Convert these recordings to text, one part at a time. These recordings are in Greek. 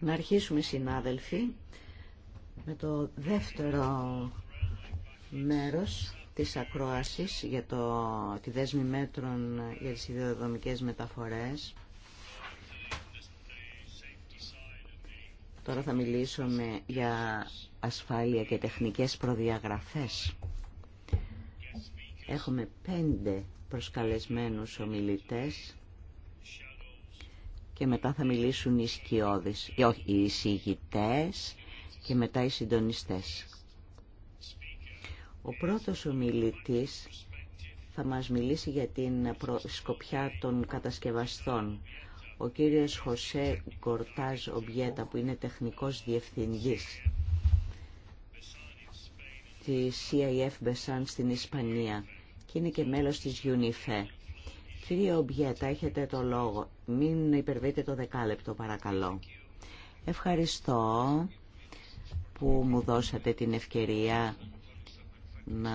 Να αρχίσουμε συνάδελφοι με το δεύτερο μέρος της ακρόασης για το, τη δέσμη μέτρων για τις ιδεοδομικές μεταφορές. Τώρα θα μιλήσουμε για ασφάλεια και τεχνικές προδιαγραφές. Έχουμε πέντε προσκαλεσμένους ομιλητές και μετά θα μιλήσουν οι σκιώδεις, ε, όχι, οι και μετά οι συντονιστές. Ο πρώτος ομιλητής θα μας μιλήσει για την σκοπιά των κατασκευαστών. Ο κύριος Χωσέ Κορτάζ Ομπιέτα που είναι τεχνικός διευθυντής τη CIF Μπεσάν στην Ισπανία και είναι και μέλος της UNIFE. Κύριε Ομπιέτα, έχετε το λόγο. Μην υπερβείτε το δεκάλεπτο, παρακαλώ. Ευχαριστώ που μου δώσατε την ευκαιρία να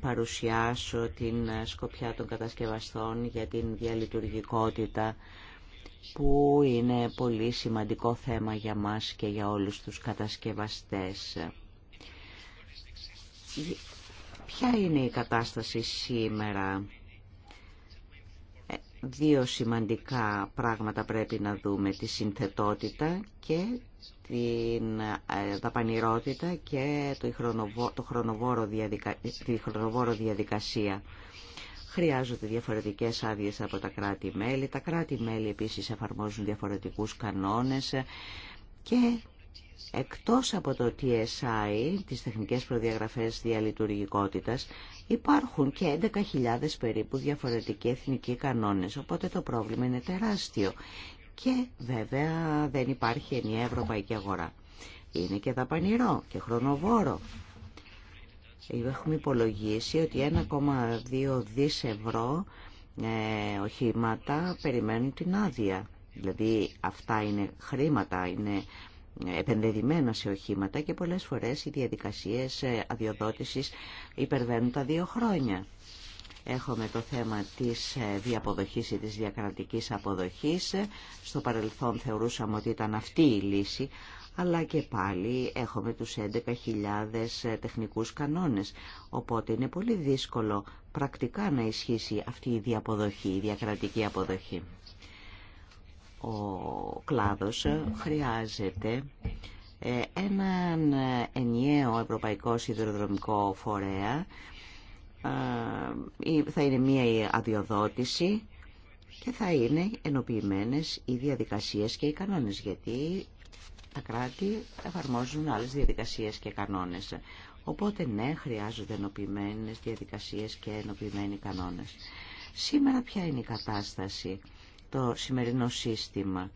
παρουσιάσω την σκοπιά των κατασκευαστών για την διαλειτουργικότητα που είναι πολύ σημαντικό θέμα για μας και για όλους τους κατασκευαστές. Ποια είναι η κατάσταση σήμερα Δύο σημαντικά πράγματα πρέπει να δούμε, τη συνθετότητα και την ε, δαπανηρότητα και το χρονοβόρο τη χρονοβόρο διαδικασία. Χρειάζονται διαφορετικές άδειες από τα κράτη-μέλη. Τα κράτη-μέλη επίσης εφαρμόζουν διαφορετικούς κανόνες και εκτός από το TSI, τις τεχνικές προδιαγραφές διαλειτουργικότητας, Υπάρχουν και 11.000 περίπου διαφορετικοί εθνικοί κανόνες, οπότε το πρόβλημα είναι τεράστιο. Και βέβαια δεν υπάρχει ενιαία ευρωπαϊκή αγορά. Είναι και δαπανηρό και χρονοβόρο. Έχουμε υπολογίσει ότι 1,2 δις ευρώ ε, οχήματα περιμένουν την άδεια. Δηλαδή αυτά είναι χρήματα, είναι επενδεδημένα σε οχήματα και πολλές φορές οι διαδικασίες ε, αδειοδότησης υπερβαίνουν τα δύο χρόνια. Έχουμε το θέμα της ε, διαποδοχής ή της διακρατικής αποδοχής. Στο παρελθόν θεωρούσαμε ότι ήταν αυτή η λύση, αλλά και πάλι έχουμε τους 11.000 ε, τεχνικούς κανόνες, οπότε είναι πολύ δύσκολο πρακτικά να ισχύσει αυτή η διαποδοχή, η διακρατική αποδοχή ο κλάδος χρειάζεται ε, έναν ενιαίο ευρωπαϊκό σιδηροδρομικό φορέα θα είναι μία αδειοδότηση και θα είναι ενοποιημένες οι διαδικασίες και οι κανόνες γιατί τα κράτη εφαρμόζουν άλλες διαδικασίες και κανόνες. Οπότε ναι, χρειάζονται ενοποιημένες διαδικασίες και ενοποιημένοι κανόνες. Σήμερα ποια είναι η κατάσταση το σημερινό σύστημα.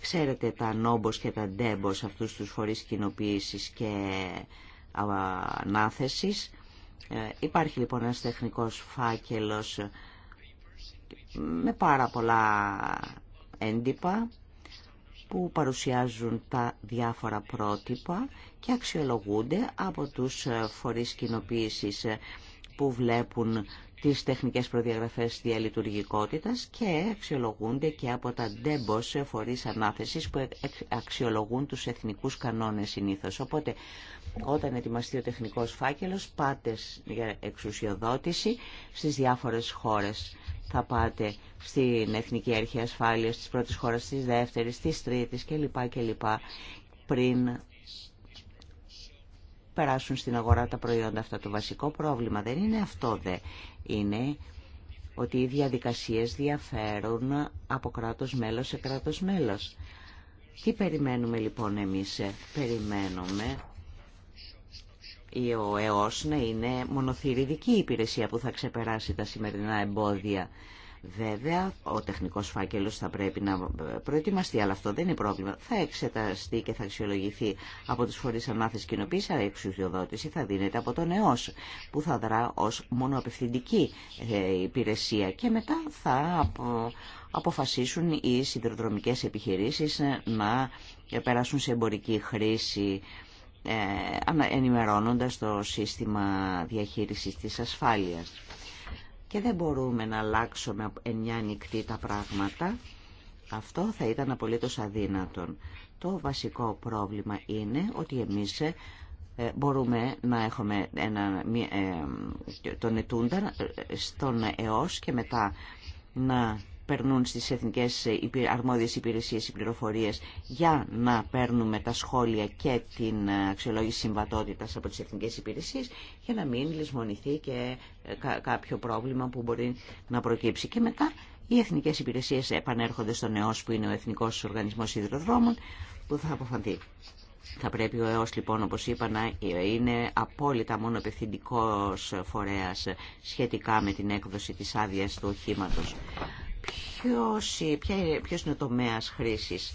Ξέρετε τα νόμπος και τα ντέμπος αυτούς τους φορείς κοινοποίησης και ανάθεσης. Ε, υπάρχει λοιπόν ένας τεχνικός φάκελος με πάρα πολλά έντυπα που παρουσιάζουν τα διάφορα πρότυπα και αξιολογούνται από τους φορείς κοινοποίησης που βλέπουν τις τεχνικές προδιαγραφές διαλειτουργικότητας και αξιολογούνται και από τα ντέμπος φορείς ανάθεσης που αξιολογούν τους εθνικούς κανόνες συνήθως. Οπότε όταν ετοιμαστεί ο τεχνικός φάκελος πάτε για εξουσιοδότηση στις διάφορες χώρες. Θα πάτε στην Εθνική Αρχή Ασφάλειας της πρώτες χώρες, της δεύτερης, της τρίτης κλπ. κλπ πριν περάσουν στην αγορά τα προϊόντα αυτά. Το βασικό πρόβλημα δεν είναι αυτό δε. Είναι ότι οι διαδικασίες διαφέρουν από κράτος μέλος σε κράτος μέλος. Τι περιμένουμε λοιπόν εμείς. Περιμένουμε ο ΕΟΣ είναι μονοθυριδική υπηρεσία που θα ξεπεράσει τα σημερινά εμπόδια Βέβαια, ο τεχνικός φάκελος θα πρέπει να προετοιμαστεί, αλλά αυτό δεν είναι πρόβλημα. Θα εξεταστεί και θα αξιολογηθεί από του φορείς ανάθεση κοινοποίηση, αλλά η εξουσιοδότηση θα δίνεται από τον ΕΟΣ, που θα δρά ως μονοαπευθυντική ε, υπηρεσία και μετά θα αποφασίσουν οι σιδηροδρομικές επιχειρήσεις ε, να περάσουν σε εμπορική χρήση ε, ενημερώνοντας το σύστημα διαχείρισης της ασφάλειας και δεν μπορούμε να αλλάξουμε εννιά νυχτή τα πράγματα. Αυτό θα ήταν απολύτως αδύνατον. Το βασικό πρόβλημα είναι ότι εμείς ε, μπορούμε να έχουμε ένα, ε, τον ετούντα ε, στον ΕΟΣ και μετά να περνούν στις εθνικές αρμόδιες υπηρεσίες οι πληροφορίες για να παίρνουμε τα σχόλια και την αξιολόγηση συμβατότητας από τις εθνικές υπηρεσίες για να μην λησμονηθεί και ε, κάποιο πρόβλημα που μπορεί να προκύψει. Και μετά οι εθνικές υπηρεσίες επανέρχονται στον ΕΟΣ που είναι ο Εθνικός Οργανισμός Ιδροδρόμων που θα αποφανθεί. Θα πρέπει ο ΕΟΣ λοιπόν όπως είπα να είναι απόλυτα μόνο επιθυντικός φορέας σχετικά με την έκδοση τη άδεια του οχήματο ποιος, ποιος είναι ο τομέας χρήσης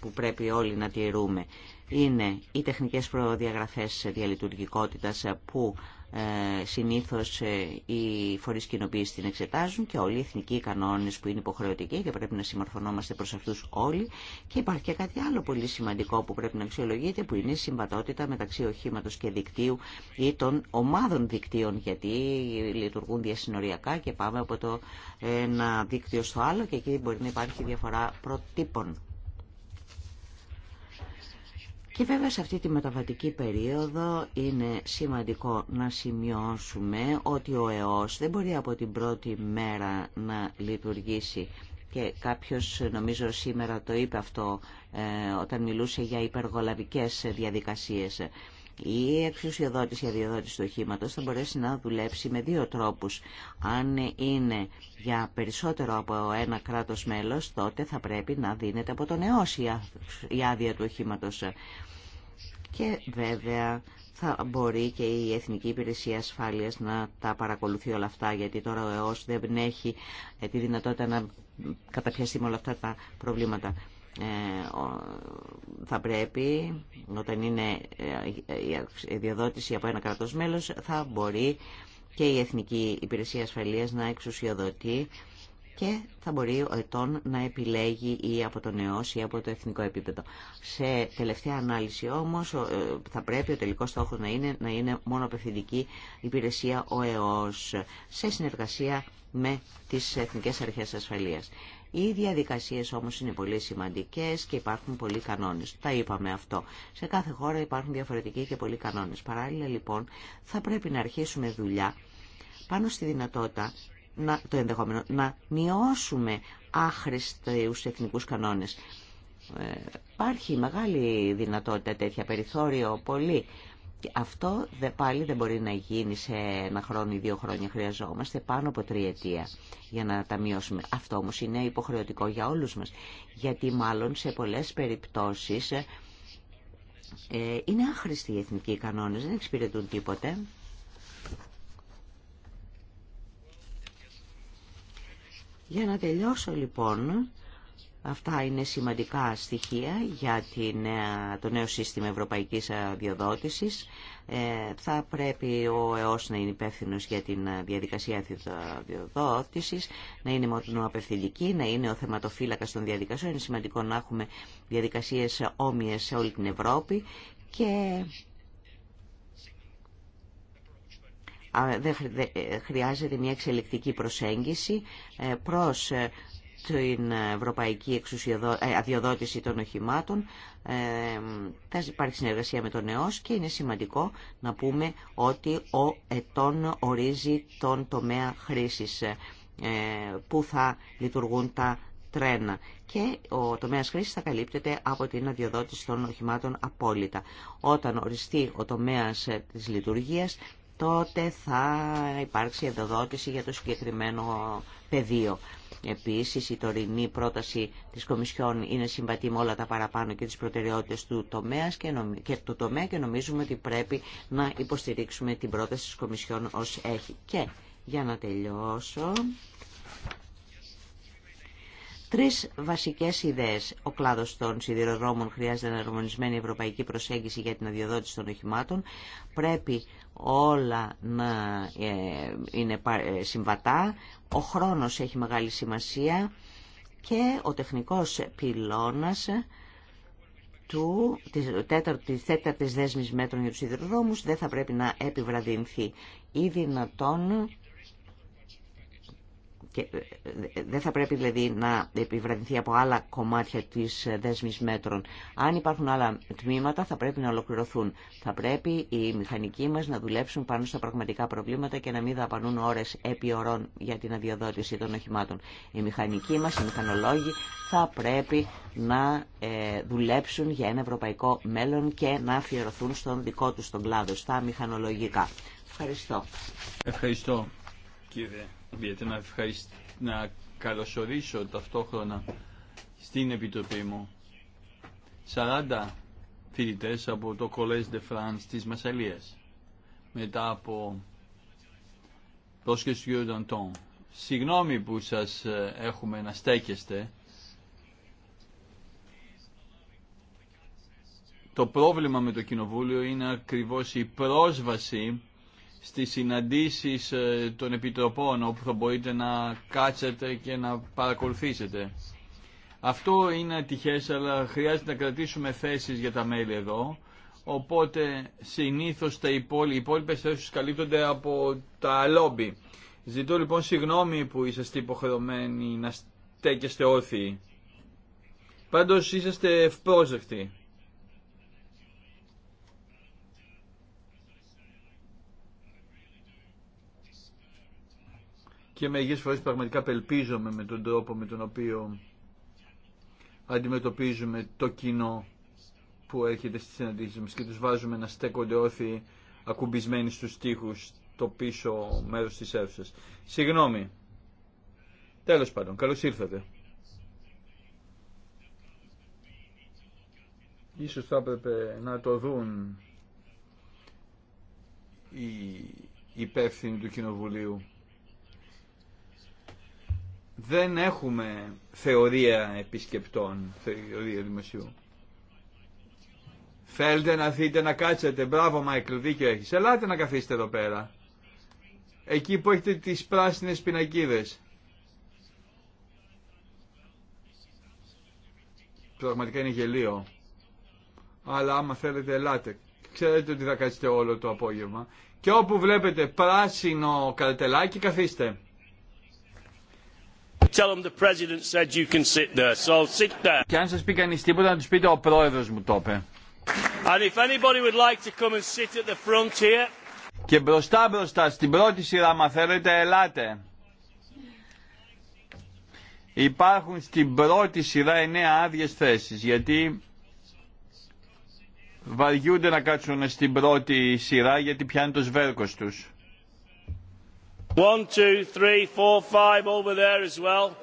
που πρέπει όλοι να τηρούμε. Είναι οι τεχνικές προδιαγραφές διαλειτουργικότητας που ε, συνήθως ε, οι φορείς κοινοποίηση την εξετάζουν και όλοι οι εθνικοί κανόνες που είναι υποχρεωτικοί και πρέπει να συμμορφωνόμαστε προς αυτούς όλοι και υπάρχει και κάτι άλλο πολύ σημαντικό που πρέπει να αξιολογείται που είναι η συμβατότητα μεταξύ οχήματο και δικτύου ή των ομάδων δικτύων γιατί λειτουργούν διασυνοριακά και πάμε από το ένα δίκτυο στο άλλο και εκεί μπορεί να υπάρχει διαφορά προτύπων. Και βέβαια σε αυτή τη μεταβατική περίοδο είναι σημαντικό να σημειώσουμε ότι ο ΕΟΣ δεν μπορεί από την πρώτη μέρα να λειτουργήσει και κάποιος νομίζω σήμερα το είπε αυτό ε, όταν μιλούσε για υπεργολαβικές διαδικασίες. Η εξουσιοδότηση, η αδειοδότηση του οχήματο θα μπορέσει να δουλέψει με δύο τρόπους. Αν είναι για περισσότερο από ένα κράτο μέλος, τότε θα πρέπει να δίνεται από τον ΕΟΣ η άδεια του οχήματο. Και βέβαια θα μπορεί και η Εθνική Υπηρεσία Ασφάλειας να τα παρακολουθεί όλα αυτά, γιατί τώρα ο ΕΟΣ δεν έχει τη δυνατότητα να καταπιαστεί με όλα αυτά τα προβλήματα. Ε, θα πρέπει όταν είναι ε, η διοδότηση από ένα κράτος μέλος θα μπορεί και η Εθνική Υπηρεσία Ασφαλείας να εξουσιοδοτεί και θα μπορεί ο ετών να επιλέγει ή από τον ΕΟΣ ή από το εθνικό επίπεδο. Σε τελευταία ανάλυση όμως ε, θα πρέπει ο τελικός στόχος να είναι, να είναι μόνο απευθυντική υπηρεσία ο ΕΟΣ σε συνεργασία με τις Εθνικές Αρχές Ασφαλείας. Οι διαδικασίες όμως είναι πολύ σημαντικές και υπάρχουν πολλοί κανόνες. Τα είπαμε αυτό. Σε κάθε χώρα υπάρχουν διαφορετικοί και πολλοί κανόνες. Παράλληλα λοιπόν θα πρέπει να αρχίσουμε δουλειά πάνω στη δυνατότητα να, το ενδεχόμενο, να μειώσουμε άχρηστους εθνικούς κανόνες. Ε, υπάρχει μεγάλη δυνατότητα τέτοια περιθώριο πολύ αυτό δε, πάλι δεν μπορεί να γίνει σε ένα χρόνο ή δύο χρόνια. Χρειαζόμαστε πάνω από τριετία για να τα μειώσουμε. Αυτό όμως είναι υποχρεωτικό για όλους μας. Γιατί μάλλον σε πολλές περιπτώσεις ε, είναι άχρηστοι οι εθνικοί κανόνες, δεν εξυπηρετούν τίποτε. Για να τελειώσω λοιπόν Αυτά είναι σημαντικά στοιχεία για την, ε, το νέο σύστημα ευρωπαϊκής αδειοδότησης. Ε, θα πρέπει ο ΕΟΣ να είναι υπεύθυνο για την διαδικασία αδειοδότησης, να είναι μονοαπευθυντική, να είναι ο θεματοφύλακας των διαδικασιών. Είναι σημαντικό να έχουμε διαδικασίες όμοιες σε όλη την Ευρώπη και ε, χρειάζεται μια εξελικτική προσέγγιση προς την ευρωπαϊκή ε, αδειοδότηση των οχημάτων. Ε, θα υπάρχει συνεργασία με τον ΕΟΣ και είναι σημαντικό να πούμε ότι ο ΕΤΟΝ ορίζει τον τομέα χρήσης ε, που θα λειτουργούν τα τρένα και ο τομέας χρήσης θα καλύπτεται από την αδειοδότηση των οχημάτων απόλυτα. Όταν οριστεί ο τομέας της λειτουργίας τότε θα υπάρξει αδειοδότηση για το συγκεκριμένο πεδίο. Επίσης, η τωρινή πρόταση της Κομισιόν είναι συμβατή με όλα τα παραπάνω και τις προτεραιότητες του τομέα και, του τομέα και νομίζουμε ότι πρέπει να υποστηρίξουμε την πρόταση της Κομισιόν ως έχει. Και για να τελειώσω... Τρεις βασικές ιδέες. Ο κλάδος των σιδηροδρόμων χρειάζεται εναρμονισμένη ευρωπαϊκή προσέγγιση για την αδειοδότηση των οχημάτων. Πρέπει όλα να ε, είναι ε, συμβατά, ο χρόνος έχει μεγάλη σημασία και ο τεχνικός πυλώνας του, της, τέταρτης, δέσμης μέτρων για τους σιδηροδρόμους δεν θα πρέπει να επιβραδυνθεί ή δυνατόν και ε, ε, δεν θα πρέπει δηλαδή να επιβραδυνθεί από άλλα κομμάτια της ε, δέσμης μέτρων. Αν υπάρχουν άλλα τμήματα θα πρέπει να ολοκληρωθούν. Θα πρέπει οι μηχανικοί μας να δουλέψουν πάνω στα πραγματικά προβλήματα και να μην δαπανούν ώρες επί ωρών για την αδειοδότηση των οχημάτων. Οι μηχανικοί μας, οι μηχανολόγοι θα πρέπει να δουλέψουν για ένα ευρωπαϊκό μέλλον και να αφιερωθούν στον δικό τους τον κλάδο, στα μηχανολογικά. Ευχαριστώ. Ευχαριστώ κύριε. Διότι να, ευχαριστ... να καλωσορίσω ταυτόχρονα στην Επιτροπή μου 40 φοιτητέ από το Collège de France της Μασαλίας μετά από πρόσκληση του των Συγγνώμη που σας ε, έχουμε να στέκεστε. Το πρόβλημα με το Κοινοβούλιο είναι ακριβώς η πρόσβαση στις συναντήσεις ε, των επιτροπών όπου θα μπορείτε να κάτσετε και να παρακολουθήσετε. Αυτό είναι ατυχές αλλά χρειάζεται να κρατήσουμε θέσεις για τα μέλη εδώ οπότε συνήθως τα υπόλοι, οι υπόλοιπες θέσεις καλύπτονται από τα λόμπι. Ζητώ λοιπόν συγγνώμη που είσαστε υποχρεωμένοι να στέκεστε όρθιοι. Πάντως είσαστε ευπρόσδεκτοι. και υγιές φορές πραγματικά απελπίζομαι με τον τρόπο με τον οποίο αντιμετωπίζουμε το κοινό που έρχεται στις συναντήσεις μας και τους βάζουμε να στέκονται όρθιοι ακουμπισμένοι στους τοίχους το πίσω μέρος της αίθουσας. Συγγνώμη. Τέλος πάντων, καλώς ήρθατε. Ίσως θα έπρεπε να το δουν οι υπεύθυνοι του Κοινοβουλίου δεν έχουμε θεωρία επισκεπτών, θεωρία δημοσίου. Θέλετε να δείτε να κάτσετε, μπράβο Μάικλ, δίκιο έχεις. Ελάτε να καθίσετε εδώ πέρα. Εκεί που έχετε τις πράσινες πινακίδες. Πραγματικά είναι γελίο. Αλλά άμα θέλετε ελάτε. Ξέρετε ότι θα κάτσετε όλο το απόγευμα. Και όπου βλέπετε πράσινο καρτελάκι καθίστε. Και αν σας πει κανείς τίποτα να τους πείτε ο πρόεδρος μου το είπε. Και μπροστά μπροστά στην πρώτη σειρά μα θέλετε ελάτε. Υπάρχουν στην πρώτη σειρά εννέα άδειες θέσει γιατί βαριούνται να κάτσουν στην πρώτη σειρά γιατί πιάνει το σβέρκος τους. One, two, three, four, five over there as well.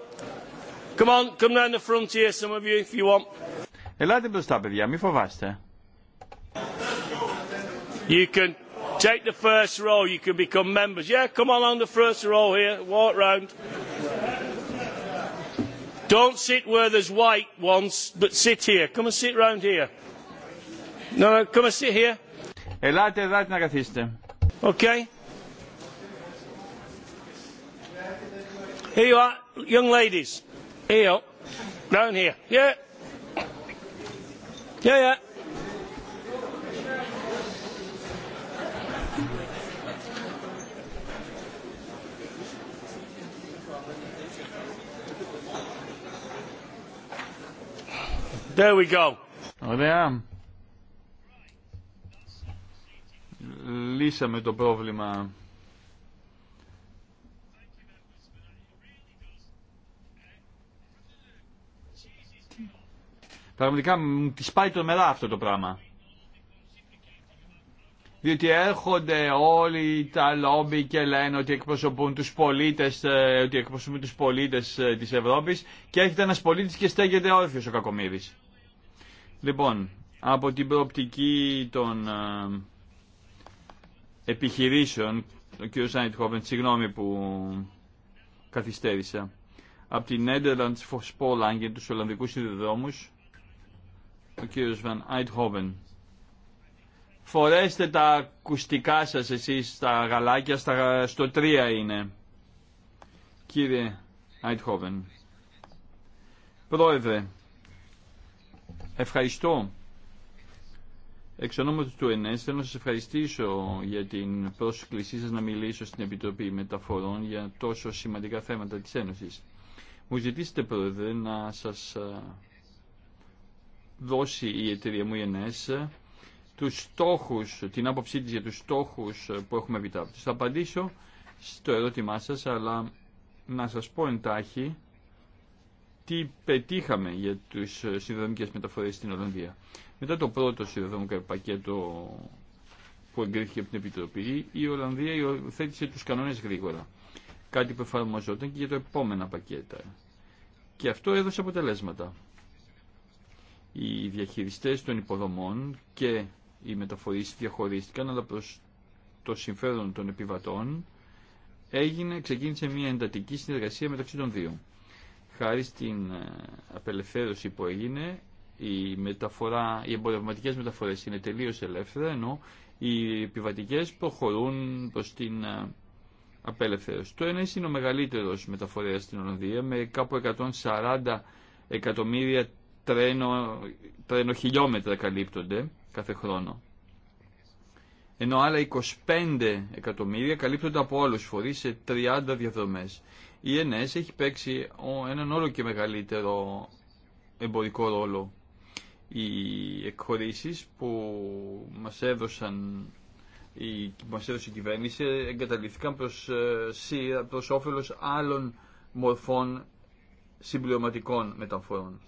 Come on, come down the front here, some of you, if you want. Ελάτε μπροστά, παιδιά, μη φοβάστε. You can take the first row, you can become members. Yeah, come on on the first row here, walk round. Don't sit where there's white ones, but sit here. Come and sit round here. No, no, come and sit here. Ελάτε, ελάτε να Okay. Here you are, young ladies. Here you are. Down here. Yeah. Yeah, yeah. There we go. Ωραία. Λύσαμε το πρόβλημα Πραγματικά μου τη σπάει το μερά αυτό το πράγμα. Διότι έρχονται όλοι τα λόμπι και λένε ότι εκπροσωπούν τους πολίτες, ε, ότι εκπροσωπούν τους πολίτες ε, της Ευρώπης και έρχεται ένας πολίτης και στέγεται όρθιος ο Κακομύρης. Λοιπόν, από την προοπτική των ε, επιχειρήσεων, ο κ. Σάιντχόβεν, συγγνώμη που καθυστέρησα, από την Netherlands for Spolang και τους Ολλανδικούς Συνδεδρόμους ο κύριος Βαν Άιτχόβεν. Φορέστε τα ακουστικά σας εσείς στα γαλάκια, στα, στο τρία είναι. Κύριε Άιτχόβεν. Πρόεδρε, ευχαριστώ. Εξ ονόματος του ΕΝΕΣ θέλω να σας ευχαριστήσω για την πρόσκλησή σας να μιλήσω στην Επιτροπή Μεταφορών για τόσο σημαντικά θέματα της Ένωσης. Μου ζητήσετε, Πρόεδρε, να σας ε, δώσει η εταιρεία μου, η τους στόχους, την άποψή της για τους στόχους που έχουμε επιτάπτει. Θα απαντήσω στο ερώτημά σας, αλλά να σας πω εντάχει τι πετύχαμε για τις συνδρομικές μεταφορές στην Ολλανδία. Μετά το πρώτο συνδρομικό πακέτο που εγκρίθηκε από την Επιτροπή, η Ολλανδία θέτησε τους κανόνες γρήγορα. Κάτι που εφαρμοζόταν και για το επόμενα πακέτα. Και αυτό έδωσε αποτελέσματα. Οι διαχειριστές των υποδομών και οι μεταφορείς διαχωρίστηκαν, αλλά προς το συμφέρον των επιβατών έγινε, ξεκίνησε μια εντατική συνεργασία μεταξύ των δύο. Χάρη στην ε, απελευθέρωση που έγινε, η μεταφορά, οι εμπορευματικές μεταφορές είναι τελείως ελεύθερα, ενώ οι επιβατικές προχωρούν προς την ε, απελευθέρωση. Το ένα είναι ο μεγαλύτερος μεταφορέας στην Ολλανδία, με κάπου 140 εκατομμύρια τρένο, τρένο χιλιόμετρα καλύπτονται κάθε χρόνο. Ενώ άλλα 25 εκατομμύρια καλύπτονται από όλους φορείς σε 30 διαδρομές. Η ΕΝΕΣ έχει παίξει έναν όλο και μεγαλύτερο εμπορικό ρόλο. Οι εκχωρήσεις που μας έδωσαν η, μας έδωσε η κυβέρνηση εγκαταλείφθηκαν προς, ε, προς όφελος άλλων μορφών συμπληρωματικών μεταφορών.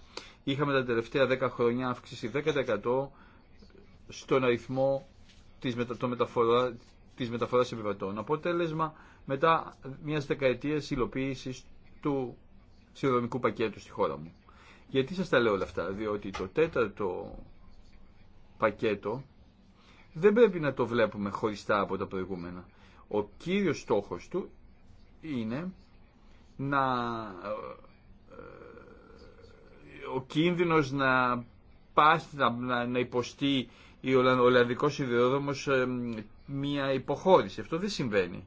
Είχαμε τα τελευταία 10 χρόνια αύξηση 10% στον αριθμό της, μεταφορά, της μεταφοράς επιβατών. Αποτέλεσμα μετά μιας δεκαετίας υλοποίηση του συνδρομικού πακέτου στη χώρα μου. Γιατί σας τα λέω όλα αυτά, διότι το τέταρτο πακέτο δεν πρέπει να το βλέπουμε χωριστά από τα προηγούμενα. Ο κύριος στόχος του είναι να ο κίνδυνος να, πάθει, να, να υποστεί ο Ολλανδικός Ιδεόδρομος μια υποχώρηση. Αυτό δεν συμβαίνει.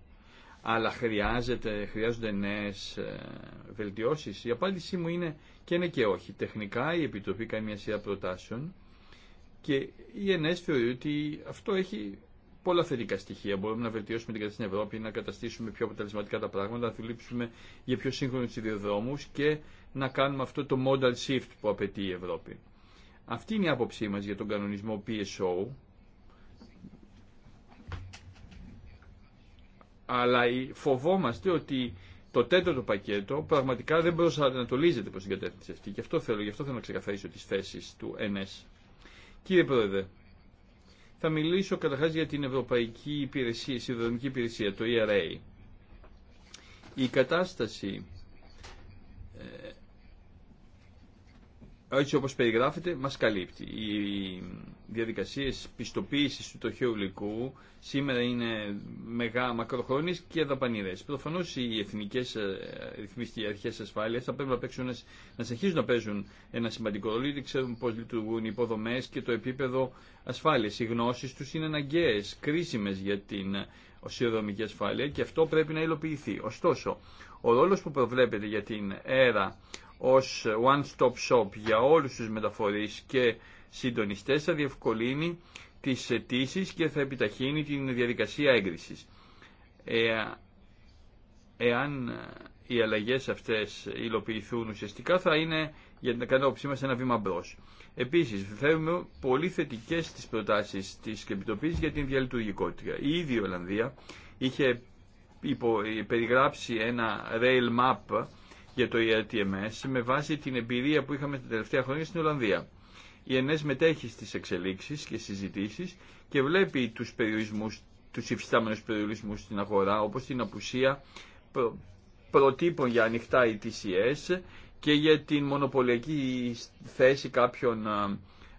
Αλλά χρειάζεται, χρειάζονται νέες ε, βελτιώσεις. Η απάντησή μου είναι και ναι και όχι. Τεχνικά η Επιτροπή κάνει μια σειρά προτάσεων και η ΕΝΕΣ θεωρεί ότι αυτό έχει πολλά θετικά στοιχεία. Μπορούμε να βελτιώσουμε την κατάσταση στην Ευρώπη, να καταστήσουμε πιο αποτελεσματικά τα πράγματα, να δουλέψουμε για πιο σύγχρονου ιδιοδρόμου και να κάνουμε αυτό το modal shift που απαιτεί η Ευρώπη. Αυτή είναι η άποψή μας για τον κανονισμό PSO, αλλά φοβόμαστε ότι το τέταρτο πακέτο πραγματικά δεν προσανατολίζεται προς την κατεύθυνση αυτή. αυτό θέλω, γι' αυτό θέλω να ξεκαθαρίσω τις θέσεις του NS. Κύριε Πρόεδρε, θα μιλήσω καταρχάς για την Ευρωπαϊκή Υπηρεσία, Συνδρομική Υπηρεσία, το ERA. Η κατάσταση έτσι όπως περιγράφεται, μας καλύπτει. Οι διαδικασίες πιστοποίησης του τοχείου υλικού σήμερα είναι μεγά, μακροχρόνιες και δαπανηρές. Προφανώς οι εθνικές ε, και αρχές ασφάλειας θα πρέπει να, παίξουν, να συνεχίζουν να παίζουν ένα σημαντικό ρόλο, γιατί ξέρουν πώς λειτουργούν οι υποδομές και το επίπεδο ασφάλειας. Οι γνώσεις τους είναι αναγκαίες, κρίσιμες για την οσιοδρομική ασφάλεια και αυτό πρέπει να υλοποιηθεί. Ωστόσο, ο ρόλος που προβλέπεται για την αίρα ως one-stop shop για όλους τους μεταφορείς και συντονιστές θα διευκολύνει τις αιτήσει και θα επιταχύνει την διαδικασία έγκρισης. Ε, εάν οι αλλαγές αυτές υλοποιηθούν ουσιαστικά θα είναι για την κατάποψή μας ένα βήμα μπρο. Επίσης, θέλουμε πολύ θετικές τις προτάσεις της Επιτροπής για την διαλειτουργικότητα. Η ίδια η Ολλανδία είχε περιγράψει ένα rail map για το ERTMS με βάση την εμπειρία που είχαμε τα τελευταία χρόνια στην Ολλανδία. Η ΕΝΕΣ μετέχει στις εξελίξεις και συζητήσεις και βλέπει τους περιορισμούς, τους υφιστάμενους περιορισμούς στην αγορά, όπως την απουσία προ, προτύπων για ανοιχτά ETCS και για την μονοπωλιακή θέση κάποιων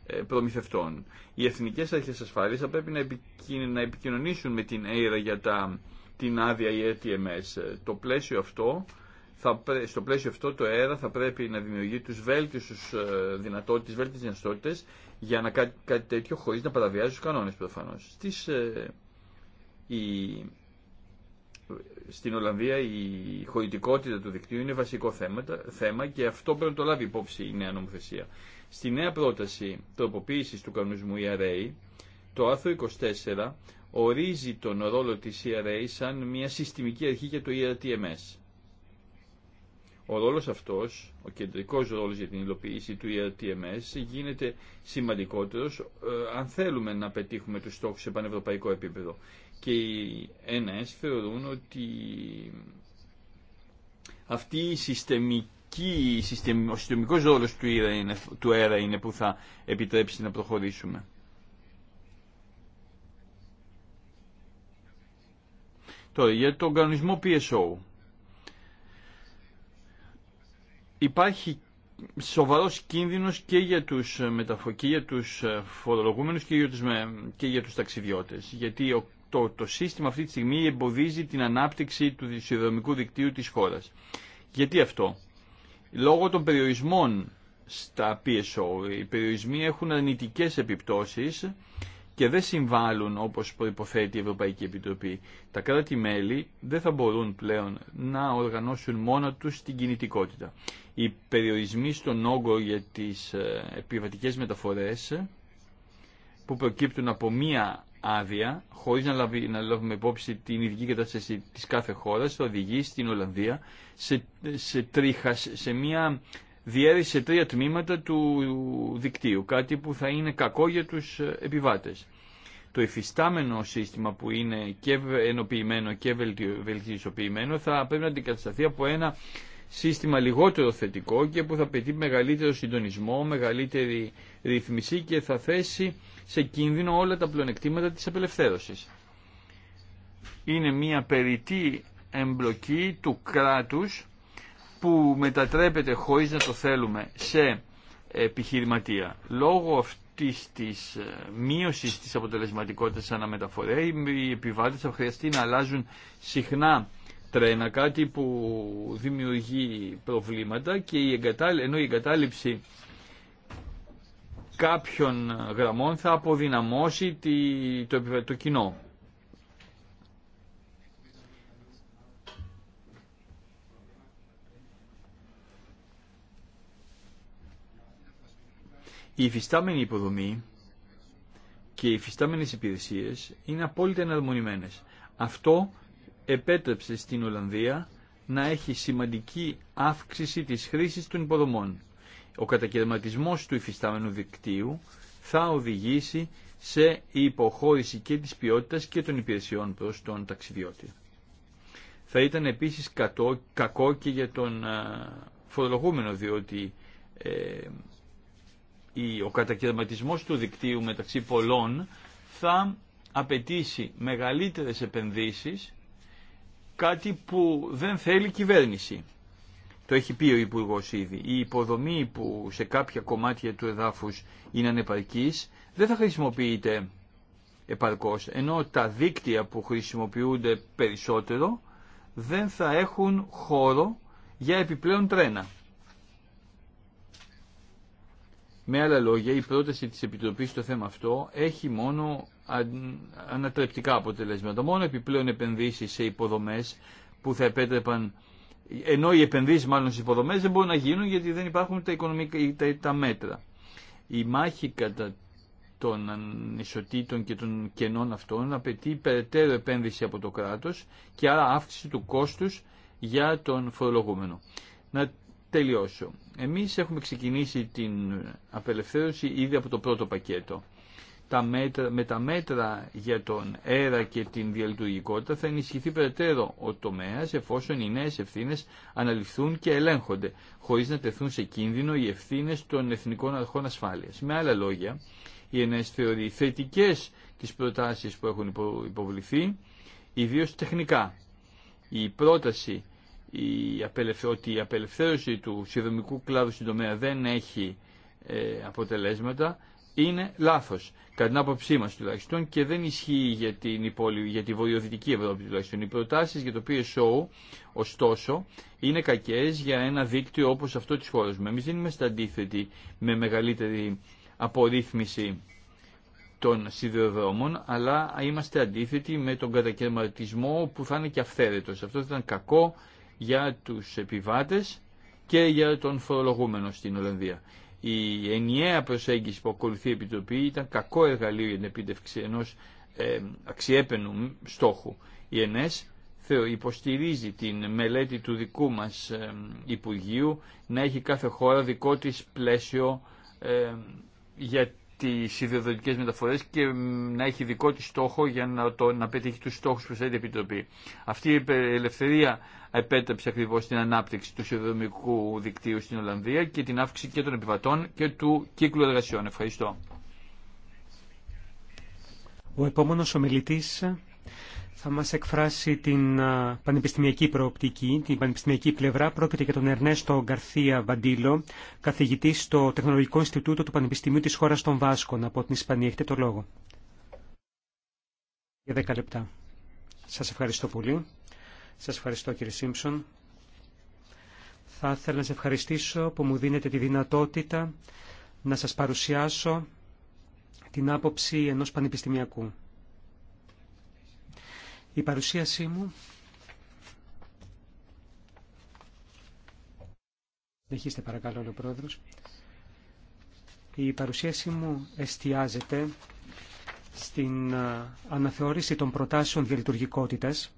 ε, προμηθευτών. Οι εθνικές αρχές ασφάλειας θα πρέπει να επικοινωνήσουν με την ΑΕΡΑ για τα, την άδεια ERTMS. Το πλαίσιο αυτό θα, στο πλαίσιο αυτό το ΕΡΑ θα πρέπει να δημιουργεί τους βέλτιστους ε, δυνατότητες, βέλτιστες δυνατότητες για να κάνει κάτι τέτοιο χωρίς να παραβιάζει τους κανόνες προφανώς. Στις, ε, η, στην Ολλανδία η χωρητικότητα του δικτύου είναι βασικό θέμα, θέμα και αυτό πρέπει να το λάβει υπόψη η νέα νομοθεσία. Στη νέα πρόταση τροποποίησης του κανονισμού ERA, το άρθρο 24 ορίζει τον ρόλο της ERA σαν μια συστημική αρχή για το ERTMS. Ο ρόλος αυτός, ο κεντρικός ρόλος για την υλοποίηση του ERTMS γίνεται σημαντικότερος ε, αν θέλουμε να πετύχουμε τους στόχους σε πανευρωπαϊκό επίπεδο. Και οι ΕΝΕΣ θεωρούν ότι αυτή η συστημική ο συστημικός ρόλος του ΕΡΑ, e είναι, του ΕΡΑ e είναι που θα επιτρέψει να προχωρήσουμε. Τώρα, για τον κανονισμό PSO υπάρχει σοβαρός κίνδυνος και για τους, ε, μεταφορικούς τους ε, φορολογούμενους και για τους, και ταξιδιώτες. Γιατί το, το σύστημα αυτή τη στιγμή εμποδίζει την ανάπτυξη του σιδηροδρομικού δικτύου της χώρας. Γιατί αυτό. Λόγω των περιορισμών στα PSO, οι περιορισμοί έχουν αρνητικές επιπτώσεις και δεν συμβάλλουν όπως προϋποθέτει η Ευρωπαϊκή Επιτροπή. Τα κράτη-μέλη δεν θα μπορούν πλέον να οργανώσουν μόνο τους την κινητικότητα. Οι περιορισμοί στον όγκο για τις ε, επιβατικές μεταφορές που προκύπτουν από μία άδεια, χωρίς να, λάβει, να λάβουμε υπόψη την ειδική κατάσταση της κάθε χώρας, θα οδηγεί στην Ολλανδία σε τρίχα, σε μία διέρισε τρία τμήματα του δικτύου, κάτι που θα είναι κακό για τους ε, επιβάτες. Το εφιστάμενο σύστημα που είναι και ενοποιημένο και βελτιστοποιημένο θα πρέπει να αντικατασταθεί από ένα σύστημα λιγότερο θετικό και που θα πετύχει μεγαλύτερο συντονισμό, μεγαλύτερη ρυθμισή και θα θέσει σε κίνδυνο όλα τα πλονεκτήματα της απελευθέρωσης. Είναι μια περιττή εμπλοκή του κράτους που μετατρέπεται χωρίς να το θέλουμε σε επιχειρηματία. Λόγω αυτής της ε, μείωσης της αποτελεσματικότητας αναμεταφορέ οι επιβάτες θα χρειαστεί να αλλάζουν συχνά τρένα, κάτι που δημιουργεί προβλήματα και η ενώ η εγκατάλειψη κάποιων γραμμών θα αποδυναμώσει το κοινό. Η υφιστάμενη υποδομή και οι υφιστάμενες υπηρεσίες είναι απόλυτα εναρμονιμένες. Αυτό επέτρεψε στην Ολλανδία να έχει σημαντική αύξηση της χρήσης των υποδομών. Ο κατακαιρματισμός του υφιστάμενου δικτύου θα οδηγήσει σε υποχώρηση και της ποιότητας και των υπηρεσιών προς τον ταξιδιώτη. Θα ήταν επίσης κακό και για τον ε, φορολογούμενο, διότι ε, ο κατακαιρματισμός του δικτύου μεταξύ πολλών θα απαιτήσει μεγαλύτερες επενδύσεις, κάτι που δεν θέλει η κυβέρνηση. Το έχει πει ο υπουργό ήδη. Η υποδομή που σε κάποια κομμάτια του εδάφους είναι ανεπαρκής δεν θα χρησιμοποιείται επαρκώς, ενώ τα δίκτυα που χρησιμοποιούνται περισσότερο δεν θα έχουν χώρο για επιπλέον τρένα. Με άλλα λόγια, η πρόταση της Επιτροπής στο θέμα αυτό έχει μόνο ανατρεπτικά αποτελέσματα. Μόνο επιπλέον επενδύσεις σε υποδομές που θα επέτρεπαν, ενώ οι επενδύσεις μάλλον στις υποδομές δεν μπορούν να γίνουν γιατί δεν υπάρχουν τα, οικονομικά, τα, τα μέτρα. Η μάχη κατά των ανισοτήτων και των κενών αυτών απαιτεί περαιτέρω επένδυση από το κράτος και άρα αύξηση του κόστους για τον φορολογούμενο. Να τελειώσω. Εμείς έχουμε ξεκινήσει την απελευθέρωση ήδη από το πρώτο πακέτο. Τα μέτρα, με τα μέτρα για τον αέρα και την διαλειτουργικότητα θα ενισχυθεί περαιτέρω ο τομέας εφόσον οι νέες ευθύνες αναλυθούν και ελέγχονται, χωρίς να τεθούν σε κίνδυνο οι ευθύνες των εθνικών αρχών ασφάλειας. Με άλλα λόγια, οι ΕΝΕΣ θεωρεί θετικές τις προτάσεις που έχουν υποβληθεί, ιδίως τεχνικά. Η πρόταση η απελευθε, ότι η απελευθέρωση του συνδρομικού κλάδου στην τομέα δεν έχει ε, αποτελέσματα είναι λάθος, κατά την άποψή μας τουλάχιστον και δεν ισχύει για, την για τη βορειοδυτική Ευρώπη τουλάχιστον. Οι προτάσεις για το PSO, ωστόσο, είναι κακές για ένα δίκτυο όπως αυτό της χώρας μου. Εμείς δεν είμαστε αντίθετοι με μεγαλύτερη απορρίθμιση των σιδηροδρόμων, αλλά είμαστε αντίθετοι με τον κατακαιρματισμό που θα είναι και αυθαίρετος. Αυτό θα ήταν κακό για τους επιβάτες και για τον φορολογούμενο στην Ολλανδία. Η ενιαία προσέγγιση που ακολουθεί η Επιτροπή ήταν κακό εργαλείο για την επίτευξη ενός ε, αξιέπαινου στόχου. Η ΕΝΕΣ υποστηρίζει την μελέτη του δικού μας ε, Υπουργείου να έχει κάθε χώρα δικό της πλαίσιο ε, για τι ιδεοδοτικέ μεταφορέ και να έχει δικό τη στόχο για να, το, να πετύχει του στόχου που θέλει η Επιτροπή. Αυτή η ελευθερία επέτρεψε ακριβώ την ανάπτυξη του ιδεοδομικού δικτύου στην Ολλανδία και την αύξηση και των επιβατών και του κύκλου εργασιών. Ευχαριστώ. Ο επόμενο ομιλητή θα μας εκφράσει την πανεπιστημιακή προοπτική, την πανεπιστημιακή πλευρά. Πρόκειται για τον Ερνέστο Γκαρθία Βαντίλο, καθηγητή στο Τεχνολογικό Ινστιτούτο του Πανεπιστημίου της χώρας των Βάσκων από την Ισπανία. Έχετε το λόγο. Για 10 λεπτά. Σας ευχαριστώ πολύ. Σας ευχαριστώ κύριε Σίμψον. Θα ήθελα να σας ευχαριστήσω που μου δίνετε τη δυνατότητα να σας παρουσιάσω την άποψη ενός πανεπιστημιακού. Η παρουσίασή μου δεχίστε παρακαλώ, ο Πρόεδρος. Η παρουσίαση μου εστιάζεται στην αναθεώρηση των προτάσεων διαλειτουργικότητας.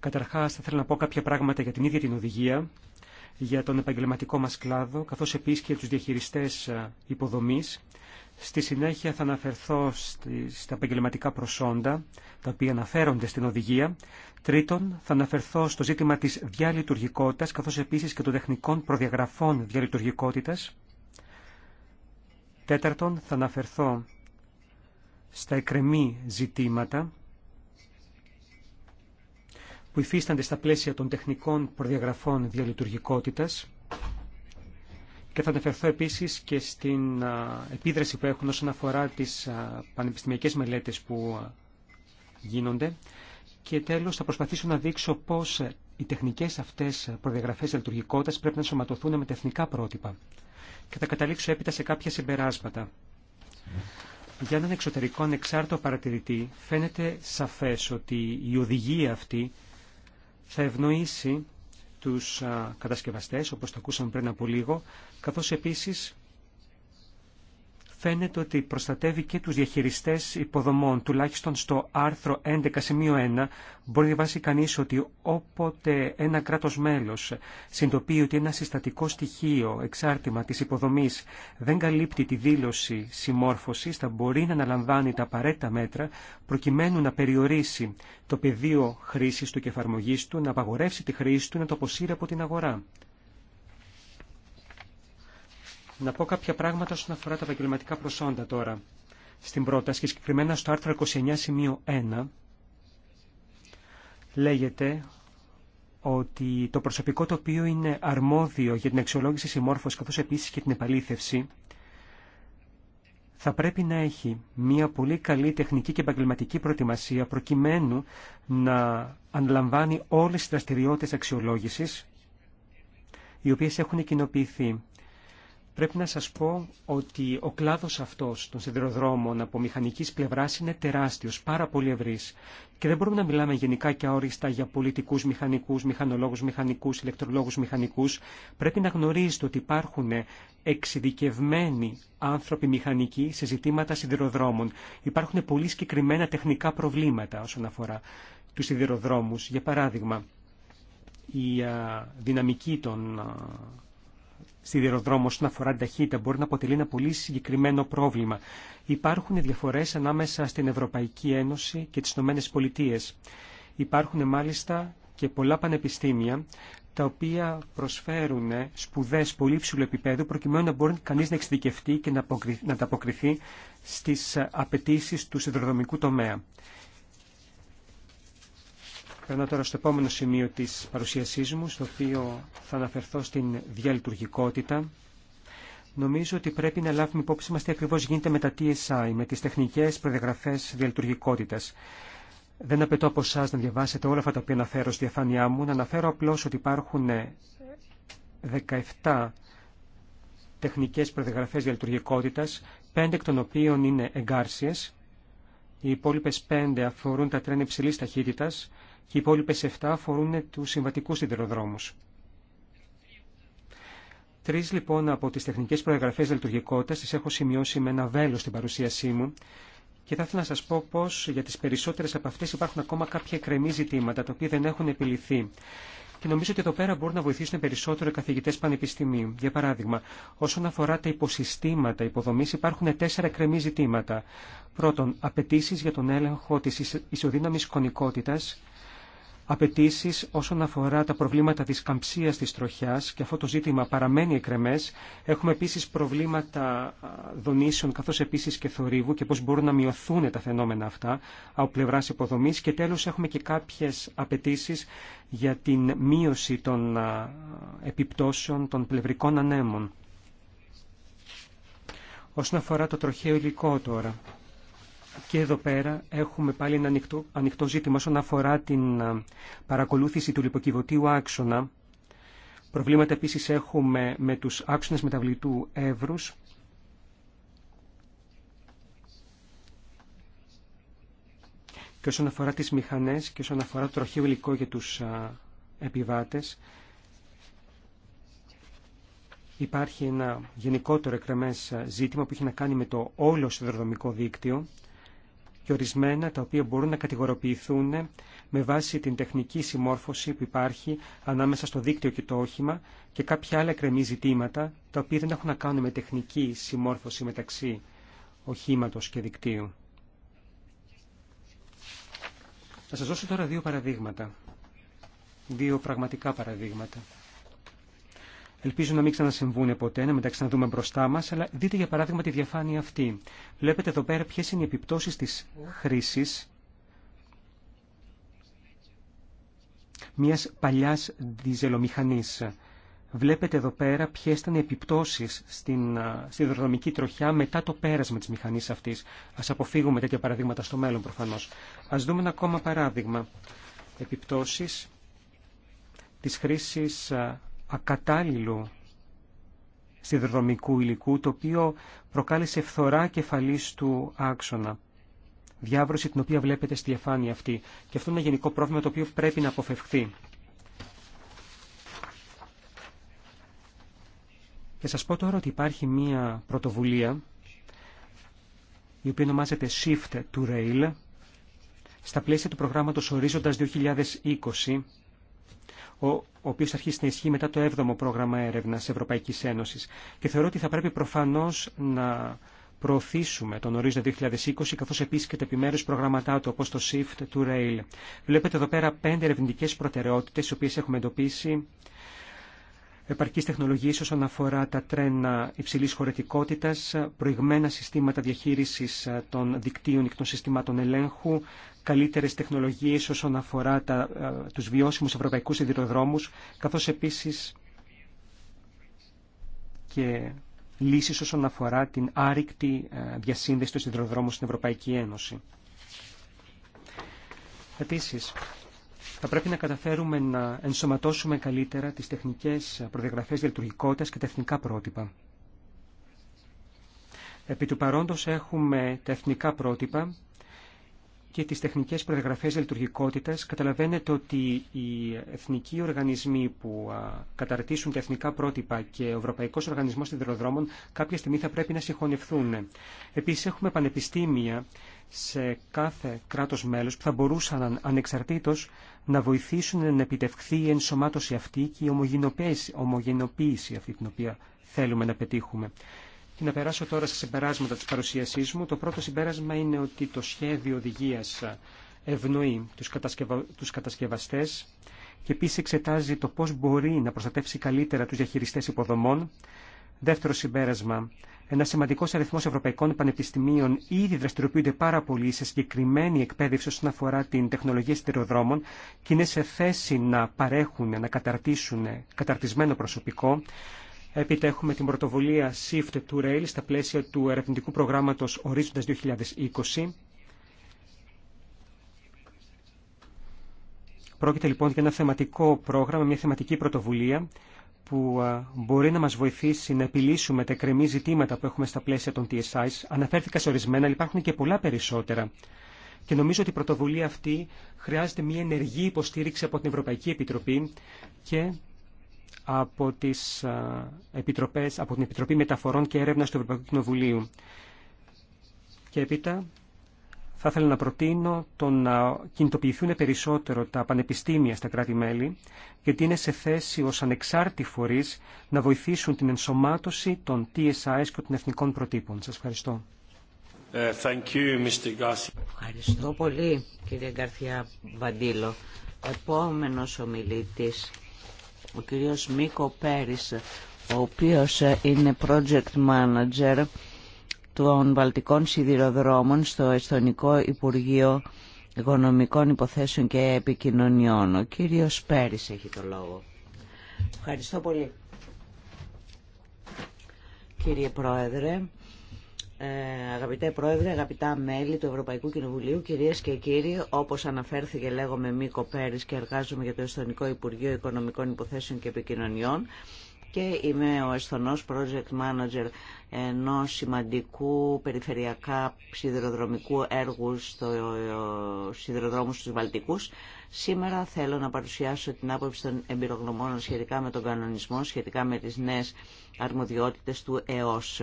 Καταρχάς θα θέλω να πω κάποια πράγματα για την ίδια την οδηγία, για τον επαγγελματικό μας κλάδο, καθώς επίσης και τους διαχειριστές υποδομής Στη συνέχεια θα αναφερθώ στα επαγγελματικά προσόντα, τα οποία αναφέρονται στην οδηγία. Τρίτον, θα αναφερθώ στο ζήτημα της διαλειτουργικότητας, καθώς επίσης και των τεχνικών προδιαγραφών διαλειτουργικότητας. Τέταρτον, θα αναφερθώ στα εκρεμή ζητήματα που υφίστανται στα πλαίσια των τεχνικών προδιαγραφών διαλειτουργικότητας και θα αναφερθώ επίσης και στην επίδραση που έχουν όσον αφορά τις πανεπιστημιακές μελέτες που γίνονται. Και τέλος θα προσπαθήσω να δείξω πώς οι τεχνικές αυτές προδιαγραφές λειτουργικότητας πρέπει να σωματωθούν με τεχνικά πρότυπα. Και θα καταλήξω έπειτα σε κάποια συμπεράσματα. Για έναν εξωτερικό ανεξάρτητο παρατηρητή φαίνεται σαφές ότι η οδηγία αυτή θα ευνοήσει τους κατασκευαστές, όπως το ακούσαμε πριν από λίγο, καθώς επίσης φαίνεται ότι προστατεύει και τους διαχειριστές υποδομών, τουλάχιστον στο άρθρο 11 σημείο 1, μπορεί να βάσει κανείς ότι όποτε ένα κράτος μέλος συντοπεί ότι ένα συστατικό στοιχείο εξάρτημα της υποδομής δεν καλύπτει τη δήλωση συμμόρφωσης, θα μπορεί να αναλαμβάνει τα απαραίτητα μέτρα προκειμένου να περιορίσει το πεδίο χρήσης του και εφαρμογής του, να απαγορεύσει τη χρήση του, να το αποσύρει από την αγορά. Να πω κάποια πράγματα όσον αφορά τα επαγγελματικά προσόντα τώρα. Στην πρόταση συγκεκριμένα στο άρθρο 29 σημείο 1 λέγεται ότι το προσωπικό το οποίο είναι αρμόδιο για την αξιολόγηση συμμόρφωσης, καθώς επίσης και την επαλήθευση θα πρέπει να έχει μια πολύ καλή τεχνική και επαγγελματική προετοιμασία προκειμένου να αναλαμβάνει όλες τις δραστηριότητες αξιολόγησης οι οποίες έχουν κοινοποιηθεί Πρέπει να σας πω ότι ο κλάδος αυτός των σιδηροδρόμων από μηχανικής πλευράς είναι τεράστιος, πάρα πολύ ευρύς. Και δεν μπορούμε να μιλάμε γενικά και αόριστα για πολιτικούς μηχανικούς, μηχανολόγους μηχανικούς, ηλεκτρολόγους μηχανικούς. Πρέπει να γνωρίζετε ότι υπάρχουν εξειδικευμένοι άνθρωποι μηχανικοί σε ζητήματα σιδηροδρόμων. Υπάρχουν πολύ συγκεκριμένα τεχνικά προβλήματα όσον αφορά τους σιδηροδρόμους. Για παράδειγμα, η δυναμική των σιδηροδρόμο όσον αφορά την ταχύτητα μπορεί να αποτελεί ένα πολύ συγκεκριμένο πρόβλημα. Υπάρχουν διαφορέ ανάμεσα στην Ευρωπαϊκή Ένωση και τις Ηνωμένε Πολιτείες. Υπάρχουν μάλιστα και πολλά πανεπιστήμια τα οποία προσφέρουν σπουδές πολύ ψηλού επίπεδου προκειμένου να μπορεί κανείς να εξειδικευτεί και να ανταποκριθεί στι απαιτήσει του σιδηροδρομικού τομέα. Περνώ τώρα στο επόμενο σημείο της παρουσίασής μου, στο οποίο θα αναφερθώ στην διαλειτουργικότητα. Νομίζω ότι πρέπει να λάβουμε υπόψη μας τι ακριβώς γίνεται με τα TSI, με τις τεχνικές προδιαγραφές διαλειτουργικότητας. Δεν απαιτώ από εσά να διαβάσετε όλα αυτά τα οποία αναφέρω στη διαφάνειά μου, να αναφέρω απλώς ότι υπάρχουν 17 τεχνικές προδιαγραφές διαλειτουργικότητας, 5 εκ των οποίων είναι εγκάρσιες, οι υπόλοιπε 5 αφορούν τα τρένα υψηλή ταχύτητα και οι υπόλοιπε 7 αφορούν του συμβατικού σιδηροδρόμου. Τρει λοιπόν από τι τεχνικέ προεγγραφέ λειτουργικότητα τι έχω σημειώσει με ένα βέλο στην παρουσίασή μου και θα ήθελα να σα πω πω για τι περισσότερε από αυτέ υπάρχουν ακόμα κάποια εκκρεμή ζητήματα τα οποία δεν έχουν επιληθεί. Και νομίζω ότι εδώ πέρα μπορούν να βοηθήσουν περισσότερο οι καθηγητέ πανεπιστημίου. Για παράδειγμα, όσον αφορά τα υποσυστήματα υποδομή, υπάρχουν τέσσερα εκκρεμή ζητήματα. Πρώτον, απαιτήσει για τον έλεγχο τη ισοδύναμη κονικότητα απαιτήσει όσον αφορά τα προβλήματα της καμψίας της τροχιάς και αυτό το ζήτημα παραμένει εκρεμές. Έχουμε επίσης προβλήματα δονήσεων καθώς επίσης και θορύβου και πώς μπορούν να μειωθούν τα φαινόμενα αυτά από πλευρά υποδομής και τέλος έχουμε και κάποιες απαιτήσει για την μείωση των επιπτώσεων των πλευρικών ανέμων. Όσον αφορά το τροχαίο υλικό τώρα, και εδώ πέρα έχουμε πάλι ένα ανοιχτό, ζήτημα όσον αφορά την παρακολούθηση του λιποκιβωτίου άξονα. Προβλήματα επίσης έχουμε με τους άξονες μεταβλητού εύρους. Και όσον αφορά τις μηχανές και όσον αφορά το τροχείο υλικό για τους επιβάτες, υπάρχει ένα γενικότερο εκκρεμές ζήτημα που έχει να κάνει με το όλο σιδηροδρομικό δίκτυο και ορισμένα τα οποία μπορούν να κατηγοροποιηθούν με βάση την τεχνική συμμόρφωση που υπάρχει ανάμεσα στο δίκτυο και το όχημα και κάποια άλλα κρεμή ζητήματα τα οποία δεν έχουν να κάνουν με τεχνική συμμόρφωση μεταξύ οχήματος και δικτύου. Θα σας δώσω τώρα δύο παραδείγματα. Δύο πραγματικά παραδείγματα. Ελπίζω να μην ξανασυμβούν ποτέ, να μεταξύ να δούμε μπροστά μα, αλλά δείτε για παράδειγμα τη διαφάνεια αυτή. Βλέπετε εδώ πέρα ποιε είναι οι επιπτώσει τη χρήση μια παλιά διζελομηχανή. Βλέπετε εδώ πέρα ποιε ήταν οι επιπτώσει στην σιδηροδρομική τροχιά μετά το πέρασμα τη μηχανή αυτή. Α αποφύγουμε τέτοια παραδείγματα στο μέλλον προφανώ. Α δούμε ένα ακόμα παράδειγμα. Επιπτώσει τη χρήση ακατάλληλου σιδηροδρομικού υλικού, το οποίο προκάλεσε φθορά κεφαλής του άξονα. Διάβρωση την οποία βλέπετε στη διαφάνεια αυτή. Και αυτό είναι ένα γενικό πρόβλημα το οποίο πρέπει να αποφευχθεί. Και σας πω τώρα ότι υπάρχει μία πρωτοβουλία η οποία ονομάζεται Shift to Rail στα πλαίσια του προγράμματος Ορίζοντας 2020 ο οποίο αρχίσει να ισχύει μετά το 7ο πρόγραμμα έρευνα Ευρωπαϊκή Ένωση. Και θεωρώ ότι θα πρέπει προφανώ να προωθήσουμε τον ορίζοντα 2020, καθώ επίση και τα επιμέρου προγραμματά του, όπω το SHIFT του RAIL. Βλέπετε εδώ πέρα πέντε ερευνητικέ προτεραιότητε, οι οποίε έχουμε εντοπίσει επαρκής τεχνολογίας όσον αφορά τα τρένα υψηλής χωρητικότητας, προηγμένα συστήματα διαχείρισης ε, των δικτύων και των συστημάτων ελέγχου, καλύτερες τεχνολογίες όσον αφορά τα, ε, τους βιώσιμους ευρωπαϊκούς σιδηροδρόμους, καθώς επίσης και λύσεις όσον αφορά την άρρηκτη ε, διασύνδεση των σιδηροδρόμων στην Ευρωπαϊκή Ένωση. Επίσης, θα πρέπει να καταφέρουμε να ενσωματώσουμε καλύτερα τις τεχνικές προδιαγραφές λειτουργικότητας και τα εθνικά πρότυπα. Επί του παρόντος έχουμε τα εθνικά πρότυπα και τις τεχνικές προδιαγραφές λειτουργικότητας, καταλαβαίνετε ότι οι εθνικοί οργανισμοί που καταρτήσουν τα εθνικά πρότυπα και ο Ευρωπαϊκός Οργανισμός Σιδηροδρόμων κάποια στιγμή θα πρέπει να συγχωνευτούν. Επίσης έχουμε πανεπιστήμια σε κάθε κράτος μέλος που θα μπορούσαν ανεξαρτήτως να βοηθήσουν να επιτευχθεί η ενσωμάτωση αυτή και η ομογενοποίηση αυτή την οποία θέλουμε να πετύχουμε και να περάσω τώρα στα συμπεράσματα της παρουσίασής μου. Το πρώτο συμπέρασμα είναι ότι το σχέδιο οδηγίας ευνοεί τους, κατασκευα... κατασκευαστές και επίσης εξετάζει το πώς μπορεί να προστατεύσει καλύτερα τους διαχειριστές υποδομών. Δεύτερο συμπέρασμα, ένα σημαντικό αριθμό ευρωπαϊκών πανεπιστημίων ήδη δραστηριοποιούνται πάρα πολύ σε συγκεκριμένη εκπαίδευση όσον αφορά την τεχνολογία σιδηροδρόμων και είναι σε θέση να παρέχουν, να καταρτήσουν καταρτισμένο προσωπικό. Έπειτα έχουμε την πρωτοβουλία Shift to Rail στα πλαίσια του ερευνητικού προγράμματος Ορίζοντας 2020. Πρόκειται λοιπόν για ένα θεματικό πρόγραμμα, μια θεματική πρωτοβουλία που μπορεί να μας βοηθήσει να επιλύσουμε τα εκκρεμή ζητήματα που έχουμε στα πλαίσια των TSI. Αναφέρθηκα σε ορισμένα, αλλά υπάρχουν και πολλά περισσότερα. Και νομίζω ότι η πρωτοβουλία αυτή χρειάζεται μια ενεργή υποστήριξη από την Ευρωπαϊκή Επιτροπή και από, τις επιτροπές, από την Επιτροπή Μεταφορών και Έρευνας του Ευρωπαϊκού Κοινοβουλίου. Και έπειτα θα ήθελα να προτείνω το να κινητοποιηθούν περισσότερο τα πανεπιστήμια στα κράτη-μέλη, γιατί είναι σε θέση ως ανεξάρτητοι φορείς να βοηθήσουν την ενσωμάτωση των TSIS και των εθνικών προτύπων. Σας ευχαριστώ. Ε, thank you, Mr. Ευχαριστώ πολύ, κύριε Γκαρθιά Βαντήλο. Επόμενος ομιλήτης ο κύριος Μίκο Πέρις, ο οποίος ε, είναι project manager των Βαλτικών Σιδηροδρόμων στο Εστονικό Υπουργείο Οικονομικών Υποθέσεων και Επικοινωνιών. Ο κύριος Πέρις έχει το λόγο. Ευχαριστώ πολύ. Κύριε Πρόεδρε, ε, αγαπητέ Πρόεδρε, αγαπητά μέλη του Ευρωπαϊκού Κοινοβουλίου, κυρίε και κύριοι, όπω αναφέρθηκε, λέγομαι Μίκο Πέρι και εργάζομαι για το Εσθονικό Υπουργείο Οικονομικών Υποθέσεων και Επικοινωνιών και είμαι ο Εσθονό Project Manager ενό σημαντικού περιφερειακά σιδηροδρομικού έργου στο σιδηροδρόμου τους Βαλτικού. Σήμερα θέλω να παρουσιάσω την άποψη των εμπειρογνωμών σχετικά με τον κανονισμό, σχετικά με τι νέε αρμοδιότητε του ΕΟΣ,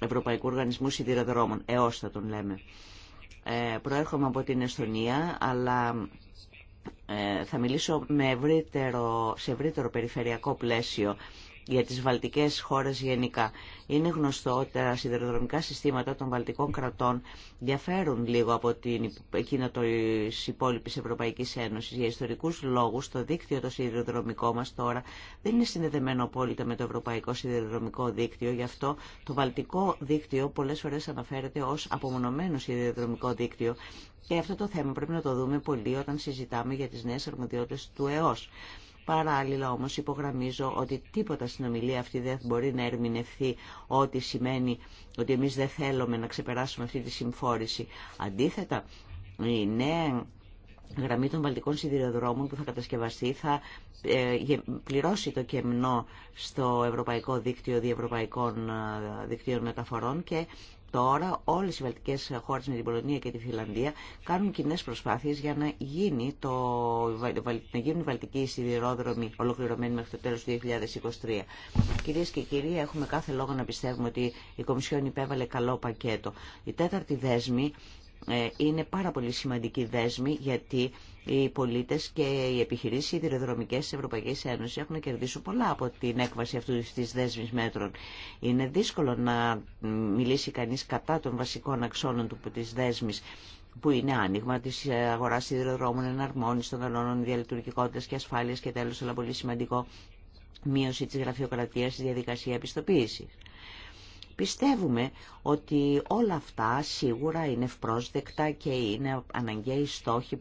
Ευρωπαϊκού Οργανισμού Σιδηροδρόμων, ΕΟΣ θα τον λέμε. Ε, προέρχομαι από την Εστονία, αλλά ε, θα μιλήσω με ευρύτερο, σε ευρύτερο περιφερειακό πλαίσιο για τις βαλτικές χώρες γενικά. Είναι γνωστό ότι τα σιδηροδρομικά συστήματα των βαλτικών κρατών διαφέρουν λίγο από την, εκείνα της υπόλοιπη Ευρωπαϊκή Ένωση, Για ιστορικούς λόγους το δίκτυο το σιδηροδρομικό μας τώρα δεν είναι συνδεδεμένο απόλυτα με το Ευρωπαϊκό Σιδηροδρομικό Δίκτυο. Γι' αυτό το βαλτικό δίκτυο πολλές φορές αναφέρεται ως απομονωμένο σιδηροδρομικό δίκτυο και αυτό το θέμα πρέπει να το δούμε πολύ όταν συζητάμε για τις νέε αρμοδιότητες του ΕΟΣ. Παράλληλα όμως υπογραμμίζω ότι τίποτα στην ομιλία αυτή δεν μπορεί να ερμηνευθεί ότι σημαίνει ότι εμείς δεν θέλουμε να ξεπεράσουμε αυτή τη συμφόρηση. Αντίθετα, η νέα γραμμή των βαλτικών σιδηροδρόμων που θα κατασκευαστεί θα ε, πληρώσει το κεμνό στο ευρωπαϊκό δίκτυο διευρωπαϊκών ε, δικτύων μεταφορών και Τώρα όλες οι βαλτικές χώρες με την Πολωνία και τη Φιλανδία κάνουν κοινέ προσπάθειες για να, γίνει το, να γίνουν οι βαλτικοί σιδηρόδρομοι ολοκληρωμένοι μέχρι το τέλος του 2023. Κυρίε και κύριοι, έχουμε κάθε λόγο να πιστεύουμε ότι η Κομισιόν υπέβαλε καλό πακέτο. Η τέταρτη δέσμη ε, είναι πάρα πολύ σημαντική δέσμη γιατί οι πολίτες και οι επιχειρήσεις ιδηροδρομικές της Ευρωπαϊκής Ένωσης έχουν κερδίσει πολλά από την έκβαση αυτού της δέσμης μέτρων. Είναι δύσκολο να μιλήσει κανείς κατά των βασικών αξώνων του της δέσμης που είναι άνοιγμα τη αγορά σιδηροδρόμων, εναρμόνιση των κανόνων διαλειτουργικότητα και ασφάλεια και τέλο, αλλά πολύ σημαντικό, μείωση τη γραφειοκρατία στη διαδικασία επιστοποίηση. Πιστεύουμε ότι όλα αυτά σίγουρα είναι ευπρόσδεκτα και είναι αναγκαίοι στόχοι.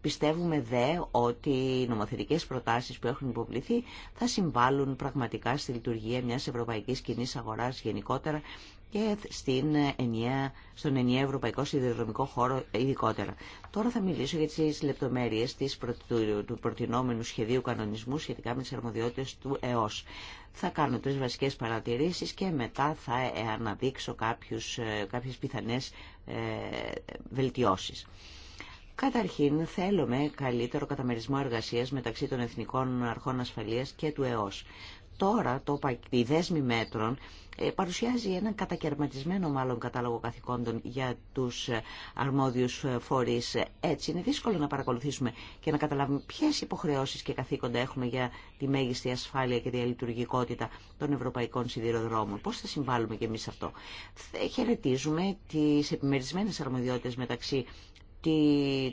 Πιστεύουμε δε ότι οι νομοθετικές προτάσεις που έχουν υποβληθεί θα συμβάλλουν πραγματικά στη λειτουργία μιας ευρωπαϊκής κοινής αγοράς γενικότερα και στην ενιαία, στον ενιαίο ευρωπαϊκό σιδηροδρομικό χώρο ειδικότερα. Τώρα θα μιλήσω για τι λεπτομέρειε του προτινόμενου σχεδίου κανονισμού σχετικά με τι αρμοδιότητε του ΕΟΣ. Θα κάνω τρει βασικέ παρατηρήσει και μετά θα ε, αναδείξω ε, κάποιε πιθανέ πιθανές ε, βελτιώσεις. Καταρχήν, θέλουμε καλύτερο καταμερισμό εργασίας μεταξύ των Εθνικών Αρχών Ασφαλείας και του ΕΟΣ. Τώρα, το, οι δέσμοι μέτρων ε, παρουσιάζει έναν κατακαιρματισμένο μάλλον κατάλογο καθηκόντων για τους ε, αρμόδιους ε, φορείς. Έτσι είναι δύσκολο να παρακολουθήσουμε και να καταλάβουμε ποιες υποχρεώσεις και καθήκοντα έχουμε για τη μέγιστη ασφάλεια και διαλειτουργικότητα των ευρωπαϊκών σιδηροδρόμων. Πώς θα συμβάλλουμε και εμείς αυτό. Χαιρετίζουμε τις επιμερισμένες αρμοδιότητες μεταξύ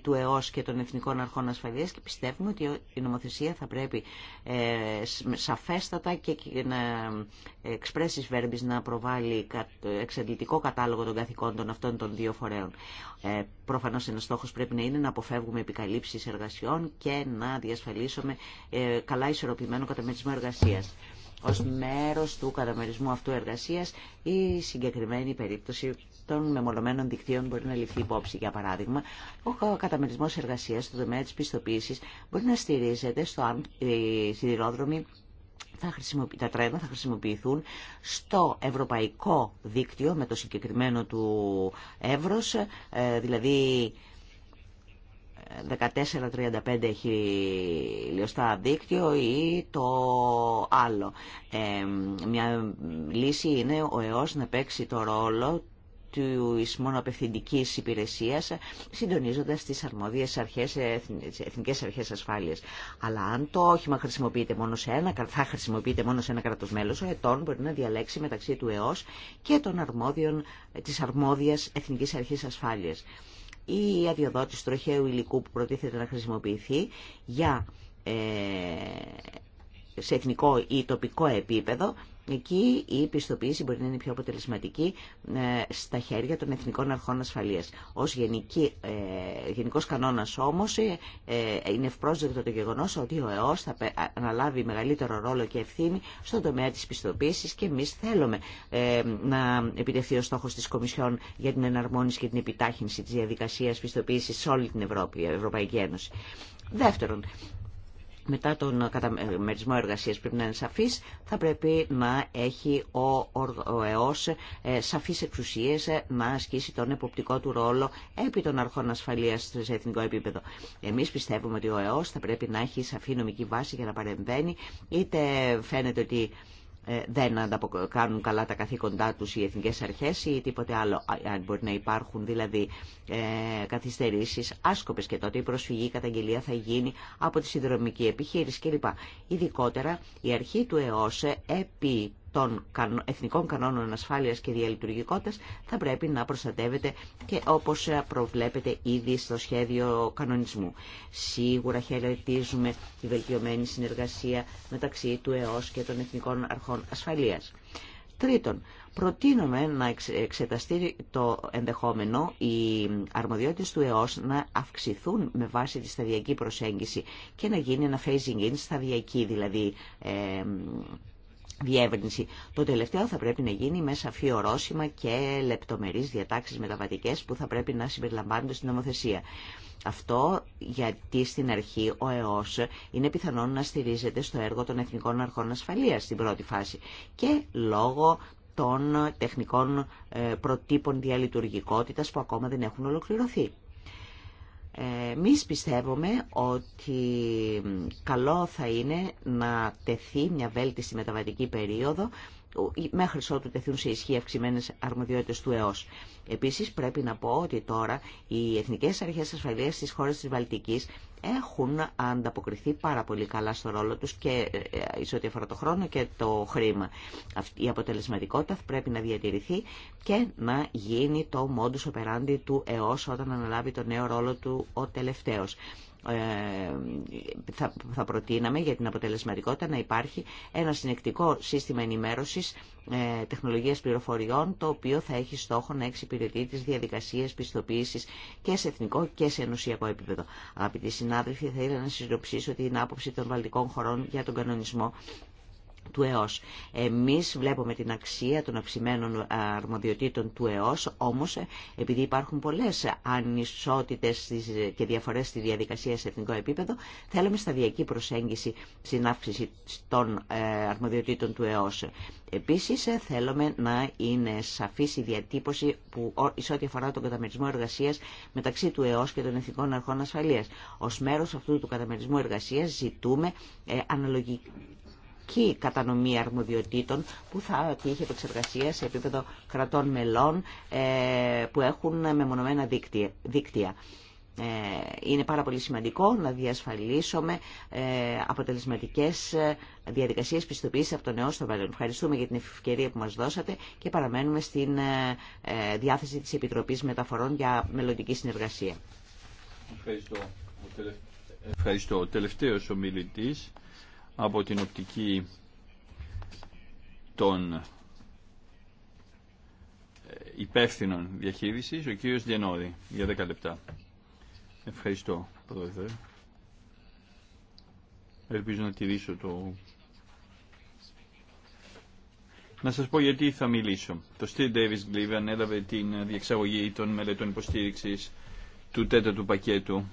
του ΕΟΣ και των Εθνικών Αρχών Ασφαλείας και πιστεύουμε ότι η νομοθεσία θα πρέπει ε, σαφέστατα και να εξπρέσεις βέρμπης να προβάλλει εξαντλητικό κατάλογο των καθηκόντων αυτών των δύο φορέων. Ε, προφανώς ένας στόχος πρέπει να είναι να αποφεύγουμε επικαλύψεις εργασιών και να διασφαλίσουμε ε, καλά ισορροπημένο καταμερισμό εργασίας. Ως μέρος του καταμερισμού αυτού εργασίας η συγκεκριμένη περίπτωση των μεμονωμένων δικτύων μπορεί να ληφθεί υπόψη. Για παράδειγμα, ο καταμερισμό εργασία στο τομέα τη πιστοποίηση μπορεί να στηρίζεται στο αν οι ε, σιδηρόδρομοι θα τα τρένα θα χρησιμοποιηθούν στο ευρωπαϊκό δίκτυο με το συγκεκριμένο του εύρος, ε, δηλαδή 14-35 ε, έχει λιωστά δίκτυο ή το άλλο. μια λύση είναι ο ΕΟΣ να παίξει το ρόλο της μόνο υπηρεσίας συντονίζοντας τις αρμόδιες αρχές, εθνικές αρχές ασφάλειας. Αλλά αν το όχημα χρησιμοποιείται μόνο σε ένα, θα χρησιμοποιείται μόνο σε ένα κράτος μέλος, ο ετών μπορεί να διαλέξει μεταξύ του ΕΟΣ και των αρμόδιων, της αρμόδιας εθνικής αρχής ασφάλειας. Η αδειοδότηση τροχαίου υλικού που προτίθεται να χρησιμοποιηθεί για, ε, σε εθνικό ή τοπικό επίπεδο Εκεί η πιστοποίηση μπορεί να είναι πιο αποτελεσματική ε, στα χέρια των Εθνικών Αρχών Ασφαλείας. Ως γενική, ε, γενικός κανόνας όμως ε, είναι ευπρόσδεκτο το γεγονός ότι ο ΕΟΣ θα αναλάβει μεγαλύτερο ρόλο και ευθύνη στον τομέα της πιστοποίησης και εμείς θέλουμε να επιτευχθεί ο στόχος της Κομισιόν για την εναρμόνιση και την επιτάχυνση της διαδικασίας πιστοποίησης σε όλη την Ευρώπη, Ευρωπαϊκή Ένωση. Δεύτερον, μετά τον καταμερισμό εργασία πρέπει να είναι σαφής, θα πρέπει να έχει ο ΕΟΣ ε, σαφείς εξουσίες ε, να ασκήσει τον εποπτικό του ρόλο επί των αρχών ασφαλείας σε εθνικό επίπεδο. Εμείς πιστεύουμε ότι ο ΕΟΣ θα πρέπει να έχει σαφή νομική βάση για να παρεμβαίνει, είτε φαίνεται ότι ε, δεν κάνουν καλά τα καθήκοντά τους οι εθνικές αρχές ή τίποτε άλλο. Αν μπορεί να υπάρχουν δηλαδή ε, καθυστερήσεις άσκοπες και τότε η προσφυγή, η καταγγελία θα γίνει από τη συνδρομική επιχείρηση κλπ. Ειδικότερα η αρχή του ΕΟΣΕ επί των εθνικών κανόνων ασφάλειας και διαλειτουργικότητας θα πρέπει να προστατεύεται και όπως προβλέπεται ήδη στο σχέδιο κανονισμού. Σίγουρα χαιρετίζουμε τη βελτιωμένη συνεργασία μεταξύ του ΕΟΣ και των Εθνικών Αρχών Ασφαλείας. Τρίτον, προτείνουμε να εξεταστεί το ενδεχόμενο οι αρμοδιότητες του ΕΟΣ να αυξηθούν με βάση τη σταδιακή προσέγγιση και να γίνει ένα phasing in σταδιακή δηλαδή ε, διεύρυνση. Το τελευταίο θα πρέπει να γίνει με σαφή ορόσημα και λεπτομερείς διατάξεις μεταβατικές που θα πρέπει να συμπεριλαμβάνονται στην νομοθεσία. Αυτό γιατί στην αρχή ο ΕΟΣ είναι πιθανόν να στηρίζεται στο έργο των Εθνικών Αρχών Ασφαλείας στην πρώτη φάση και λόγω των τεχνικών ε, προτύπων διαλειτουργικότητας που ακόμα δεν έχουν ολοκληρωθεί. Εμεί πιστεύουμε ότι καλό θα είναι να τεθεί μια βέλτιστη μεταβατική περίοδο μέχρι ότου τεθούν σε ισχύ αυξημένε αρμοδιότητες του ΕΟΣ. Επίσης πρέπει να πω ότι τώρα οι Εθνικές Αρχές ασφαλεία στις χώρες της Βαλτική έχουν ανταποκριθεί πάρα πολύ καλά στο ρόλο τους και σε ό,τι αφορά το χρόνο και το χρήμα. Η αποτελεσματικότητα πρέπει να διατηρηθεί και να γίνει το modus operandi του ΕΟΣ όταν αναλάβει το νέο ρόλο του ο τελευταίο. Ε, θα προτείναμε για την αποτελεσματικότητα να υπάρχει ένα συνεκτικό σύστημα ενημέρωσης ε, τεχνολογίας πληροφοριών το οποίο θα έχει στόχο να εξυπηρετεί τις διαδικασίες πιστοποίησης και σε εθνικό και σε ενωσιακό επίπεδο. Αγαπητοί συνάδελφοι, θα ήθελα να συνοψίσω την άποψη των βαλτικών χωρών για τον κανονισμό του ΕΟΣ. Εμείς βλέπουμε την αξία των αυξημένων αρμοδιοτήτων του ΕΟΣ, όμως ε, επειδή υπάρχουν πολλές ανισότητες ε, και διαφορές στη διαδικασία σε εθνικό επίπεδο, θέλουμε σταδιακή προσέγγιση στην αύξηση των ε, αρμοδιοτήτων του ΕΟΣ. Επίσης θέλουμε να είναι σαφής η διατύπωση που σε ό,τι αφορά τον καταμερισμό εργασίας μεταξύ του ΕΟΣ και των Εθνικών Αρχών Ασφαλείας. Ως μέρος αυτού του καταμερισμού εργασίας ζητούμε αναλογική η κατανομή αρμοδιοτήτων που θα τύχει επεξεργασία σε επίπεδο κρατών μελών ε, που έχουν μεμονωμένα δίκτυα. Ε, είναι πάρα πολύ σημαντικό να διασφαλίσουμε ε, αποτελεσματικές διαδικασίες πιστοποίησης από το νεό στο μέλλον. Ευχαριστούμε για την ευκαιρία που μας δώσατε και παραμένουμε στην διάθεση της Επιτροπής Μεταφορών για μελλοντική συνεργασία. Ευχαριστώ. Ευχαριστώ. Ο τελευταίος ομιλητής από την οπτική των ε, υπεύθυνων διαχείρισης, ο κύριος Διενόδη, για 10 λεπτά. Ευχαριστώ, Πρόεδρε. Ελπίζω να τηρήσω το... Να σας πω γιατί θα μιλήσω. Το Steve Davis Gleave ανέλαβε την διεξαγωγή των μελετών υποστήριξης του τέταρτου πακέτου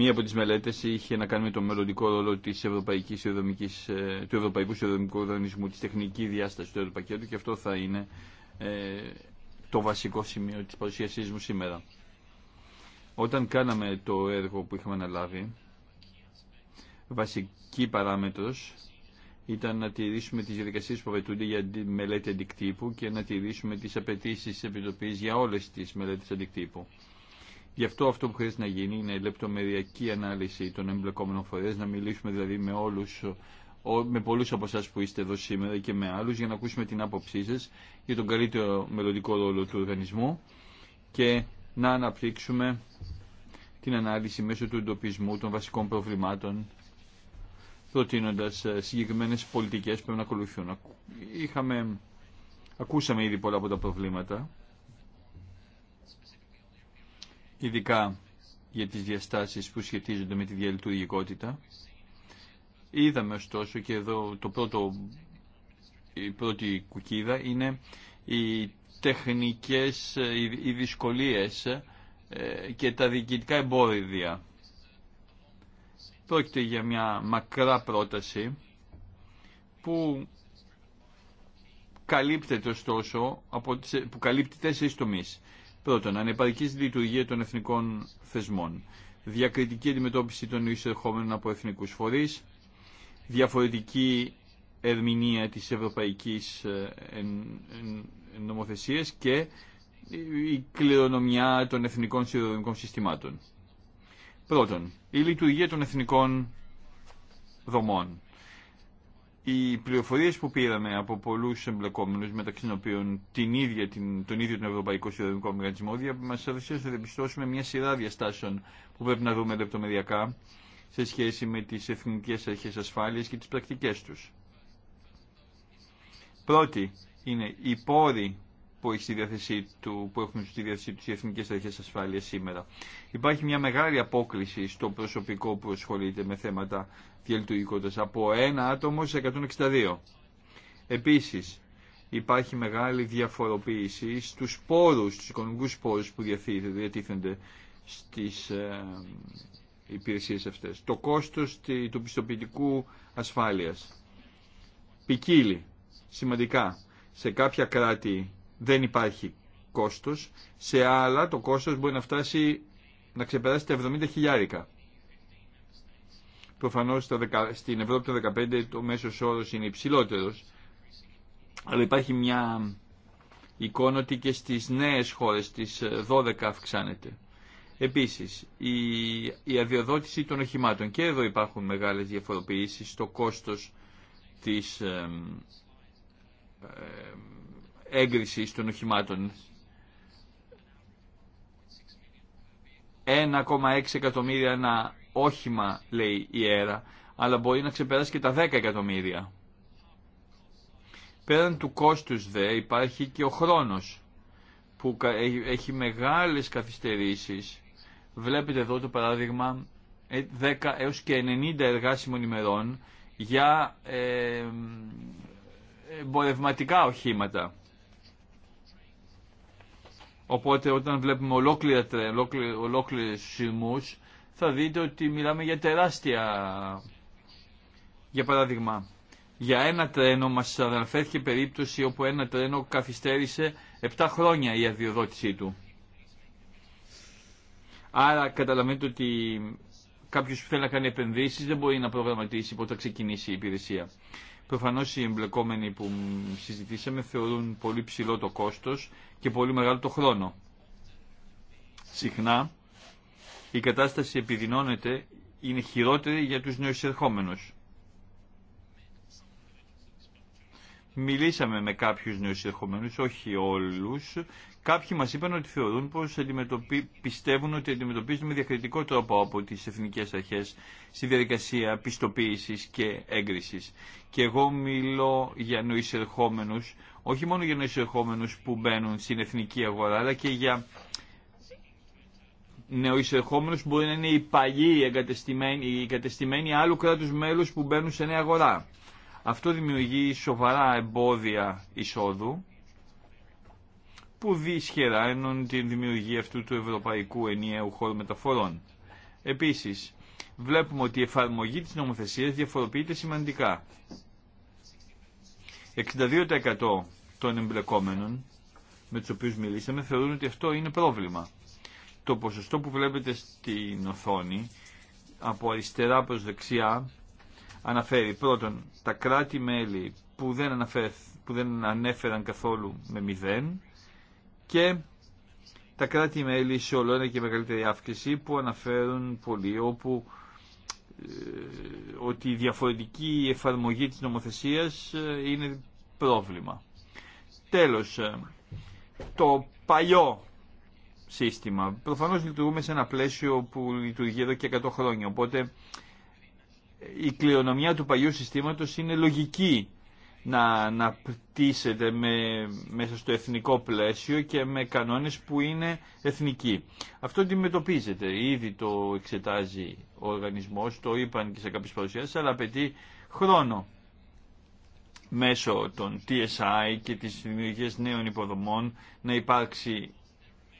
Μία από τι μελέτε είχε να κάνει με το μελλοντικό ρόλο της Ευρωπαϊκής ε, του Ευρωπαϊκού Συνδρομικού Οργανισμού, τη τεχνική διάσταση του Ευρωπαϊκού και αυτό θα είναι ε, το βασικό σημείο τη παρουσίασή μου σήμερα. Όταν κάναμε το έργο που είχαμε αναλάβει, βασική παράμετρος ήταν να τηρήσουμε τις διαδικασίες που απαιτούνται για τη μελέτη αντικτύπου και να τηρήσουμε τις απαιτήσει της Επιτροπής για όλες τις μελέτες αντικτύπου. Γι' αυτό αυτό που χρειάζεται να γίνει είναι η λεπτομεριακή ανάλυση των εμπλεκόμενων φορέων, να μιλήσουμε δηλαδή με όλους με πολλούς από εσά που είστε εδώ σήμερα και με άλλους για να ακούσουμε την άποψή σα για τον καλύτερο μελλοντικό ρόλο του οργανισμού και να αναπτύξουμε την ανάλυση μέσω του εντοπισμού των βασικών προβλημάτων προτείνοντα ε, συγκεκριμένε πολιτικέ που πρέπει να ακολουθούν. ακούσαμε ήδη πολλά από τα προβλήματα ειδικά για τις διαστάσεις που σχετίζονται με τη διαλειτουργικότητα. Είδαμε ωστόσο και εδώ το πρώτο, η πρώτη κουκίδα είναι οι τεχνικές, οι δυσκολίες ε, και τα διοικητικά εμπόδια. Πρόκειται για μια μακρά πρόταση που καλύπτεται ωστόσο, που καλύπτει τέσσερις τομείς. Πρώτον, ανεπαρκή λειτουργία των εθνικών θεσμών. Διακριτική αντιμετώπιση των εισερχόμενων από εθνικού φορεί. Διαφορετική ερμηνεία της Ευρωπαϊκή ε, Νομοθεσία και η κληρονομιά των εθνικών σιδηροδρομικών συστημάτων. Πρώτον, η λειτουργία των εθνικών δομών οι πληροφορίες που πήραμε από πολλούς εμπλεκόμενους, μεταξύ των οποίων την ίδια, την, τον ίδιο τον Ευρωπαϊκό Συνδρομικό Μηχανισμό, μας έδωσε να διαπιστώσουμε μια σειρά διαστάσεων που πρέπει να δούμε λεπτομεριακά σε σχέση με τις εθνικές αρχές ασφάλειας και τις πρακτικές τους. Πρώτη είναι οι πόροι που, έχει στη διάθεση του, που έχουν στη διάθεσή του οι εθνικέ αρχέ ασφάλεια σήμερα. Υπάρχει μια μεγάλη απόκληση στο προσωπικό που ασχολείται με θέματα διαλειτουργικότητα από ένα άτομο σε 162. Επίση, υπάρχει μεγάλη διαφοροποίηση στου πόρου, στους οικονομικού πόρου που διατίθενται στι ε, υπηρεσίες αυτές. Το κόστο του πιστοποιητικού ασφάλεια, ποικίλει σημαντικά. Σε κάποια κράτη δεν υπάρχει κόστος. Σε άλλα το κόστος μπορεί να φτάσει να ξεπεράσει τα 70 χιλιάρικα. Προφανώς στην Ευρώπη το 15 το μέσος όρος είναι υψηλότερος, αλλά υπάρχει μια εικόνα ότι και στις νέες χώρες, τις 12 αυξάνεται. Επίσης, η, η αδειοδότηση των οχημάτων. Και εδώ υπάρχουν μεγάλες διαφοροποιήσεις στο κόστος της ε, Έγκριση των οχημάτων. 1,6 εκατομμύρια ένα όχημα λέει η ΕΡΑ, αλλά μπορεί να ξεπεράσει και τα 10 εκατομμύρια. Πέραν του κόστους δε υπάρχει και ο χρόνος που έχει μεγάλες καθυστερήσεις. Βλέπετε εδώ το παράδειγμα 10 ε, έως και 90 εργάσιμων ημερών για ε, εμπορευματικά οχήματα. Οπότε όταν βλέπουμε ολόκληρα, ολόκληρες σειρμούς θα δείτε ότι μιλάμε για τεράστια... Για παράδειγμα, για ένα τρένο μας αναφέρθηκε περίπτωση όπου ένα τρένο καθυστέρησε 7 χρόνια η αδειοδότησή του. Άρα καταλαβαίνετε ότι κάποιο που θέλει να κάνει επενδύσει δεν μπορεί να προγραμματίσει πότε θα ξεκινήσει η υπηρεσία. Προφανώ οι εμπλεκόμενοι που συζητήσαμε θεωρούν πολύ ψηλό το κόστος και πολύ μεγάλο το χρόνο. Συχνά η κατάσταση επιδεινώνεται, είναι χειρότερη για τους νεοεισερχόμενους. Μιλήσαμε με κάποιους νεοεισερχόμενους, όχι όλους, Κάποιοι μα είπαν ότι θεωρούν πως πιστεύουν ότι αντιμετωπίζουν με διακριτικό τρόπο από τι εθνικέ αρχέ στη διαδικασία πιστοποίηση και έγκριση. Και εγώ μιλώ για νοησερχόμενους, όχι μόνο για νοησερχόμενους που μπαίνουν στην εθνική αγορά, αλλά και για νεοεισερχόμενους που μπορεί να είναι οι παλιοί, οι εγκατεστημένοι, εγκατεστημένοι άλλου κράτου μέλους που μπαίνουν σε νέα αγορά. Αυτό δημιουργεί σοβαρά εμπόδια εισόδου που δυσχερά ενώνει την δημιουργία αυτού του ευρωπαϊκού ενιαίου χώρου μεταφορών. Επίσης, βλέπουμε ότι η εφαρμογή της νομοθεσίας διαφοροποιείται σημαντικά. 62% των εμπλεκόμενων με τους οποίους μιλήσαμε θεωρούν ότι αυτό είναι πρόβλημα. Το ποσοστό που βλέπετε στην οθόνη από αριστερά προς δεξιά αναφέρει πρώτον τα κράτη-μέλη που, που δεν ανέφεραν καθόλου με μηδέν και τα κράτη-μέλη σε όλο και μεγαλύτερη αύξηση που αναφέρουν πολύ όπου ε, ότι η διαφορετική εφαρμογή της νομοθεσίας ε, είναι πρόβλημα. Τέλος, ε, το παλιό σύστημα. Προφανώς λειτουργούμε σε ένα πλαίσιο που λειτουργεί εδώ και 100 χρόνια, οπότε η κληρονομιά του παλιού συστήματος είναι λογική να αναπτύσσεται με, μέσα στο εθνικό πλαίσιο και με κανόνες που είναι εθνικοί. Αυτό αντιμετωπίζεται. Ήδη το εξετάζει ο οργανισμός, το είπαν και σε κάποιες παρουσιάσεις, αλλά απαιτεί χρόνο μέσω των TSI και της δημιουργίας νέων υποδομών να υπάρξει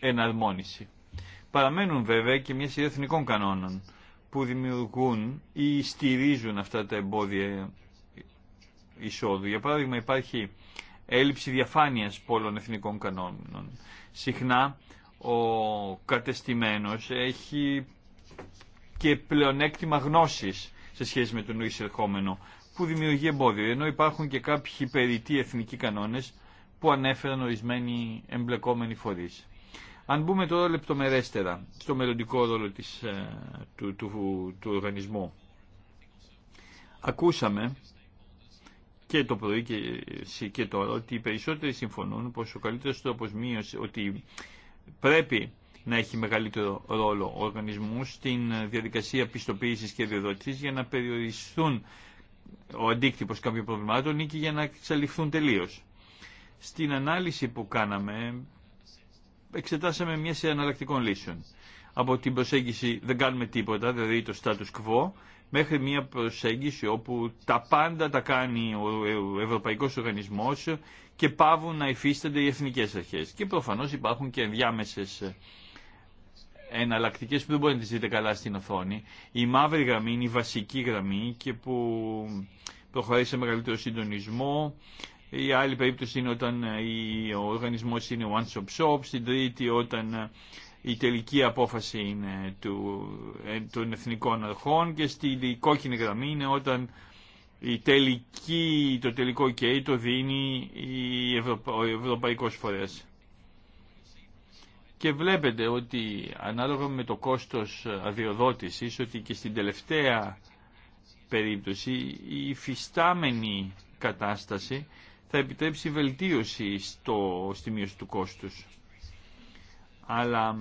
εναρμόνιση. Παραμένουν βέβαια και μια σειρά εθνικών κανόνων που δημιουργούν ή στηρίζουν αυτά τα εμπόδια εισόδου. Για παράδειγμα υπάρχει έλλειψη διαφάνειας πολλών εθνικών κανόνων. Συχνά ο κατεστημένος έχει και πλεονέκτημα γνώσης σε σχέση με τον εισερχόμενο που δημιουργεί εμπόδιο, ενώ υπάρχουν και κάποιοι περιττοί εθνικοί κανόνες που ανέφεραν ορισμένοι εμπλεκόμενοι φορείς. Αν μπούμε τώρα λεπτομερέστερα στο μελλοντικό ρόλο της, ε, του, του, του οργανισμού. Ακούσαμε και το πρωί και, και τώρα ότι οι περισσότεροι συμφωνούν πως ο καλύτερος τρόπος μείωση ότι πρέπει να έχει μεγαλύτερο ρόλο ο οργανισμός στην διαδικασία πιστοποίησης και διοδότησης για να περιοριστούν ο αντίκτυπος κάποιων προβλημάτων ή και για να εξαλειφθούν τελείως. Στην ανάλυση που κάναμε εξετάσαμε μια σε αναλλακτικών λύσεων. Από την προσέγγιση δεν κάνουμε τίποτα, δηλαδή το status quo, μέχρι μια προσέγγιση όπου τα πάντα τα κάνει ο Ευρωπαϊκός Οργανισμός και πάβουν να υφίστανται οι εθνικές αρχές. Και προφανώς υπάρχουν και διάμεσες ε, εναλλακτικές που δεν μπορείτε να τις δείτε καλά στην οθόνη. Η μαύρη γραμμή είναι η βασική γραμμή και που προχωράει σε μεγαλύτερο συντονισμό. Η άλλη περίπτωση είναι όταν ε, ο οργανισμός είναι one-stop shop, στην τρίτη όταν ε, η τελική απόφαση είναι του, ε, των εθνικών αρχών και στη κόκκινη γραμμή είναι όταν η τελική, το τελικό OK το δίνει η ο Ευρωπαϊκός Φορέας. Και βλέπετε ότι ανάλογα με το κόστος αδειοδότησης, ότι και στην τελευταία περίπτωση η φυστάμενη κατάσταση θα επιτρέψει βελτίωση στο, στη μείωση του κόστους αλλά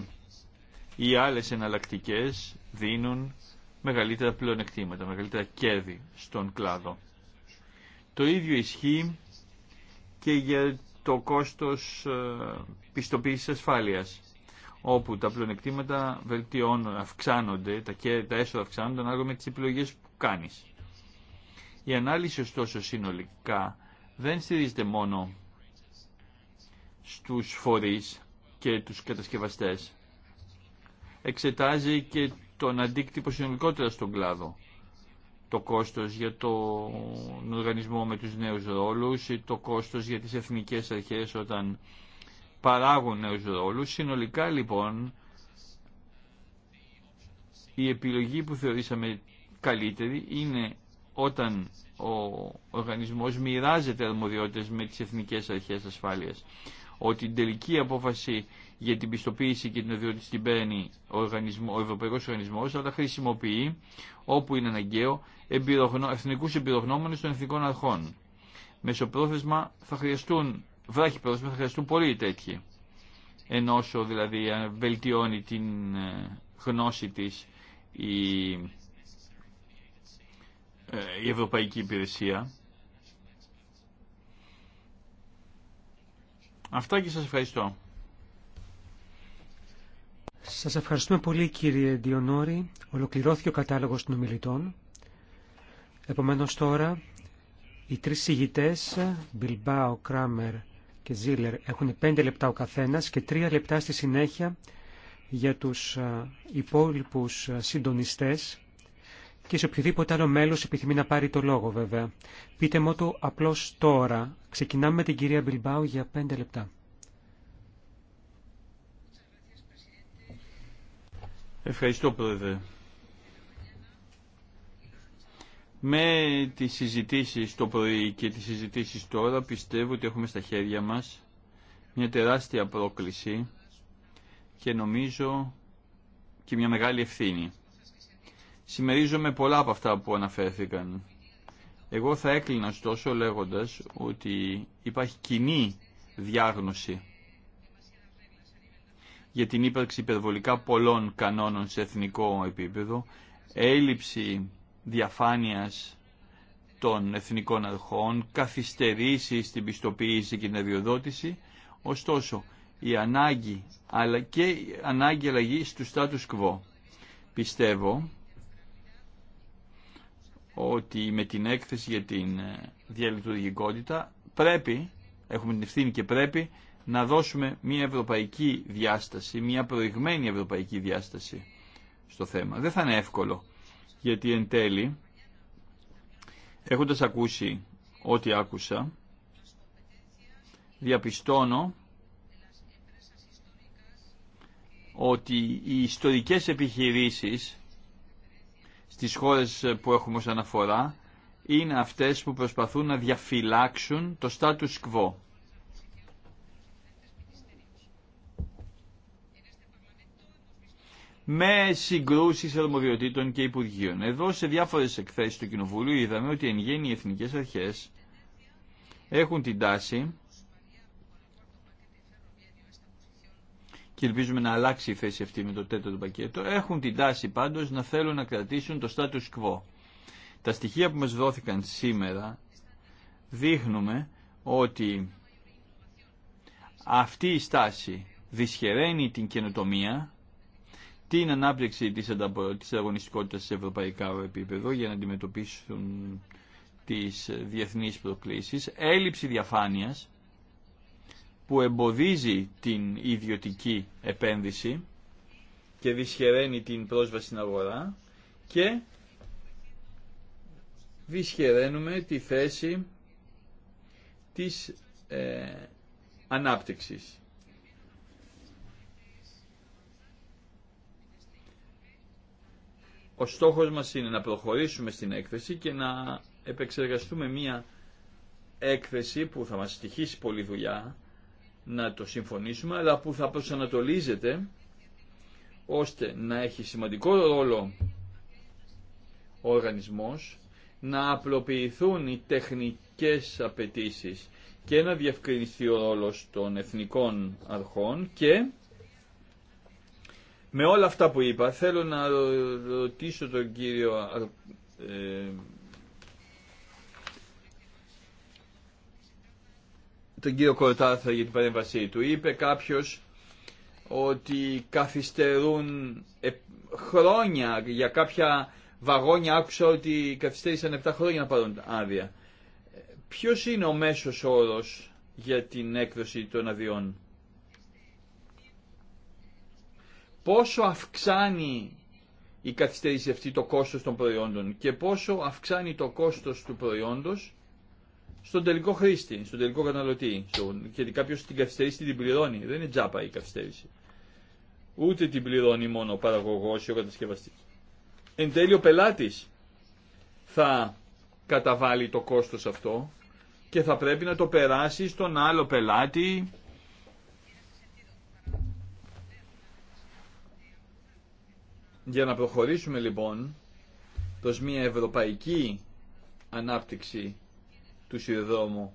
οι άλλες εναλλακτικέ δίνουν μεγαλύτερα πλεονεκτήματα, μεγαλύτερα κέρδη στον κλάδο. Το ίδιο ισχύει και για το κόστος ε, πιστοποίησης ασφάλειας, όπου τα πλεονεκτήματα βελτιώνουν, αυξάνονται, τα, τα έσοδα αυξάνονται ανάλογα με τις επιλογές που κάνεις. Η ανάλυση ωστόσο συνολικά δεν στηρίζεται μόνο στους φορείς και τους κατασκευαστές. Εξετάζει και τον αντίκτυπο συνολικότερα στον κλάδο. Το κόστος για τον οργανισμό με τους νέους ρόλους ή το κόστος για τις εθνικές αρχές όταν παράγουν νέους ρόλους. Συνολικά λοιπόν η επιλογή που θεωρήσαμε καλύτερη είναι όταν ο οργανισμός μοιράζεται αρμοδιότητες με τις εθνικές αρχές ασφάλειας ότι την τελική απόφαση για την πιστοποίηση και την αδειότητα την παίρνει ο, οργανισμό, ο Ευρωπαϊκός Οργανισμός, αλλά χρησιμοποιεί όπου είναι αναγκαίο εθνικούς εμπειρογνώμονες των εθνικών αρχών. Μεσοπρόθεσμα θα χρειαστούν, βράχη πρόθεσμα θα χρειαστούν πολλοί τέτοιοι, ενώ όσο δηλαδή βελτιώνει την ε, γνώση της η, ε, η Ευρωπαϊκή Υπηρεσία Αυτά και σας ευχαριστώ. Σας ευχαριστούμε πολύ κύριε Διονόρη. Ολοκληρώθηκε ο κατάλογος των ομιλητών. Επομένως τώρα οι τρεις συγητές, Μπιλμπάο, Κράμερ και Ζίλερ έχουν πέντε λεπτά ο καθένας και τρία λεπτά στη συνέχεια για τους ε, υπόλοιπους ε, συντονιστές και σε οποιοδήποτε άλλο μέλο επιθυμεί να πάρει το λόγο βέβαια. Πείτε μου το απλώς τώρα. Ξεκινάμε με την κυρία Μπιλμπάου για πέντε λεπτά. Ευχαριστώ πρόεδρε. Με τις συζητήσεις το πρωί και τις συζητήσεις τώρα πιστεύω ότι έχουμε στα χέρια μας μια τεράστια πρόκληση και νομίζω και μια μεγάλη ευθύνη. Συμμερίζομαι πολλά από αυτά που αναφέρθηκαν. Εγώ θα έκλεινα ωστόσο λέγοντας ότι υπάρχει κοινή διάγνωση για την ύπαρξη υπερβολικά πολλών κανόνων σε εθνικό επίπεδο, έλλειψη διαφάνειας των εθνικών αρχών, καθυστερήσει στην πιστοποίηση και την αδειοδότηση. Ωστόσο, η ανάγκη αλλά και η ανάγκη αλλαγή του status quo. Πιστεύω ότι με την έκθεση για την ε, διαλειτουργικότητα πρέπει, έχουμε την ευθύνη και πρέπει να δώσουμε μια ευρωπαϊκή διάσταση, μια προηγμένη ευρωπαϊκή διάσταση στο θέμα. Δεν θα είναι εύκολο, γιατί εν τέλει, έχοντας ακούσει ό,τι άκουσα, διαπιστώνω ότι οι ιστορικές επιχειρήσεις στις χώρες ε, που έχουμε ως αναφορά είναι αυτές που προσπαθούν να διαφυλάξουν το status quo. με συγκρούσεις αρμοδιοτήτων και υπουργείων. Εδώ σε διάφορες εκθέσεις του Κοινοβουλίου είδαμε ότι εν γέννη οι εθνικές αρχές έχουν την τάση και ελπίζουμε να αλλάξει η θέση αυτή με το τέταρτο πακέτο, έχουν την τάση πάντω να θέλουν να κρατήσουν το status quo. Τα στοιχεία που μας δόθηκαν σήμερα δείχνουμε ότι αυτή η στάση δυσχεραίνει την καινοτομία, την ανάπτυξη της, της αγωνιστικότητας σε ευρωπαϊκά επίπεδο για να αντιμετωπίσουν τις διεθνείς προκλήσεις, έλλειψη διαφάνειας, που εμποδίζει την ιδιωτική επένδυση και δυσχεραίνει την πρόσβαση στην αγορά και δυσχεραίνουμε τη θέση της ε, ανάπτυξης. Ο στόχος μας είναι να προχωρήσουμε στην έκθεση και να επεξεργαστούμε μία έκθεση που θα μας στοιχήσει πολύ δουλειά να το συμφωνήσουμε, αλλά που θα προσανατολίζεται ώστε να έχει σημαντικό ρόλο ο οργανισμός, να απλοποιηθούν οι τεχνικές απαιτήσει και να διευκρινιστεί ο ρόλος των εθνικών αρχών και με όλα αυτά που είπα θέλω να ρωτήσω τον κύριο ε, τον κύριο Κορτάθρα για την παρέμβασή του. Είπε κάποιος ότι καθυστερούν ε, χρόνια για κάποια βαγόνια άκουσα ότι καθυστέρησαν 7 χρόνια να πάρουν άδεια. Ποιος είναι ο μέσος όρος για την έκδοση των αδειών. Πόσο αυξάνει η καθυστέρηση αυτή το κόστος των προϊόντων και πόσο αυξάνει το κόστος του προϊόντος στον τελικό χρήστη, στον τελικό καταναλωτή. Στον... Γιατί κάποιο την καθυστερήσει την πληρώνει. Δεν είναι τζάπα η καθυστέρηση. Ούτε την πληρώνει μόνο ο παραγωγό ή ο κατασκευαστή. Εν τέλει ο πελάτη θα καταβάλει το κόστος αυτό και θα πρέπει να το περάσει στον άλλο πελάτη Για να προχωρήσουμε λοιπόν προς μια ευρωπαϊκή ανάπτυξη του σιδεδόμου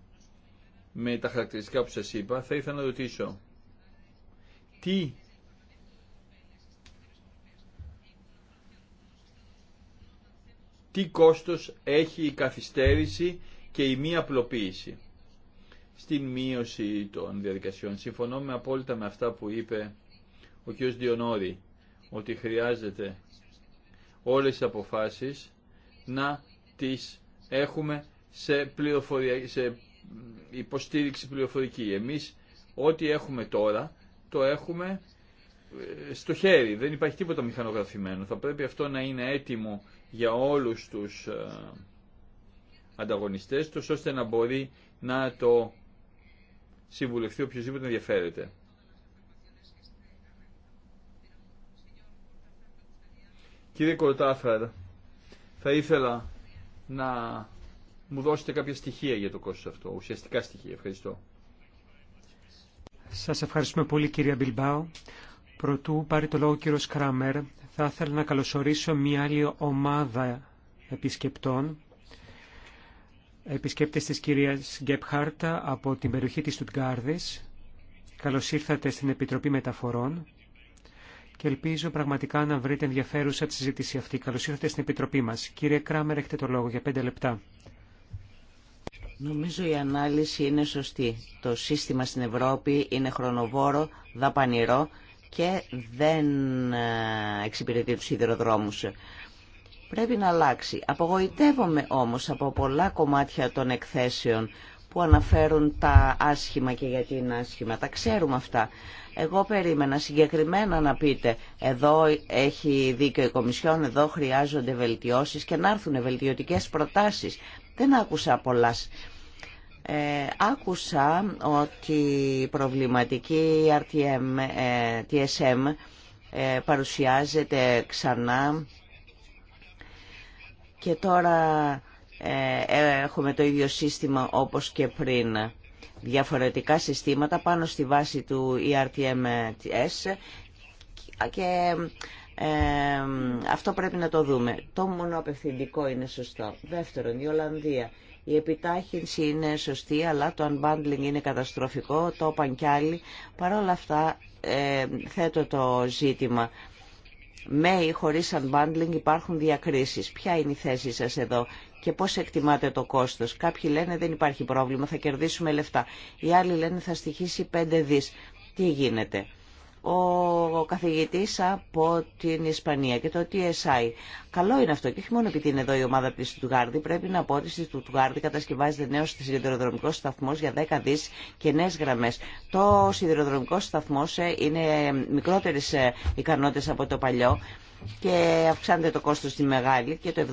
με τα χαρακτηριστικά που σας είπα, θα ήθελα να ρωτήσω τι τι κόστος έχει η καθυστέρηση και η μη απλοποίηση. Στην μείωση των διαδικασιών. Συμφωνώ με απόλυτα με αυτά που είπε ο κ. Διονόρη, ότι χρειάζεται όλες τις αποφάσεις να τις έχουμε σε, πληροφορία, σε υποστήριξη πληροφορική. Εμείς ό,τι έχουμε τώρα το έχουμε ε, στο χέρι. Δεν υπάρχει τίποτα μηχανογραφημένο. Θα πρέπει αυτό να είναι έτοιμο για όλους τους ε, ανταγωνιστές τους, ώστε να μπορεί να το συμβουλευτεί οποιοδήποτε ενδιαφέρεται. Κύριε Κορτάφερ, θα ήθελα να μου δώσετε κάποια στοιχεία για το κόστος αυτό, ουσιαστικά στοιχεία. Ευχαριστώ. Σας ευχαριστούμε πολύ κυρία Μπιλμπάου. Προτού πάρει το λόγο ο κύριος Κράμερ, θα ήθελα να καλωσορίσω μια άλλη ομάδα επισκεπτών, επισκέπτες της κυρίας Γκέπχάρτα από την περιοχή της Στουτγκάρδης. Καλώς ήρθατε στην Επιτροπή Μεταφορών και ελπίζω πραγματικά να βρείτε ενδιαφέρουσα τη συζήτηση αυτή. Καλώς ήρθατε στην Επιτροπή μας. Κύριε Κράμερ, έχετε το λόγο για πέντε λεπτά. Νομίζω η ανάλυση είναι σωστή. Το σύστημα στην Ευρώπη είναι χρονοβόρο, δαπανηρό και δεν ε, εξυπηρετεί τους σιδηροδρόμους. Πρέπει να αλλάξει. Απογοητεύομαι όμως από πολλά κομμάτια των εκθέσεων που αναφέρουν τα άσχημα και γιατί είναι άσχημα. Τα ξέρουμε αυτά. Εγώ περίμενα συγκεκριμένα να πείτε εδώ έχει δίκιο η Κομισιόν, εδώ χρειάζονται βελτιώσεις και να έρθουν βελτιωτικές προτάσεις. Δεν άκουσα πολλά ε, άκουσα ότι η προβληματική RTM, TSM ε, ε, παρουσιάζεται ξανά και τώρα έχουμε το ίδιο σύστημα όπως και πριν. Διαφορετικά συστήματα πάνω στη βάση του ERTMS και αυτό πρέπει να το δούμε. Το μόνο είναι σωστό. Δεύτερον, η Ολλανδία η επιτάχυνση είναι σωστή, αλλά το unbundling είναι καταστροφικό, το είπαν κι άλλοι. Παρ' όλα αυτά ε, θέτω το ζήτημα. Με ή χωρίς unbundling υπάρχουν διακρίσεις. Ποια είναι η θέση σας εδώ και πώς εκτιμάτε το κόστος. Κάποιοι λένε δεν υπάρχει πρόβλημα, θα κερδίσουμε λεφτά. Οι άλλοι λένε θα στοιχήσει 5 δις. Τι γίνεται ο καθηγητής από την Ισπανία και το TSI. Καλό είναι αυτό και όχι μόνο επειδή είναι εδώ η ομάδα της Τουτουγάρδη. Πρέπει να πω ότι στη Τουτουγάρδη κατασκευάζεται νέο σιδηροδρομικό σταθμό για 10 δι και νέε γραμμέ. Το σιδηροδρομικό σταθμό ε, είναι μικρότερε ικανότητε από το παλιό και αυξάνεται το κόστος στη μεγάλη και το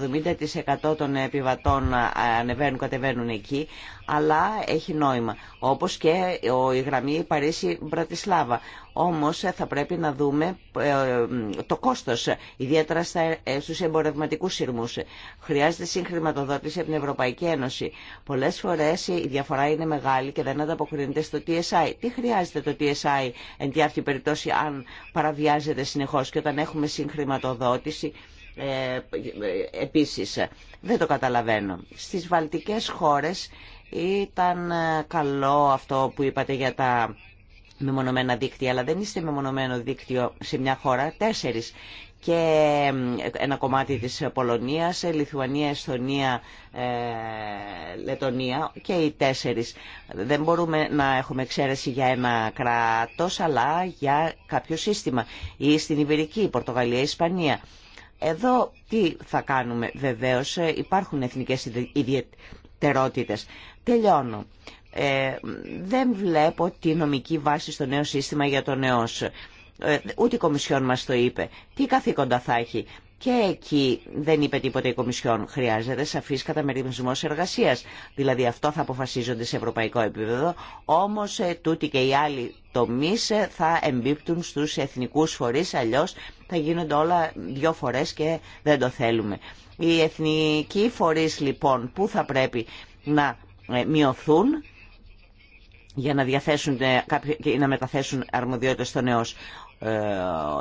70% των επιβατών ε, ανεβαίνουν, κατεβαίνουν εκεί αλλά έχει νόημα όπως και η γραμμή Παρίσι-Μπρατισλάβα όμως ε, θα πρέπει να δούμε ε, ε, το κόστος, ιδιαίτερα στους εμπορευματικούς σύρμους. Χρειάζεται συγχρηματοδότηση από την Ευρωπαϊκή Ένωση. Πολλές φορές η διαφορά είναι μεγάλη και δεν ανταποκρίνεται στο TSI. Τι χρειάζεται το TSI εν τη αυτή περιπτώσει αν παραβιάζεται συνεχώς και όταν έχουμε συγχρηματοδότηση ε, επίσης δεν το καταλαβαίνω. Στις βαλτικές χώρες ήταν καλό αυτό που είπατε για τα μεμονωμένα δίκτυα, αλλά δεν είστε μεμονωμένο δίκτυο σε μια χώρα, Τέσσερι. Και ένα κομμάτι της Πολωνίας, Λιθουανία, Εσθονία, ε, Λετωνία και οι τέσσερις. Δεν μπορούμε να έχουμε εξαίρεση για ένα κράτος, αλλά για κάποιο σύστημα. Ή στην Ιβηρική, Πορτογαλία, Ισπανία. Εδώ τι θα κάνουμε βεβαίως, ε, υπάρχουν εθνικές ιδιαιτερότητες. Τελειώνω. Ε, δεν βλέπω τη νομική βάση στο νέο σύστημα για τον ΕΟΣ. Ε, ούτε η Κομισιόν μας το είπε. Τι καθήκοντα θα έχει. Και εκεί δεν είπε τίποτα η Κομισιόν. Χρειάζεται σαφή καταμερισμό εργασία. Δηλαδή αυτό θα αποφασίζονται σε ευρωπαϊκό επίπεδο. Όμω ε, τούτη και οι άλλοι τομεί ε, θα εμπίπτουν στου εθνικού φορεί. Αλλιώ θα γίνονται όλα δύο φορέ και δεν το θέλουμε. Οι εθνικοί φορεί λοιπόν που θα πρέπει να μειωθούν για να διαθέσουν ε, και να μεταθέσουν αρμοδιότητες στον ΕΟΣ. Ε,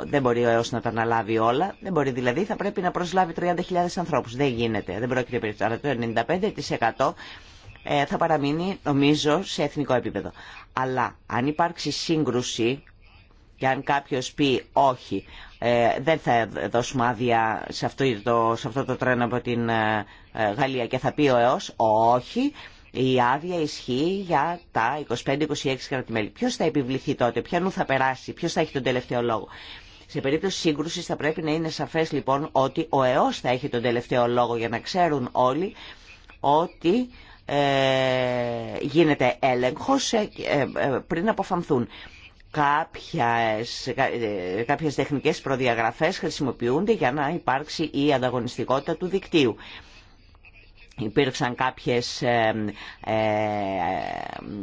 δεν μπορεί ο ΕΟΣ να τα αναλάβει όλα. Δεν μπορεί δηλαδή, θα πρέπει να προσλάβει 30.000 ανθρώπους. Δεν γίνεται, δεν πρόκειται περίπτωση. Αλλά το 95% ε, θα παραμείνει, νομίζω, σε εθνικό επίπεδο. Αλλά αν υπάρξει σύγκρουση και αν κάποιος πει όχι, ε, δεν θα δώσουμε άδεια σε αυτό το, σε αυτό το τρένο από την Γαλλία και θα πει ο ΕΟΣ όχι, η άδεια ισχύει για τα 25-26 κρατημέλη. Ποιο θα επιβληθεί τότε, ποιανού θα περάσει, ποιο θα έχει τον τελευταίο λόγο. Σε περίπτωση σύγκρουση θα πρέπει να είναι σαφέ λοιπόν ότι ο ΕΟΣ θα έχει τον τελευταίο λόγο για να ξέρουν όλοι ότι ε, γίνεται έλεγχος ε, ε, πριν αποφανθούν. Κάποιες, ε, κάποιες τεχνικές προδιαγραφές χρησιμοποιούνται για να υπάρξει η ανταγωνιστικότητα του δικτύου. Υπήρξαν κάποιες ε, ε,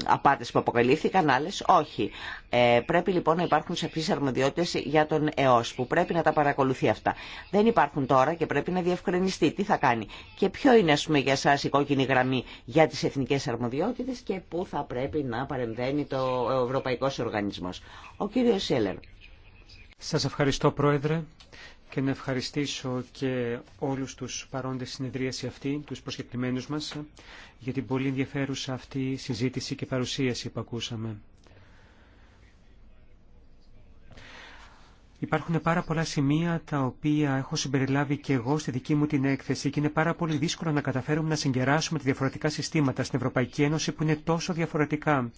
απάτες που αποκαλύφθηκαν, άλλες όχι. Ε, πρέπει λοιπόν να υπάρχουν σαφείς αρμοδιότητες για τον ΕΟΣ που πρέπει να τα παρακολουθεί αυτά. Δεν υπάρχουν τώρα και πρέπει να διευκρινιστεί τι θα κάνει. Και ποιο είναι ας πούμε για εσάς η κόκκινη γραμμή για τις εθνικές αρμοδιότητες και πού θα πρέπει να παρεμβαίνει το Ευρωπαϊκός Οργανισμός. Ο κύριος Σέλερ. Σας ευχαριστώ Πρόεδρε και να ευχαριστήσω και όλους τους παρόντες συνεδρίαση αυτή, τους προσκεκλημένους μας, για την πολύ ενδιαφέρουσα αυτή συζήτηση και παρουσίαση που ακούσαμε. Υπάρχουν πάρα πολλά σημεία τα οποία έχω συμπεριλάβει και εγώ στη δική μου την έκθεση και είναι πάρα πολύ δύσκολο να καταφέρουμε να συγκεράσουμε τα διαφορετικά συστήματα στην Ευρωπαϊκή Ένωση που είναι τόσο διαφορετικά.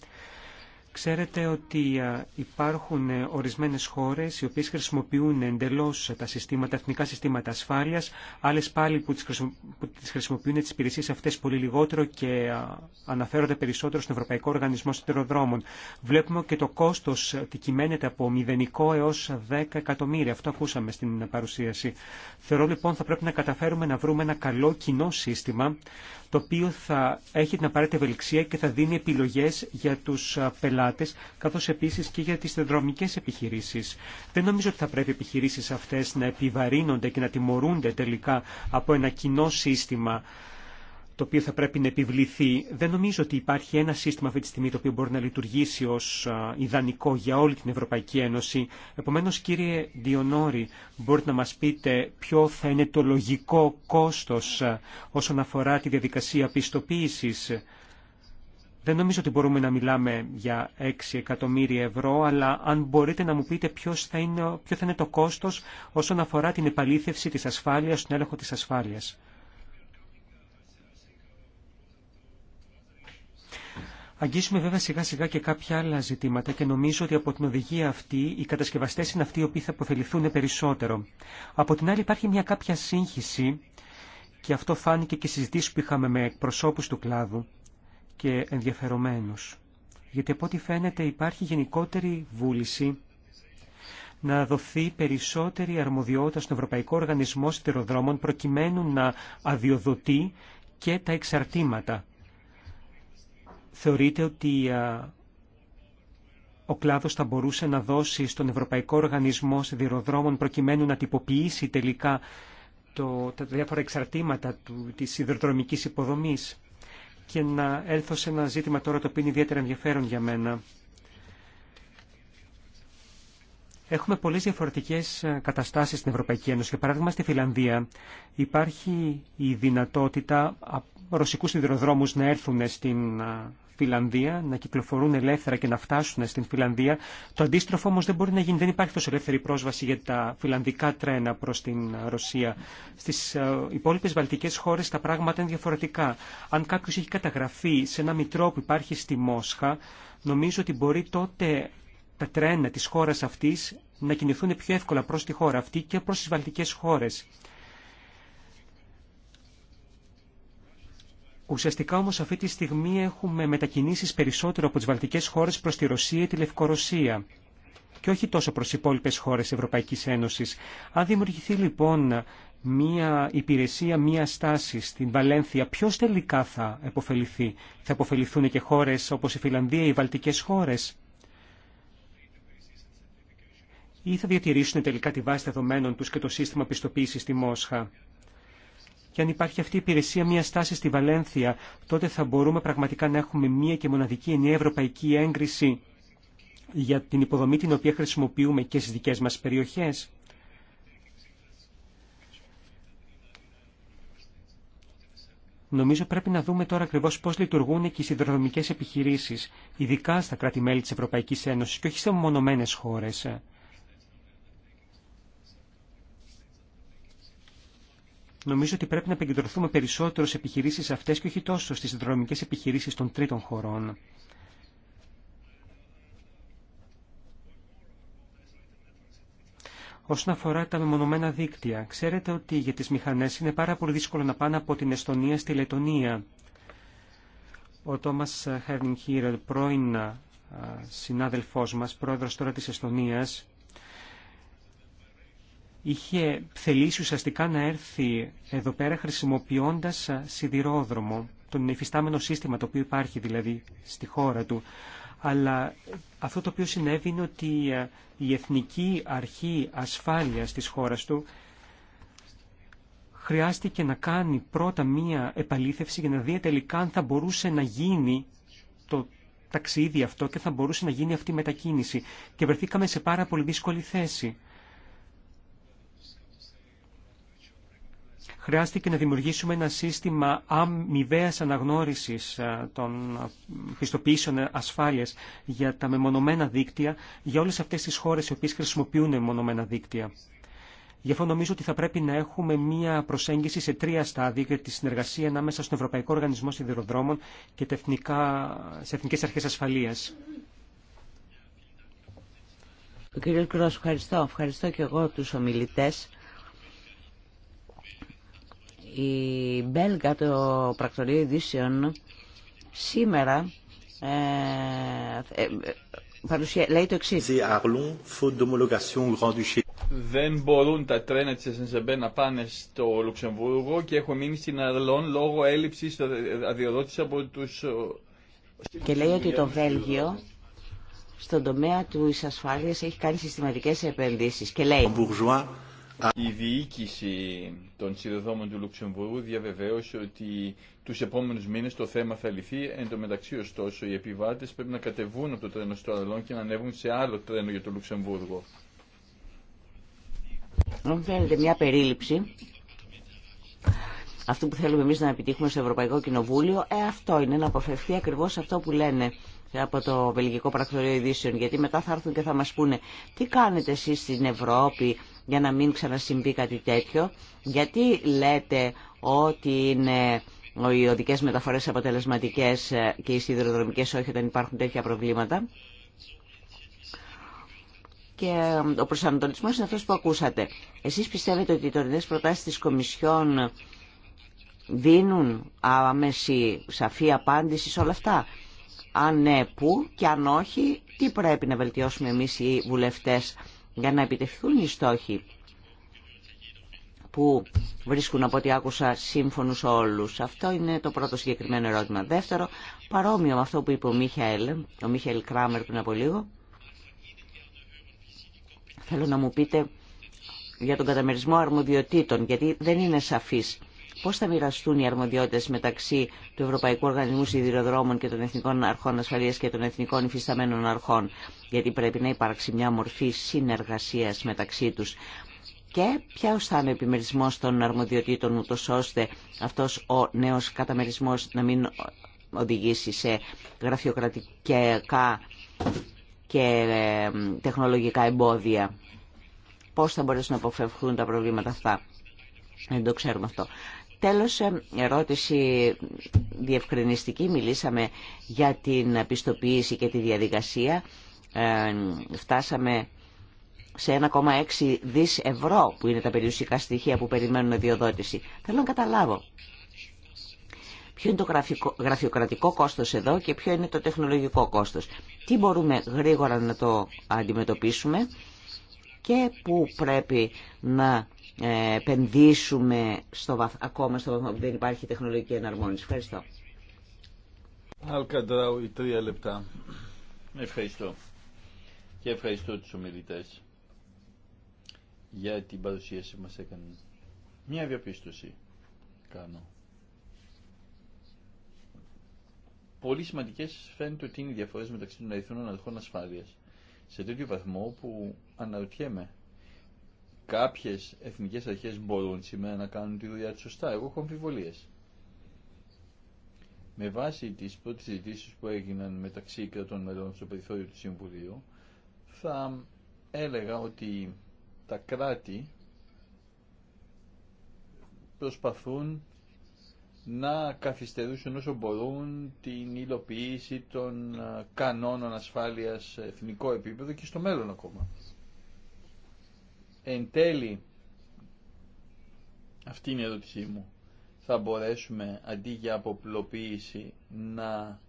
Ξέρετε ότι υπάρχουν ε, ορισμένες χώρες οι οποίες χρησιμοποιούν εντελώς τα συστήματα, εθνικά συστήματα ασφάλειας, άλλες πάλι που τις χρησιμοποιούν τις υπηρεσίες αυτές πολύ λιγότερο και αναφέρονται περισσότερο στον Ευρωπαϊκό Οργανισμό Συντεροδρόμων. Βλέπουμε και το κόστος ότι κυμαίνεται από μηδενικό έως 10 εκατομμύρια. Αυτό ακούσαμε στην παρουσίαση. Θεωρώ λοιπόν θα πρέπει να καταφέρουμε να βρούμε ένα καλό κοινό σύστημα το οποίο θα έχει την απαραίτητη ευελιξία και θα δίνει επιλογές για τους πελάτες, καθώς επίσης και για τις δρομικές επιχειρήσεις. Δεν νομίζω ότι θα πρέπει οι επιχειρήσεις αυτές να επιβαρύνονται και να τιμωρούνται τελικά από ένα κοινό σύστημα το οποίο θα πρέπει να επιβληθεί. Δεν νομίζω ότι υπάρχει ένα σύστημα αυτή τη στιγμή το οποίο μπορεί να λειτουργήσει ως ιδανικό για όλη την Ευρωπαϊκή Ένωση. Επομένως, κύριε Διονόρη, μπορείτε να μας πείτε ποιο θα είναι το λογικό κόστος όσον αφορά τη διαδικασία πιστοποίησης. Δεν νομίζω ότι μπορούμε να μιλάμε για 6 εκατομμύρια ευρώ, αλλά αν μπορείτε να μου πείτε θα ποιο θα είναι το κόστος όσον αφορά την επαλήθευση της ασφάλειας, τον έλεγχο της ασφάλειας. Αγγίσουμε βέβαια σιγά σιγά και κάποια άλλα ζητήματα και νομίζω ότι από την οδηγία αυτή οι κατασκευαστέ είναι αυτοί οι οποίοι θα αποφεληθούν περισσότερο. Από την άλλη υπάρχει μια κάποια σύγχυση και αυτό φάνηκε και συζητήσει που είχαμε με προσώπου του κλάδου και ενδιαφερομένους. Γιατί από ό,τι φαίνεται υπάρχει γενικότερη βούληση να δοθεί περισσότερη αρμοδιότητα στον Ευρωπαϊκό Οργανισμό Σιδηροδρόμων προκειμένου να αδειοδοτεί και τα εξαρτήματα θεωρείτε ότι ο κλάδος θα μπορούσε να δώσει στον Ευρωπαϊκό Οργανισμό Σιδηροδρόμων προκειμένου να τυποποιήσει τελικά το, τα διάφορα εξαρτήματα του, της σιδηροδρομικής υποδομής. Και να έλθω σε ένα ζήτημα τώρα το οποίο είναι ιδιαίτερα ενδιαφέρον για μένα. Έχουμε πολλές διαφορετικές ε, καταστάσεις στην Ευρωπαϊκή Ένωση. Για παράδειγμα, στη Φιλανδία υπάρχει η δυνατότητα ρωσικούς σιδηροδρόμους να έρθουν στην ε, Φιλανδία, να κυκλοφορούν ελεύθερα και να φτάσουν στην Φιλανδία. Το αντίστροφο όμως δεν μπορεί να γίνει. Δεν υπάρχει τόσο ελεύθερη πρόσβαση για τα φιλανδικά τρένα προς την ε, Ρωσία. Στις υπόλοιπε βαλτικές χώρες τα πράγματα είναι διαφορετικά. Αν κάποιο έχει καταγραφεί σε ένα μητρό που υπάρχει στη Μόσχα, νομίζω ότι μπορεί τότε τα τρένα της χώρας αυτής να κινηθούν πιο εύκολα προς τη χώρα αυτή και προς τις βαλτικές χώρες. Ουσιαστικά όμως αυτή τη στιγμή έχουμε μετακινήσεις περισσότερο από τις βαλτικές χώρες προς τη Ρωσία ή τη Λευκορωσία και όχι τόσο προς υπόλοιπες χώρες Ευρωπαϊκής Ένωσης. Αν δημιουργηθεί λοιπόν μία υπηρεσία, μία στάση στην Βαλένθια, ποιος τελικά θα επωφεληθεί. Θα επωφεληθούν και χώρες όπως η Φιλανδία ή οι βαλτικές χώρες ή θα διατηρήσουν τελικά τη βάση δεδομένων τους και το σύστημα πιστοποίηση στη Μόσχα. Και αν υπάρχει αυτή η υπηρεσία μια στάση στη Βαλένθια, τότε θα μπορούμε πραγματικά να έχουμε μια και μοναδική ενιαία ευρωπαϊκή έγκριση για την υποδομή την οποία χρησιμοποιούμε και στις δικές μας περιοχές. Νομίζω πρέπει να δούμε τώρα ακριβώς πώς λειτουργούν και οι συνδρομικές επιχειρήσεις, ειδικά στα κράτη-μέλη της Ευρωπαϊκής Ένωσης και όχι σε μονομένε χώρες. νομίζω ότι πρέπει να επικεντρωθούμε περισσότερο σε επιχειρήσεις αυτές και όχι τόσο στις δρομικές επιχειρήσεις των τρίτων χωρών. Όσον αφορά τα μεμονωμένα δίκτυα, ξέρετε ότι για τις μηχανέ είναι πάρα πολύ δύσκολο να πάνε από την Εστονία στη Λετωνία. Ο Τόμας Χίρελ, πρώην συνάδελφό μα, πρόεδρος τώρα τη Εστονία, είχε θελήσει ουσιαστικά να έρθει εδώ πέρα χρησιμοποιώντας σιδηρόδρομο, τον υφιστάμενο σύστημα το οποίο υπάρχει δηλαδή στη χώρα του. Αλλά αυτό το οποίο συνέβη είναι ότι η Εθνική Αρχή Ασφάλειας της χώρας του χρειάστηκε να κάνει πρώτα μία επαλήθευση για να δει τελικά αν θα μπορούσε να γίνει το ταξίδι αυτό και θα μπορούσε να γίνει αυτή η μετακίνηση. Και βρεθήκαμε σε πάρα πολύ δύσκολη θέση. χρειάστηκε να δημιουργήσουμε ένα σύστημα αμοιβαίας αναγνώρισης ε, των ε, πιστοποιήσεων ασφάλειας για τα μεμονωμένα δίκτυα, για όλες αυτές τις χώρες οι οποίες χρησιμοποιούν μεμονωμένα δίκτυα. Γι' αυτό νομίζω ότι θα πρέπει να έχουμε μία προσέγγιση σε τρία στάδια για τη συνεργασία ανάμεσα στον Ευρωπαϊκό Οργανισμό Σιδηροδρόμων και τι σε εθνικές αρχές ασφαλείας. ευχαριστώ. Ευχαριστώ και εγώ του ομιλητέ. Η Μπέλγα, το πρακτορείο ειδήσεων, σήμερα ε, ε παρουσία, λέει το εξή. Δεν μπορούν τα τρένα της SNCB να πάνε στο Λουξεμβούργο και έχω μείνει στην Αρλόν λόγω έλλειψης αδειοδότησης από τους... Και λέει ότι το Βέλγιο στον τομέα του ασφάλεια έχει κάνει συστηματικές επενδύσει. Και λέει. Η διοίκηση των συνδεδόμων του Λουξεμβούργου διαβεβαίωσε ότι του επόμενου μήνε το θέμα θα λυθεί. Εν τω μεταξύ, ωστόσο, οι επιβάτε πρέπει να κατεβούν από το τρένο στο Αλόν και να ανέβουν σε άλλο τρένο για το Λουξεμβούργο. Αν θέλετε μια περίληψη, αυτό που θέλουμε εμεί να επιτύχουμε στο Ευρωπαϊκό Κοινοβούλιο, ε, αυτό είναι να αποφευθεί ακριβώ αυτό που λένε από το Βελγικό Πρακτορείο Ειδήσεων, γιατί μετά θα έρθουν και θα μας πούνε τι κάνετε εσείς στην Ευρώπη για να μην ξανασυμβεί κάτι τέτοιο, γιατί λέτε ότι είναι οι οδικές μεταφορές αποτελεσματικές και οι σιδηροδρομικές όχι όταν υπάρχουν τέτοια προβλήματα. Και ο προσανατολισμός είναι αυτός που ακούσατε. Εσείς πιστεύετε ότι οι τωρινές προτάσεις της Κομισιόν δίνουν άμεση σαφή απάντηση σε όλα αυτά αν ναι, πού και αν όχι, τι πρέπει να βελτιώσουμε εμείς οι βουλευτές για να επιτευχθούν οι στόχοι που βρίσκουν από ό,τι άκουσα σύμφωνους όλους. Αυτό είναι το πρώτο συγκεκριμένο ερώτημα. Δεύτερο, παρόμοιο με αυτό που είπε ο Μίχαελ, ο Μίχαελ Κράμερ πριν από λίγο, θέλω να μου πείτε για τον καταμερισμό αρμοδιοτήτων, γιατί δεν είναι σαφής πώς θα μοιραστούν οι αρμοδιότητες μεταξύ του Ευρωπαϊκού Οργανισμού Σιδηροδρόμων και των Εθνικών Αρχών Ασφαλείας και των Εθνικών Υφισταμένων Αρχών, γιατί πρέπει να υπάρξει μια μορφή συνεργασίας μεταξύ τους. Και ποιο θα είναι ο επιμερισμό των αρμοδιοτήτων, ούτω ώστε αυτό ο νέο καταμερισμό να μην οδηγήσει σε γραφειοκρατικά και ε, τεχνολογικά εμπόδια. Πώς θα μπορέσουν να αποφευχθούν τα προβλήματα αυτά. Δεν το ξέρουμε αυτό. Τέλος, ε, ερώτηση διευκρινιστική. Μιλήσαμε για την πιστοποίηση και τη διαδικασία. Ε, φτάσαμε σε 1,6 δις ευρώ που είναι τα περιουσικά στοιχεία που περιμένουν διοδότηση. Θέλω να καταλάβω ποιο είναι το γραφειοκρατικό κόστος εδώ και ποιο είναι το τεχνολογικό κόστος. Τι μπορούμε γρήγορα να το αντιμετωπίσουμε και πού πρέπει να επενδύσουμε στο ακόμα στο βαθμό που δεν υπάρχει τεχνολογική εναρμόνιση. Ευχαριστώ. Αλκαντράου, οι τρία λεπτά. Ευχαριστώ. Και ευχαριστώ τους ομιλητές για την παρουσίαση που μας έκανε. Μια διαπίστωση κάνω. Πολύ σημαντικέ φαίνεται ότι είναι οι διαφορές μεταξύ των αριθμών αρχών ασφάλειας. Σε τέτοιο βαθμό που αναρωτιέμαι κάποιες εθνικές αρχές μπορούν σήμερα να κάνουν τη δουλειά τους σωστά. Εγώ έχω αμφιβολίες. Με βάση τις πρώτες συζητήσει που έγιναν μεταξύ κρατών μελών στο περιθώριο του Συμβουλίου, θα έλεγα ότι τα κράτη προσπαθούν να καθυστερούσουν όσο μπορούν την υλοποίηση των ε, κανόνων ασφάλειας σε εθνικό επίπεδο και στο μέλλον ακόμα εν τέλει, αυτή είναι η ερώτησή μου, θα μπορέσουμε αντί για αποπλοποίηση να...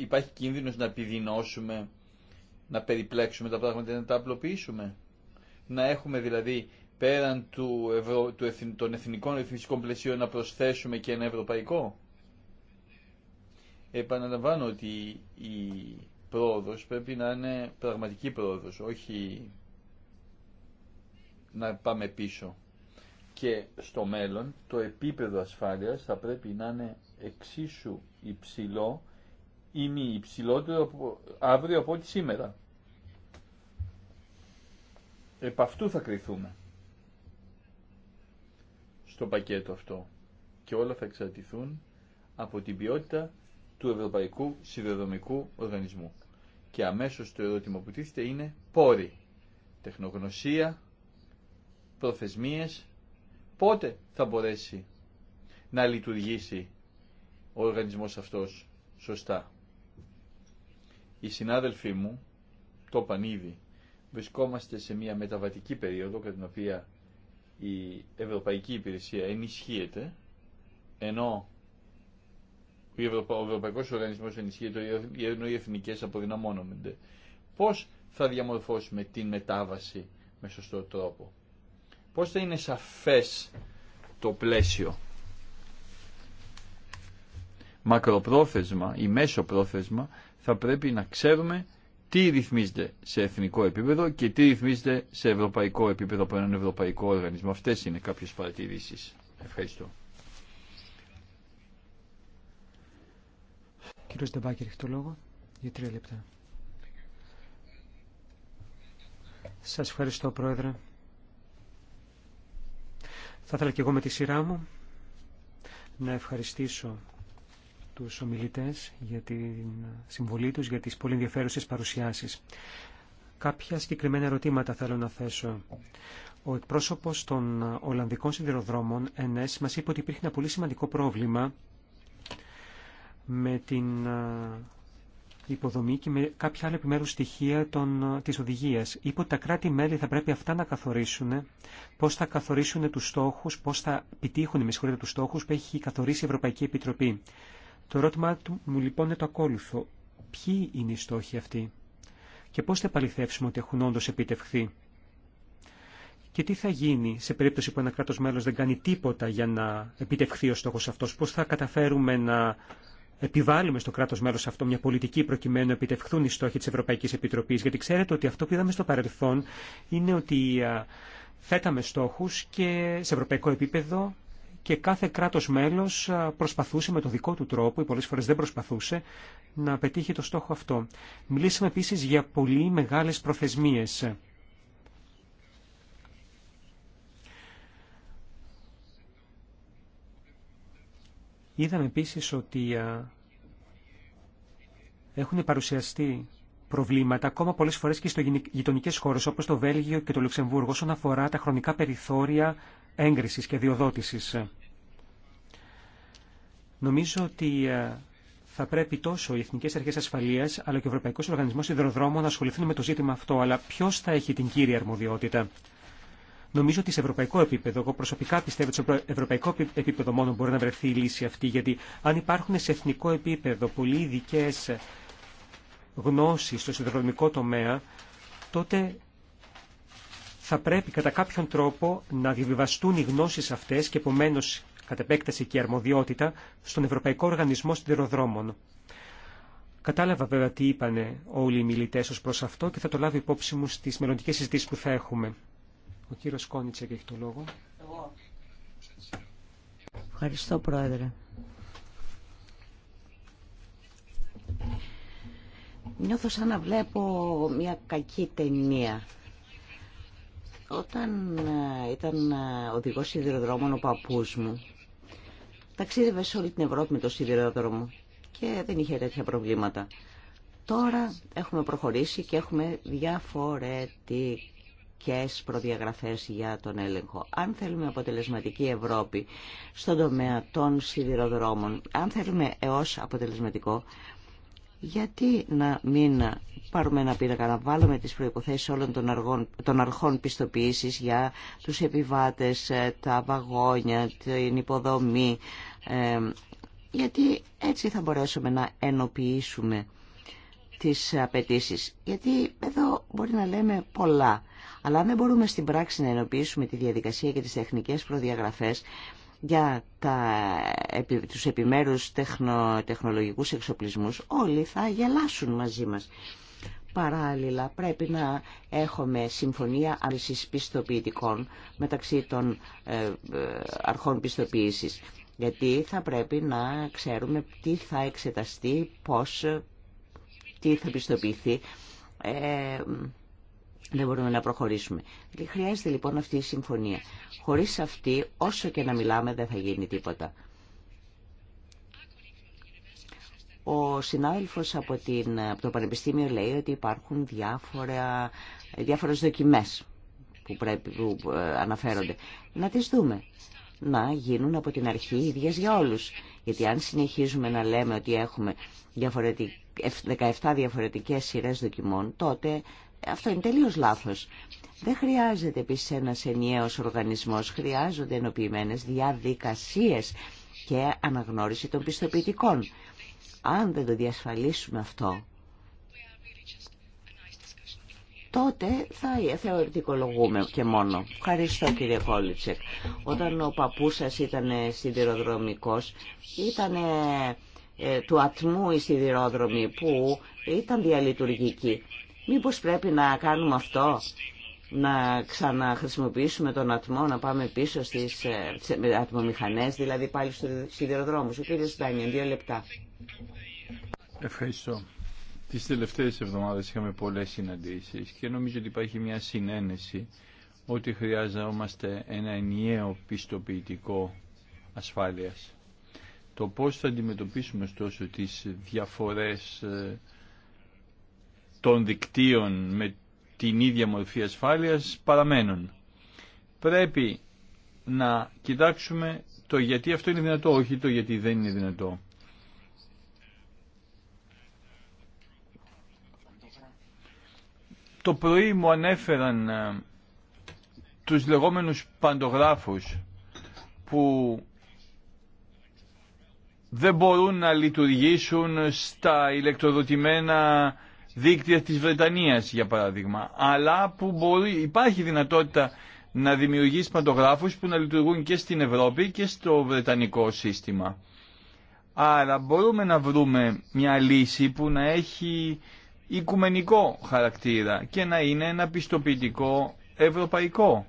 Υπάρχει κίνδυνος να επιδεινώσουμε, να περιπλέξουμε τα πράγματα, να τα απλοποιήσουμε. Να έχουμε δηλαδή πέραν του ευρω... του των εθνικών ρυθμιστικών πλαισίων να προσθέσουμε και ένα ευρωπαϊκό. Επαναλαμβάνω ότι η πρόοδος πρέπει να είναι πραγματική πρόοδος, όχι να πάμε πίσω. Και στο μέλλον το επίπεδο ασφάλειας θα πρέπει να είναι εξίσου υψηλό ή μη υψηλότερο από, αύριο από ό,τι σήμερα. Επ' αυτού θα κρυθούμε στο πακέτο αυτό και όλα θα εξαρτηθούν από την ποιότητα του Ευρωπαϊκού Συνδρομικού Οργανισμού. Και αμέσως το ερώτημα που τίθεται είναι πόροι, τεχνογνωσία, προθεσμίες, πότε θα μπορέσει να λειτουργήσει ο οργανισμός αυτός σωστά. Οι συνάδελφοί μου το πανίδι, Βρισκόμαστε σε μια μεταβατική περίοδο κατά την οποία η Ευρωπαϊκή Υπηρεσία ενισχύεται, ενώ ο Ευρωπαϊκός Οργανισμός ενισχύεται, ενώ οι εθνικές αποδυναμώνονται. Πώς θα διαμορφώσουμε την μετάβαση με σωστό τρόπο. Πώς θα είναι σαφές το πλαίσιο. Μακροπρόθεσμα ή μέσο πρόθεσμα θα πρέπει να ξέρουμε τι ρυθμίζεται σε εθνικό επίπεδο και τι ρυθμίζεται σε ευρωπαϊκό επίπεδο από έναν ευρωπαϊκό οργανισμό. Αυτές είναι κάποιες παρατηρήσεις. Ευχαριστώ. Κύριο Ντεμπάκη, ρίχνει το λόγο για τρία λεπτά. Σας ευχαριστώ, Πρόεδρε. Θα ήθελα και εγώ με τη σειρά μου να ευχαριστήσω τους ομιλητές για την συμβολή τους, για τις πολύ ενδιαφέρουσες παρουσιάσεις. Κάποια συγκεκριμένα ερωτήματα θέλω να θέσω. Ο εκπρόσωπος των Ολλανδικών Σιδηροδρόμων, ΕΝΕΣ, μας είπε ότι υπήρχε ένα πολύ σημαντικό πρόβλημα με την υποδομή και με κάποια άλλα επιμέρου στοιχεία των, της οδηγίας. Είπε ότι τα κράτη-μέλη θα πρέπει αυτά να καθορίσουν πώς θα καθορίσουν τους στόχους, πώς θα επιτύχουν, με συγχωρείτε, τους στόχους που έχει καθορίσει η Ευρωπαϊκή Επιτροπή. Το ερώτημά μου λοιπόν είναι το ακόλουθο. Ποιοι είναι οι στόχοι αυτοί και πώς θα επαληθεύσουμε ότι έχουν όντως επιτευχθεί. Και τι θα γίνει σε περίπτωση που ένα κράτος μέλος δεν κάνει τίποτα για να επιτευχθεί ο στόχος αυτός, πώς θα καταφέρουμε να επιβάλλουμε στο κράτο μέλο αυτό μια πολιτική προκειμένου να επιτευχθούν οι στόχοι τη Ευρωπαϊκή Επιτροπή. Γιατί ξέρετε ότι αυτό που είδαμε στο παρελθόν είναι ότι θέταμε στόχου και σε ευρωπαϊκό επίπεδο και κάθε κράτος μέλος προσπαθούσε με τον δικό του τρόπο, ή πολλές φορές δεν προσπαθούσε, να πετύχει το στόχο αυτό. Μιλήσαμε επίσης για πολύ μεγάλες προθεσμίες. Είδαμε επίσης ότι έχουν παρουσιαστεί προβλήματα ακόμα πολλές φορές και στο γειτονικές χώρες όπως το Βέλγιο και το Λουξεμβούργο όσον αφορά τα χρονικά περιθώρια έγκρισης και διοδότησης. Νομίζω ότι θα πρέπει τόσο οι Εθνικές Αρχές Ασφαλείας αλλά και ο Ευρωπαϊκός Οργανισμός Ιδροδρόμων να ασχοληθούν με το ζήτημα αυτό. Αλλά ποιο θα έχει την κύρια αρμοδιότητα. Νομίζω ότι σε ευρωπαϊκό επίπεδο, εγώ προσωπικά πιστεύω ότι σε ευρωπαϊκό επίπεδο μόνο μπορεί να βρεθεί η λύση αυτή, γιατί αν υπάρχουν σε εθνικό επίπεδο πολύ ειδικέ γνώσει στο συνδρομικό τομέα, τότε θα πρέπει κατά κάποιον τρόπο να διαβιβαστούν οι γνώσεις αυτές και επομένως κατ' επέκταση και αρμοδιότητα στον Ευρωπαϊκό Οργανισμό Συντηροδρόμων. Κατάλαβα βέβαια τι είπανε όλοι οι μιλητές ως προς αυτό και θα το λάβω υπόψη μου στις μελλοντικές συζητήσεις που θα έχουμε. Ο κύριος και έχει το λόγο. Ευχαριστώ, Πρόεδρε. Νιώθω σαν να βλέπω μια κακή ταινία. Όταν ε, ήταν ε, οδηγός σιδηροδρόμων ο παππούς μου, ταξίδευε σε όλη την Ευρώπη με το σιδηροδρόμο και δεν είχε τέτοια προβλήματα. Τώρα έχουμε προχωρήσει και έχουμε διαφορετική και προδιαγραφές για τον έλεγχο. Αν θέλουμε αποτελεσματική Ευρώπη στον τομέα των σιδηροδρόμων, αν θέλουμε έως αποτελεσματικό, γιατί να μην πάρουμε ένα πίνακα, να βάλουμε τις προϋποθέσεις όλων των, αργών, των αρχών πιστοποίησης για τους επιβάτες, ε, τα βαγόνια, την υποδομή, ε, γιατί έτσι θα μπορέσουμε να ενοποιήσουμε τις απαιτήσει. Γιατί εδώ μπορεί να λέμε πολλά. Αλλά αν δεν μπορούμε στην πράξη να ενοποιήσουμε τη διαδικασία και τις τεχνικές προδιαγραφές για τα, τους επιμέρους τεχνο, τεχνολογικούς εξοπλισμούς, όλοι θα γελάσουν μαζί μας. Παράλληλα, πρέπει να έχουμε συμφωνία άρσης πιστοποιητικών μεταξύ των ε, ε, αρχών πιστοποίησης. Γιατί θα πρέπει να ξέρουμε τι θα εξεταστεί, πώς, τι θα πιστοποιηθεί. Ε, δεν μπορούμε να προχωρήσουμε. Χρειάζεται λοιπόν αυτή η συμφωνία. Χωρίς αυτή, όσο και να μιλάμε, δεν θα γίνει τίποτα. Ο συνάδελφος από, την, από το Πανεπιστήμιο λέει ότι υπάρχουν διάφορα, διάφορες δοκιμές που, πρέπει, που ε, αναφέρονται. Να τις δούμε. Να γίνουν από την αρχή ίδιες για όλους. Γιατί αν συνεχίζουμε να λέμε ότι έχουμε 17 διαφορετικές σειρές δοκιμών, τότε αυτό είναι τελείως λάθος. Δεν χρειάζεται επίση ένα ενιαίος οργανισμός, χρειάζονται ενοποιημένε διαδικασίες και αναγνώριση των πιστοποιητικών. Αν δεν το διασφαλίσουμε αυτό, τότε θα θεωρητικολογούμε και μόνο. Ευχαριστώ κύριε Κόλιτσεκ. Όταν ο παππούς σας ήταν σιδηροδρομικός, ήταν ε, ε, του ατμού η σιδηροδρομή που ήταν διαλειτουργική. Μήπως πρέπει να κάνουμε αυτό, να ξαναχρησιμοποιήσουμε τον ατμό, να πάμε πίσω στις ε, ατμομηχανές, δηλαδή πάλι στους σιδηροδρόμους. Ο κύριος Στάνιεν, δύο λεπτά. Ευχαριστώ. Τις τελευταίες εβδομάδες είχαμε πολλές συναντήσεις και νομίζω ότι υπάρχει μια συνένεση ότι χρειάζομαστε ένα ενιαίο πιστοποιητικό ασφάλειας. Το πώς θα αντιμετωπίσουμε ωστόσο τις διαφορές ε, των δικτύων με την ίδια μορφή ασφάλειας παραμένουν. Πρέπει να κοιτάξουμε το γιατί αυτό είναι δυνατό, όχι το γιατί δεν είναι δυνατό. Το πρωί μου ανέφεραν ε, τους λεγόμενους παντογράφους που δεν μπορούν να λειτουργήσουν στα ηλεκτροδοτημένα δίκτυα της Βρετανίας για παράδειγμα, αλλά που μπορεί, υπάρχει δυνατότητα να δημιουργήσει παντογράφους που να λειτουργούν και στην Ευρώπη και στο Βρετανικό σύστημα. Άρα μπορούμε να βρούμε μια λύση που να έχει οικουμενικό χαρακτήρα και να είναι ένα πιστοποιητικό ευρωπαϊκό.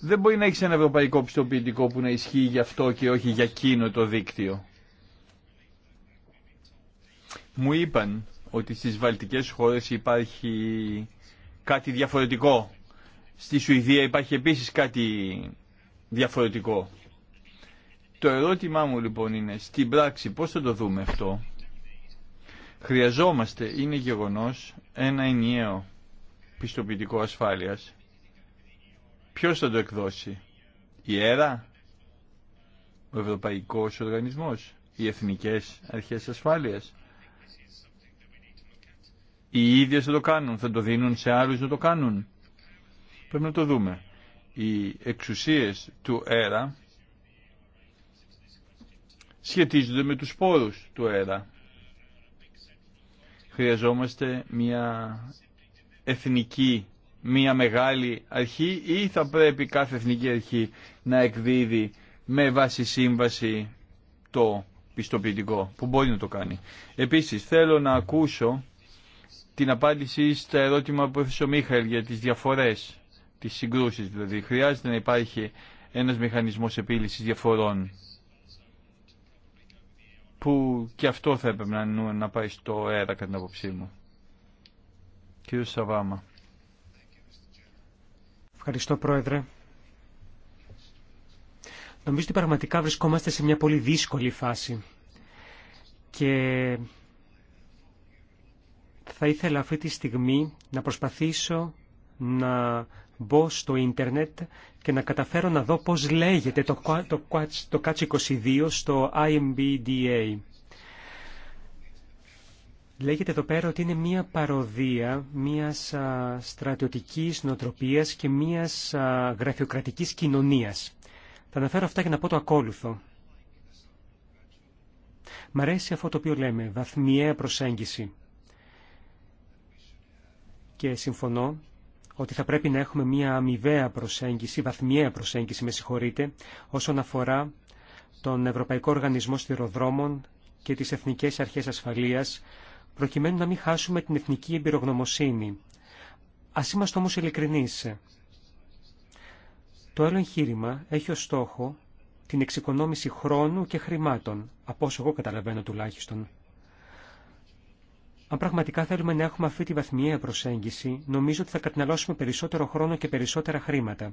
Δεν μπορεί να έχει ένα ευρωπαϊκό πιστοποιητικό που να ισχύει για αυτό και όχι για εκείνο το δίκτυο. Μου είπαν ότι στις βαλτικές χώρες υπάρχει κάτι διαφορετικό. Στη Σουηδία υπάρχει επίσης κάτι διαφορετικό. Το ερώτημά μου λοιπόν είναι, στην πράξη πώς θα το δούμε αυτό. Χρειαζόμαστε, είναι γεγονός, ένα ενιαίο πιστοποιητικό ασφάλειας. Ποιος θα το εκδώσει, η ΕΡΑ, ο Ευρωπαϊκός Οργανισμός, οι Εθνικές Αρχές Ασφάλειας οι ίδιε θα το κάνουν, θα το δίνουν σε άλλους να το κάνουν. Πρέπει να το δούμε. Οι εξουσίες του ΕΡΑ σχετίζονται με τους σπόρους του ΕΡΑ. Χρειαζόμαστε μια εθνική, μια μεγάλη αρχή ή θα πρέπει κάθε εθνική αρχή να εκδίδει με βάση σύμβαση το πιστοποιητικό που μπορεί να το κάνει. Επίσης θέλω να ακούσω την απάντηση στα ερώτημα που έφεσε ο Μίχαελ για τις διαφορές, τις συγκρούσεις δηλαδή. Χρειάζεται να υπάρχει ένας μηχανισμός επίλυσης διαφορών που και αυτό θα έπρεπε να πάει στο αέρα κατά την άποψή μου. Κύριο Σαβάμα. Ευχαριστώ Πρόεδρε. Νομίζω ότι πραγματικά βρισκόμαστε σε μια πολύ δύσκολη φάση και θα ήθελα αυτή τη στιγμή να προσπαθήσω να μπω στο ίντερνετ και να καταφέρω να δω πώς λέγεται το, το, το, 22 στο IMBDA. Λέγεται εδώ πέρα ότι είναι μία παροδία μίας α, στρατιωτικής νοοτροπίας και μίας α, γραφειοκρατικής κοινωνίας. Θα αναφέρω αυτά για να πω το ακόλουθο. Μ' αρέσει αυτό το οποίο λέμε, βαθμιαία προσέγγιση και συμφωνώ ότι θα πρέπει να έχουμε μια αμοιβαία προσέγγιση, βαθμιαία προσέγγιση, με συγχωρείτε, όσον αφορά τον Ευρωπαϊκό Οργανισμό Στηροδρόμων και τις Εθνικές Αρχές Ασφαλείας, προκειμένου να μην χάσουμε την εθνική εμπειρογνωμοσύνη. Ας είμαστε όμως ειλικρινείς. Το άλλο εγχείρημα έχει ως στόχο την εξοικονόμηση χρόνου και χρημάτων, από όσο εγώ καταλαβαίνω τουλάχιστον. Αν πραγματικά θέλουμε να έχουμε αυτή τη βαθμιαία προσέγγιση, νομίζω ότι θα καταναλώσουμε περισσότερο χρόνο και περισσότερα χρήματα.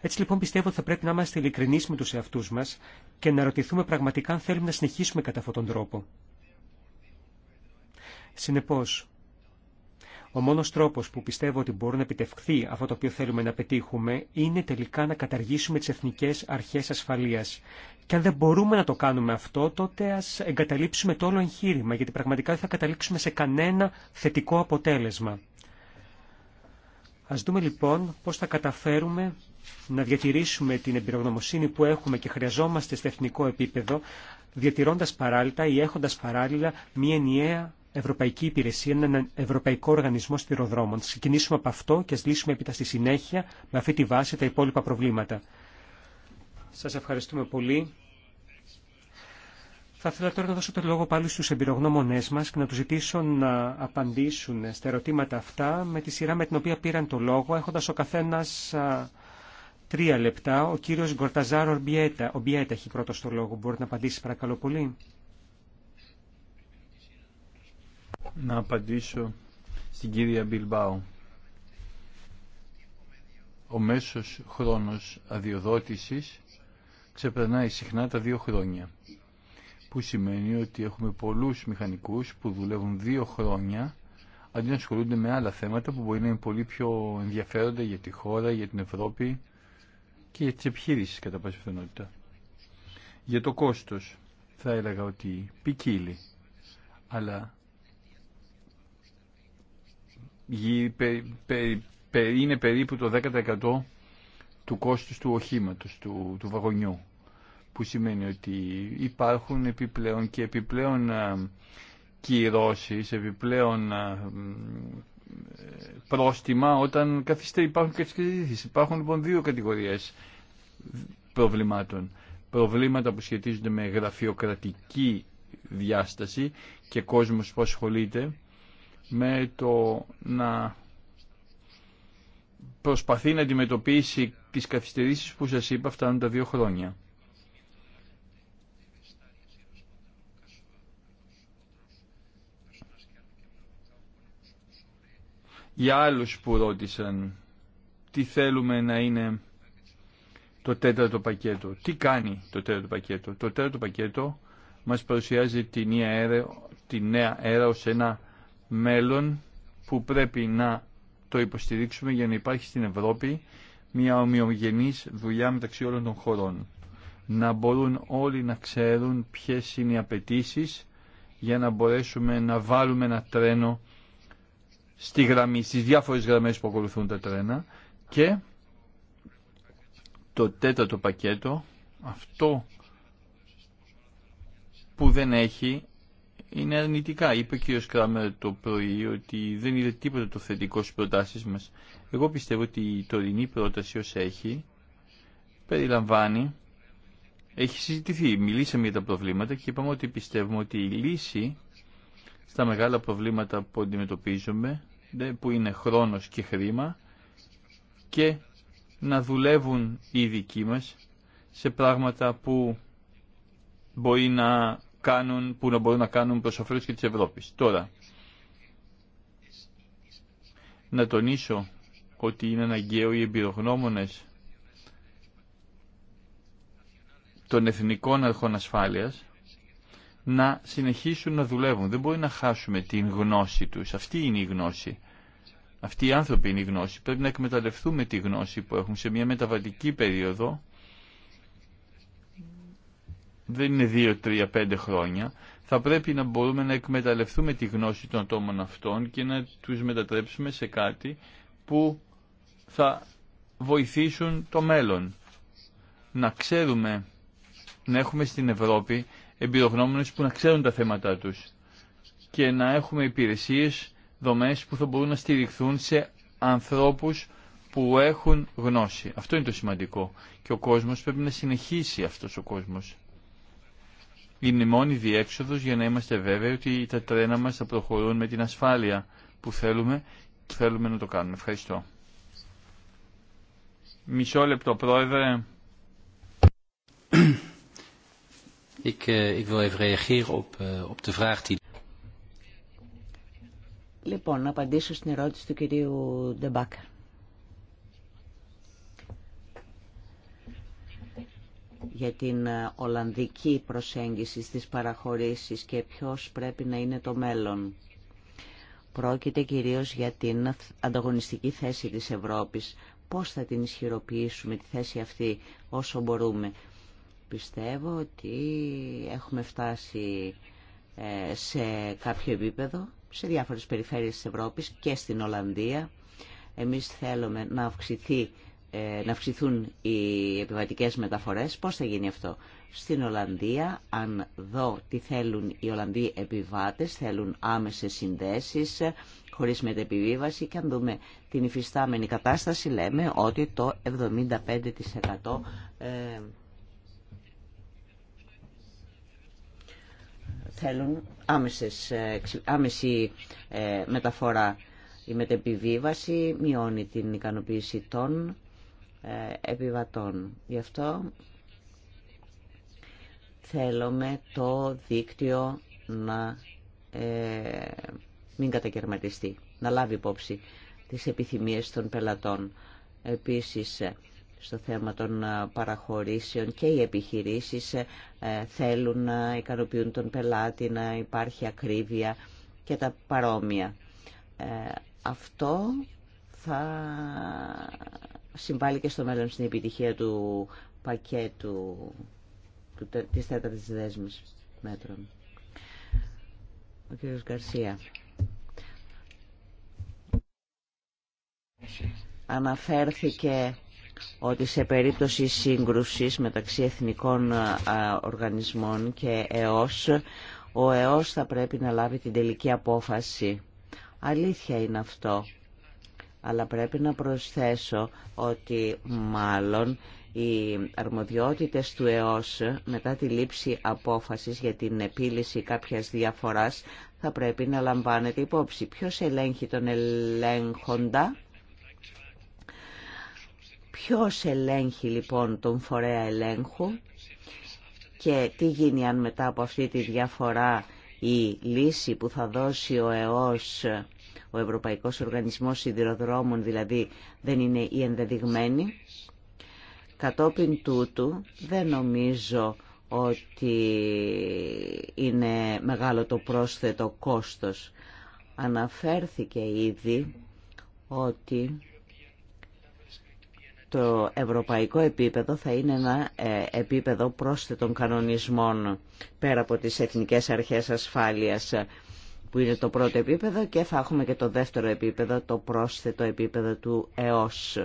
Έτσι λοιπόν πιστεύω ότι θα πρέπει να είμαστε ειλικρινεί με του εαυτού μα και να ρωτηθούμε πραγματικά αν θέλουμε να συνεχίσουμε κατά αυτόν τον τρόπο. Συνεπώ, ο μόνος τρόπος που πιστεύω ότι μπορεί να επιτευχθεί αυτό το οποίο θέλουμε να πετύχουμε είναι τελικά να καταργήσουμε τις εθνικές αρχές ασφαλείας. Και αν δεν μπορούμε να το κάνουμε αυτό, τότε ας εγκαταλείψουμε το όλο εγχείρημα, γιατί πραγματικά δεν θα καταλήξουμε σε κανένα θετικό αποτέλεσμα. Ας δούμε λοιπόν πώς θα καταφέρουμε να διατηρήσουμε την εμπειρογνωμοσύνη που έχουμε και χρειαζόμαστε στο εθνικό επίπεδο, διατηρώντας παράλληλα ή έχοντας παράλληλα μία ενιαία Ευρωπαϊκή Υπηρεσία, έναν Ευρωπαϊκό Οργανισμό Σπυροδρόμων. ξεκινήσουμε από αυτό και ας λύσουμε έπειτα στη συνέχεια με αυτή τη βάση τα υπόλοιπα προβλήματα. Σας ευχαριστούμε πολύ. Θα ήθελα τώρα να δώσω το λόγο πάλι στους εμπειρογνώμονές μας και να τους ζητήσω να απαντήσουν στα ερωτήματα αυτά με τη σειρά με την οποία πήραν το λόγο, έχοντας ο καθένας τρία λεπτά. Ο κύριος Γκορταζάρο Ο Ομπιέτα έχει πρώτο το λόγο. Μπορεί να απαντήσει παρακαλώ πολύ. να απαντήσω στην κυρία Μπιλμπάου. Ο μέσος χρόνος αδειοδότησης ξεπερνάει συχνά τα δύο χρόνια, που σημαίνει ότι έχουμε πολλούς μηχανικούς που δουλεύουν δύο χρόνια αντί να ασχολούνται με άλλα θέματα που μπορεί να είναι πολύ πιο ενδιαφέροντα για τη χώρα, για την Ευρώπη και για τις επιχείρησεις κατά πάση πιθανότητα. Για το κόστος θα έλεγα ότι ποικίλει, αλλά είναι περίπου το 10% του κόστους του οχήματος, του, του βαγονιού. Που σημαίνει ότι υπάρχουν επιπλέον και επιπλέον ε, κυρώσεις, επιπλέον ε, πρόστιμα όταν καθυστερεί. Υπάρχουν και καθυστερήσεις. Υπάρχουν λοιπόν δύο κατηγορίες προβλημάτων. Προβλήματα που σχετίζονται με γραφειοκρατική διάσταση και κόσμος που ασχολείται με το να προσπαθεί να αντιμετωπίσει τις καθυστερήσεις που σας είπα φτάνουν τα δύο χρόνια. Για άλλους που ρώτησαν τι θέλουμε να είναι το τέταρτο πακέτο. Τι κάνει το τέταρτο πακέτο. Το τέταρτο πακέτο μας παρουσιάζει τη νέα αέρα ως ένα μέλλον που πρέπει να το υποστηρίξουμε για να υπάρχει στην Ευρώπη μια ομοιογενής δουλειά μεταξύ όλων των χωρών. Να μπορούν όλοι να ξέρουν ποιες είναι οι απαιτήσει για να μπορέσουμε να βάλουμε ένα τρένο στη γραμμή, στις διάφορες γραμμές που ακολουθούν τα τρένα και το τέταρτο πακέτο, αυτό που δεν έχει είναι αρνητικά. Είπε ο κ. Κράμερ το πρωί ότι δεν είδε τίποτα το θετικό στι προτάσεις μα. Εγώ πιστεύω ότι η τωρινή πρόταση ω έχει περιλαμβάνει, έχει συζητηθεί, μιλήσαμε για τα προβλήματα και είπαμε ότι πιστεύουμε ότι η λύση στα μεγάλα προβλήματα που αντιμετωπίζουμε, που είναι χρόνος και χρήμα, και να δουλεύουν οι δικοί μας σε πράγματα που μπορεί να κάνουν, που να μπορούν να κάνουν προς όφελος και της Ευρώπης. Τώρα, να τονίσω ότι είναι αναγκαίο οι εμπειρογνώμονες των εθνικών αρχών ασφάλειας να συνεχίσουν να δουλεύουν. Δεν μπορεί να χάσουμε την γνώση τους. Αυτή είναι η γνώση. Αυτοί οι άνθρωποι είναι η γνώση. Πρέπει να εκμεταλλευτούμε τη γνώση που έχουν σε μια μεταβατική περίοδο δεν είναι δύο, τρία, πέντε χρόνια. Θα πρέπει να μπορούμε να εκμεταλλευτούμε τη γνώση των ατόμων αυτών και να τους μετατρέψουμε σε κάτι που θα βοηθήσουν το μέλλον. Να ξέρουμε, να έχουμε στην Ευρώπη εμπειρογνώμονες που να ξέρουν τα θέματα τους και να έχουμε υπηρεσίες, δομές που θα μπορούν να στηριχθούν σε ανθρώπους που έχουν γνώση. Αυτό είναι το σημαντικό. Και ο κόσμος πρέπει να συνεχίσει αυτός ο κόσμος είναι η μόνη διέξοδος για να είμαστε βέβαιοι ότι τα τρένα μας θα προχωρούν με την ασφάλεια που θέλουμε και θέλουμε να το κάνουμε. Ευχαριστώ. Μισό λεπτό, Πρόεδρε. Ik, eh, ik wil even reageren op, eh, op de vraag die... Λοιπόν, να απαντήσω στην ερώτηση του κυρίου Ντεμπάκα. για την ε, Ολλανδική προσέγγιση στις παραχωρήσεις και ποιος πρέπει να είναι το μέλλον. Πρόκειται κυρίως για την ανταγωνιστική θέση της Ευρώπης. Πώς θα την ισχυροποιήσουμε τη θέση αυτή όσο μπορούμε. Πιστεύω ότι έχουμε φτάσει ε, σε κάποιο επίπεδο, σε διάφορες περιφέρειες της Ευρώπης και στην Ολλανδία. Εμείς θέλουμε να αυξηθεί ε, να αυξηθούν οι επιβατικές μεταφορές. Πώς θα γίνει αυτό. Στην Ολλανδία, αν δω τι θέλουν οι Ολλανδοί επιβάτες, θέλουν άμεσες συνδέσεις, ε, χωρίς μετεπιβίβαση και αν δούμε την υφιστάμενη κατάσταση λέμε ότι το 75% ε, θέλουν άμεση μεταφορά. Η μετεπιβίβαση μειώνει την ικανοποίηση των ε, επιβατών. Γι' αυτό θέλουμε το δίκτυο να ε, μην κατακαιρματιστεί, να λάβει υπόψη τις επιθυμίες των πελατών. Επίσης, ε, στο θέμα των παραχωρήσεων και οι επιχειρήσεις θέλουν να ικανοποιούν τον πελάτη, να υπάρχει ακρίβεια και τα παρόμοια. Αυτό θα συμβάλλει και στο μέλλον στην επιτυχία του πακέτου του, της τέταρτης δέσμης μέτρων. Ο κύριος Γκαρσία. Αναφέρθηκε ότι σε περίπτωση σύγκρουσης μεταξύ εθνικών οργανισμών και ΕΟΣ, ο ΕΟΣ θα πρέπει να λάβει την τελική απόφαση. Αλήθεια είναι αυτό αλλά πρέπει να προσθέσω ότι μάλλον οι αρμοδιότητες του ΕΟΣ μετά τη λήψη απόφασης για την επίλυση κάποιας διαφοράς θα πρέπει να λαμβάνεται υπόψη. Ποιος ελέγχει τον ελέγχοντα, ποιος ελέγχει λοιπόν τον φορέα ελέγχου και τι γίνει αν μετά από αυτή τη διαφορά η λύση που θα δώσει ο ΕΟΣ ο Ευρωπαϊκός Οργανισμός Σιδηροδρόμων δηλαδή δεν είναι η ενδεδειγμένη. Κατόπιν τούτου δεν νομίζω ότι είναι μεγάλο το πρόσθετο κόστος. Αναφέρθηκε ήδη ότι το ευρωπαϊκό επίπεδο θα είναι ένα ε, επίπεδο πρόσθετων κανονισμών πέρα από τις εθνικές αρχές ασφάλειας που είναι το πρώτο επίπεδο και θα έχουμε και το δεύτερο επίπεδο, το πρόσθετο επίπεδο του ΕΟΣ.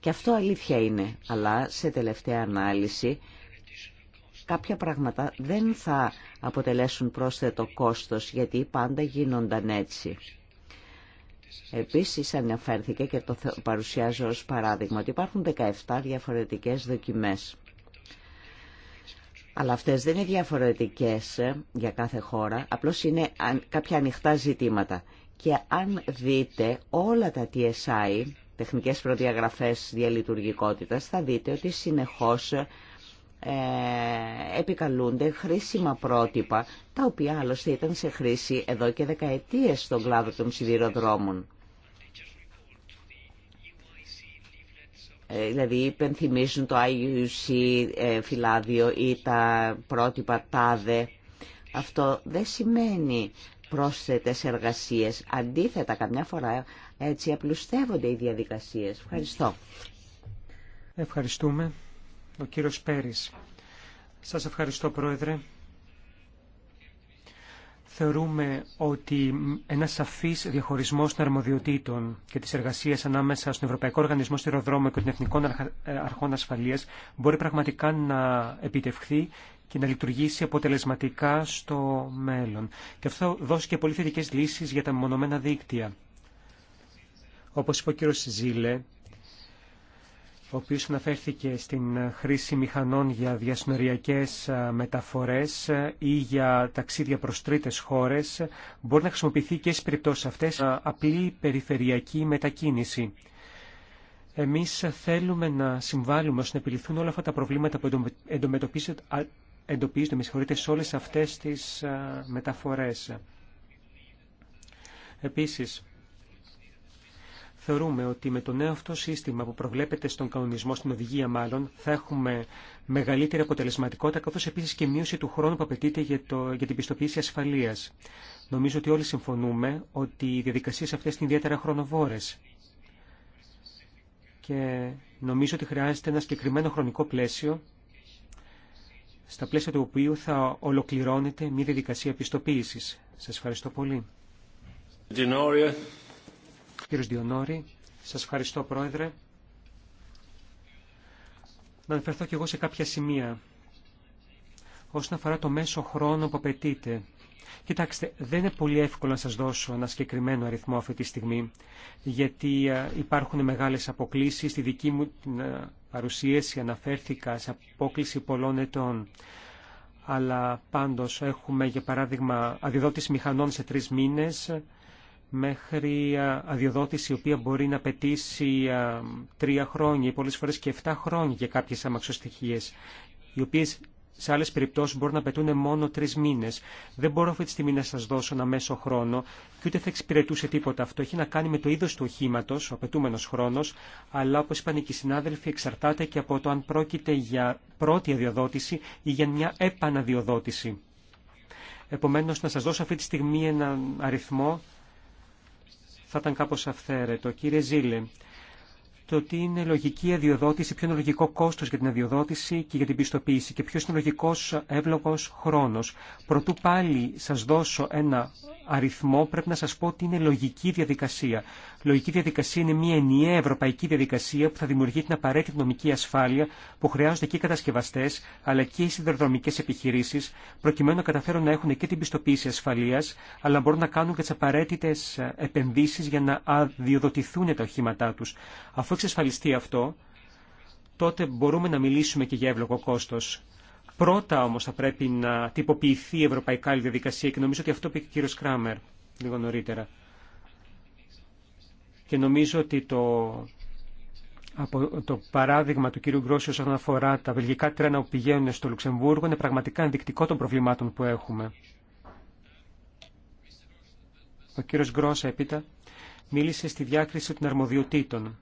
Και αυτό αλήθεια είναι, αλλά σε τελευταία ανάλυση κάποια πράγματα δεν θα αποτελέσουν πρόσθετο κόστος, γιατί πάντα γίνονταν έτσι. Επίσης αναφέρθηκε και το παρουσιάζω ως παράδειγμα ότι υπάρχουν 17 διαφορετικές δοκιμές. Αλλά αυτές δεν είναι διαφορετικές ε, για κάθε χώρα, απλώς είναι κάποια ανοιχτά ζητήματα. Και αν δείτε όλα τα TSI, τεχνικές προδιαγραφές διαλειτουργικότητας, θα δείτε ότι συνεχώς ε, επικαλούνται χρήσιμα πρότυπα, τα οποία άλλωστε ήταν σε χρήση εδώ και δεκαετίες στον κλάδο των σιδηροδρόμων. Ε, δηλαδή υπενθυμίζουν το IUC ε, φυλάδιο ή τα πρότυπα τάδε. Αυτό δεν σημαίνει πρόσθετες εργασίες. Αντίθετα, καμιά φορά έτσι απλουστεύονται οι διαδικασίες. Ευχαριστώ. Ευχαριστούμε. Ο κύριος Πέρης. Σας ευχαριστώ, Πρόεδρε. Θεωρούμε ότι ένα σαφή διαχωρισμό των αρμοδιοτήτων και τη εργασία ανάμεσα στον Ευρωπαϊκό Οργανισμό Στερεοδρόμου και των Εθνικών ε, Αρχών Ασφαλεία μπορεί πραγματικά να επιτευχθεί και να λειτουργήσει αποτελεσματικά στο μέλλον. Και αυτό δώσει και πολύ θετικέ λύσει για τα μονομένα δίκτυα. Όπω είπε ο κύριο Ζήλε, ο οποίος αναφέρθηκε στην χρήση μηχανών για διασυνοριακές μεταφορές ή για ταξίδια προς τρίτες χώρες, μπορεί να χρησιμοποιηθεί και στις περιπτώσεις αυτές απλή περιφερειακή μετακίνηση. Εμείς θέλουμε να συμβάλλουμε ώστε να επιληθούν όλα αυτά τα προβλήματα που εντοπίζονται με σε όλες αυτές τις μεταφορές. Επίσης, Θεωρούμε ότι με το νέο αυτό σύστημα που προβλέπεται στον κανονισμό, στην οδηγία μάλλον, θα έχουμε μεγαλύτερη αποτελεσματικότητα, καθώς επίσης και μείωση του χρόνου που απαιτείται για, το, για την πιστοποίηση ασφαλείας. Νομίζω ότι όλοι συμφωνούμε ότι οι διαδικασίες αυτές είναι ιδιαίτερα χρονοβόρες. Και νομίζω ότι χρειάζεται ένα συγκεκριμένο χρονικό πλαίσιο, στα πλαίσια του οποίου θα ολοκληρώνεται μια διαδικασία πιστοποίησης. Σας ευχαριστώ πολύ κύριος Διονόρη. Σας ευχαριστώ, Πρόεδρε. Να αναφερθώ και εγώ σε κάποια σημεία όσον αφορά το μέσο χρόνο που απαιτείται. Κοιτάξτε, δεν είναι πολύ εύκολο να σας δώσω ένα συγκεκριμένο αριθμό αυτή τη στιγμή, γιατί υπάρχουν μεγάλες αποκλήσεις. Στη δική μου παρουσίαση αναφέρθηκα σε απόκληση πολλών ετών. Αλλά πάντως έχουμε, για παράδειγμα, αδειδότηση μηχανών σε τρεις μήνες, μέχρι αδειοδότηση η οποία μπορεί να πετήσει τρία χρόνια ή πολλές φορές και εφτά χρόνια για κάποιες αμαξοστοιχίες, οι οποίες σε άλλες περιπτώσεις μπορούν να πετούν μόνο τρεις μήνες. Δεν μπορώ αυτή τη στιγμή να σας δώσω ένα μέσο χρόνο και ούτε θα εξυπηρετούσε τίποτα αυτό. Έχει να κάνει με το είδος του οχήματο, ο απαιτούμενος χρόνος, αλλά όπως είπαν και οι συνάδελφοι εξαρτάται και από το αν πρόκειται για πρώτη αδειοδότηση ή για μια επαναδιοδότηση. Επομένως, να σας δώσω αυτή τη στιγμή έναν αριθμό θα ήταν κάπως αυθαίρετο. Κύριε Ζήλε, το ότι είναι λογική αδειοδότηση, ποιο είναι λογικό κόστο για την αδειοδότηση και για την πιστοποίηση και ποιο είναι λογικό εύλογο χρόνο. Προτού πάλι σα δώσω ένα αριθμό, πρέπει να σα πω ότι είναι λογική διαδικασία. Λογική διαδικασία είναι μια ενιαία ευρωπαϊκή διαδικασία που θα δημιουργεί την απαραίτητη νομική ασφάλεια που χρειάζονται και οι κατασκευαστέ αλλά και οι σιδεροδρομικέ επιχειρήσει, προκειμένου να καταφέρουν να έχουν και την πιστοποίηση ασφαλεία, αλλά μπορούν να κάνουν και τι απαραίτητε επενδύσει για να αδειοδοτηθούν τα οχήματά του εξασφαλιστεί αυτό, τότε μπορούμε να μιλήσουμε και για εύλογο κόστος. Πρώτα όμως θα πρέπει να τυποποιηθεί η ευρωπαϊκά διαδικασία και νομίζω ότι αυτό πήγε ο κύριος Κράμερ λίγο νωρίτερα. Και νομίζω ότι το, το παράδειγμα του κύριου Γκρόσιου όσον αφορά τα βελγικά τρένα που πηγαίνουν στο Λουξεμβούργο είναι πραγματικά ενδεικτικό των προβλημάτων που έχουμε. Ο κύριος Γκρόσα έπειτα μίλησε στη διάκριση των αρμοδιοτήτων.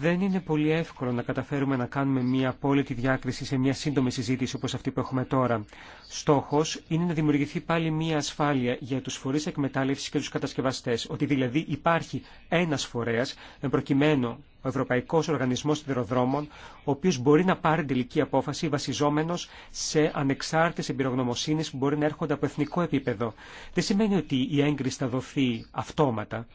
Δεν είναι πολύ εύκολο να καταφέρουμε να κάνουμε μια απόλυτη διάκριση σε μια σύντομη συζήτηση όπως αυτή που έχουμε τώρα. Στόχος είναι να δημιουργηθεί πάλι μια ασφάλεια για τους φορείς εκμετάλλευσης και τους κατασκευαστές, ότι δηλαδή υπάρχει ένας φορέας, εμπροκειμένο ο Ευρωπαϊκός Οργανισμός Σιδηροδρόμων, ο οποίος μπορεί να πάρει τελική απόφαση βασιζόμενος σε ανεξάρτητες εμπειρογνωμοσύνες που μπορεί να έρχονται από εθνικό επίπεδο. Δεν σημαίνει ότι η έγκριση θα δοθεί αυτόματα.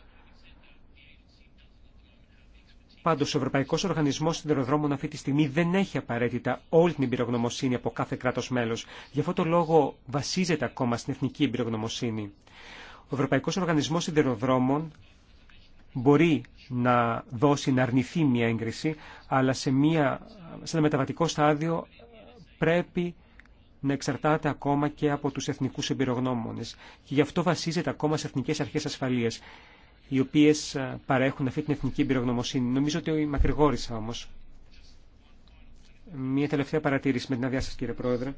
Πάντω, ο Ευρωπαϊκό Οργανισμό Συντεροδρόμων αυτή τη στιγμή δεν έχει απαραίτητα όλη την εμπειρογνωμοσύνη από κάθε κράτο μέλο. Γι' αυτό το λόγο βασίζεται ακόμα στην εθνική εμπειρογνωμοσύνη. Ο Ευρωπαϊκό Οργανισμό Συντεροδρόμων μπορεί να δώσει, να αρνηθεί μια έγκριση, αλλά σε, μια, σε ένα μεταβατικό στάδιο πρέπει να εξαρτάται ακόμα και από τους εθνικούς εμπειρογνώμονες. Και γι' αυτό βασίζεται ακόμα σε εθνικές αρχές ασφαλείας οι οποίε ε, παρέχουν αυτή την εθνική εμπειρογνωμοσύνη. Νομίζω ότι μακρηγόρησα όμως. Μία τελευταία παρατήρηση με την αδειά σα, κύριε Πρόεδρε.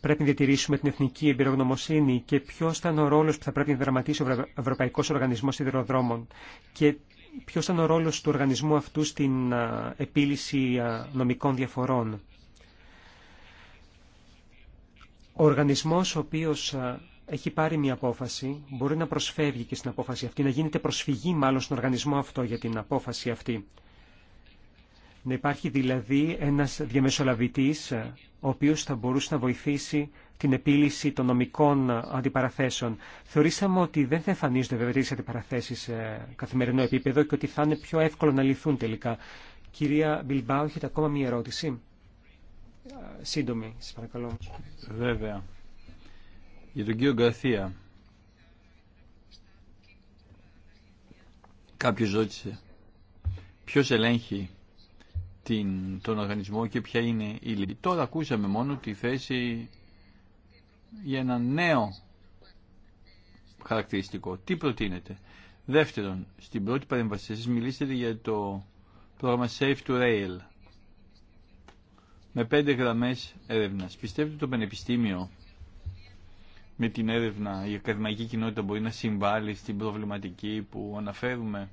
Πρέπει να διατηρήσουμε την εθνική εμπειρογνωμοσύνη και ποιο ήταν ο ρόλο που θα πρέπει να δραματίσει ο Ευρωπαϊκό Οργανισμό Σιδηροδρόμων και ποιο ήταν ο ρόλο του οργανισμού αυτού στην ε, επίλυση ε, νομικών διαφορών. Ο οργανισμός ο οποίος έχει πάρει μια απόφαση, μπορεί να προσφεύγει και στην απόφαση αυτή, να γίνεται προσφυγή μάλλον στον οργανισμό αυτό για την απόφαση αυτή. Να υπάρχει δηλαδή ένας διαμεσολαβητής ο οποίος θα μπορούσε να βοηθήσει την επίλυση των νομικών αντιπαραθέσεων. Θεωρήσαμε ότι δεν θα εμφανίζονται βέβαια τις αντιπαραθέσεις σε καθημερινό επίπεδο και ότι θα είναι πιο εύκολο να λυθούν τελικά. Κυρία Μπιλμπάου, έχετε ακόμα μία ερώτηση σύντομη, σας παρακαλώ. Βέβαια. Για τον κύριο Γκαρθία. Κάποιος ρώτησε ποιος ελέγχει την, τον οργανισμό και ποια είναι η λύση. Τώρα ακούσαμε μόνο τη θέση για ένα νέο χαρακτηριστικό. Τι προτείνετε. Δεύτερον, στην πρώτη παρέμβαση σας μιλήσατε για το πρόγραμμα Safe to Rail με πέντε γραμμές έρευνας. Πιστεύετε ότι το Πανεπιστήμιο με την έρευνα η ακαδημαϊκή κοινότητα μπορεί να συμβάλλει στην προβληματική που αναφέρουμε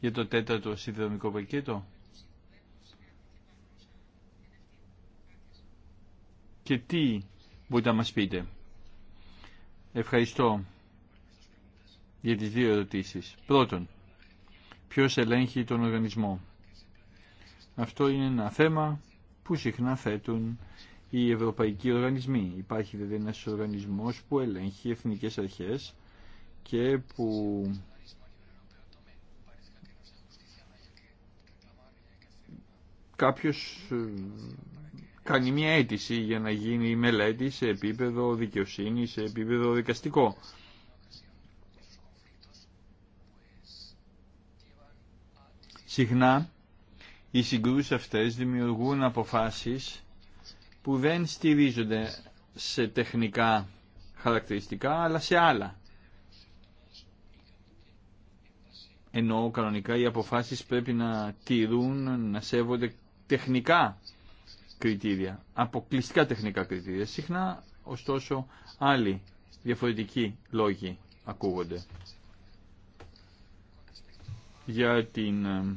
για το τέταρτο συνδρομικό πακέτο και τι μπορείτε να μας πείτε. Ευχαριστώ για τις δύο ερωτήσεις. Πρώτον, ποιος ελέγχει τον οργανισμό. Αυτό είναι ένα θέμα που συχνά θέτουν οι ευρωπαϊκοί οργανισμοί. Υπάρχει δηλαδή ένας οργανισμός που ελέγχει εθνικές αρχές και που κάποιος ε, κάνει μια αίτηση για να γίνει η μελέτη σε επίπεδο δικαιοσύνη, σε επίπεδο δικαστικό. Συχνά οι συγκρούσεις αυτές δημιουργούν αποφάσεις που δεν στηρίζονται σε τεχνικά χαρακτηριστικά, αλλά σε άλλα. Ενώ κανονικά οι αποφάσεις πρέπει να τηρούν, να σέβονται τεχνικά κριτήρια, αποκλειστικά τεχνικά κριτήρια. Συχνά, ωστόσο, άλλοι διαφορετικοί λόγοι ακούγονται για την ε,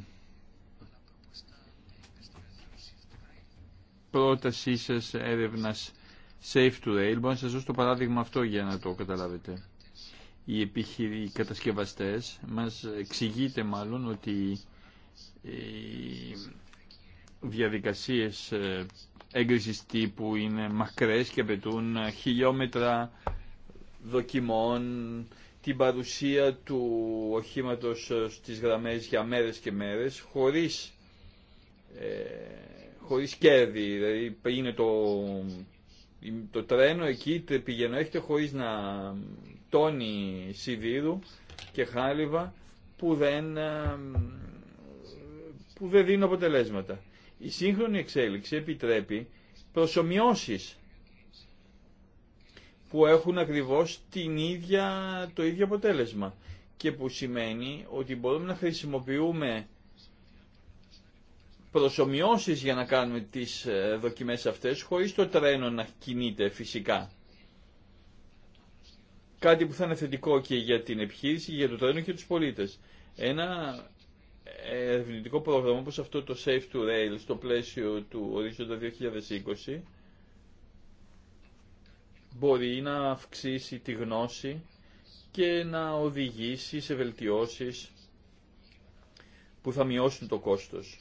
πρότασή σας έρευνας Safe to Rail. Μπορώ να σας δώσω το παράδειγμα αυτό για να το καταλάβετε. Οι, επιχειρη... οι κατασκευαστές μας εξηγείται μάλλον ότι οι διαδικασίες ε, έγκρισης τύπου είναι μακρές και απαιτούν χιλιόμετρα δοκιμών, την παρουσία του οχήματος ε, στις γραμμές για μέρες και μέρες, χωρίς ε, χωρίς κέρδη. Δηλαδή είναι το, το τρένο εκεί πηγαίνω έχετε χωρίς να τόνι σιδήρου και χάλιβα που δεν, ε, που δεν δίνουν αποτελέσματα. Η σύγχρονη εξέλιξη επιτρέπει προσωμιώσεις που έχουν ακριβώς την ίδια, το ίδιο αποτέλεσμα και που σημαίνει ότι μπορούμε να χρησιμοποιούμε προσωμιώσεις για να κάνουμε τις ε, δοκιμές αυτές χωρίς το τρένο να κινείται φυσικά. Κάτι που θα είναι θετικό και για την επιχείρηση, για το τρένο και τους πολίτες. Ένα ε, ερευνητικό πρόγραμμα όπως αυτό το Safe to Rail στο πλαίσιο του ορίζοντα 2020 μπορεί να αυξήσει τη γνώση και να οδηγήσει σε βελτιώσεις που θα μειώσουν το κόστος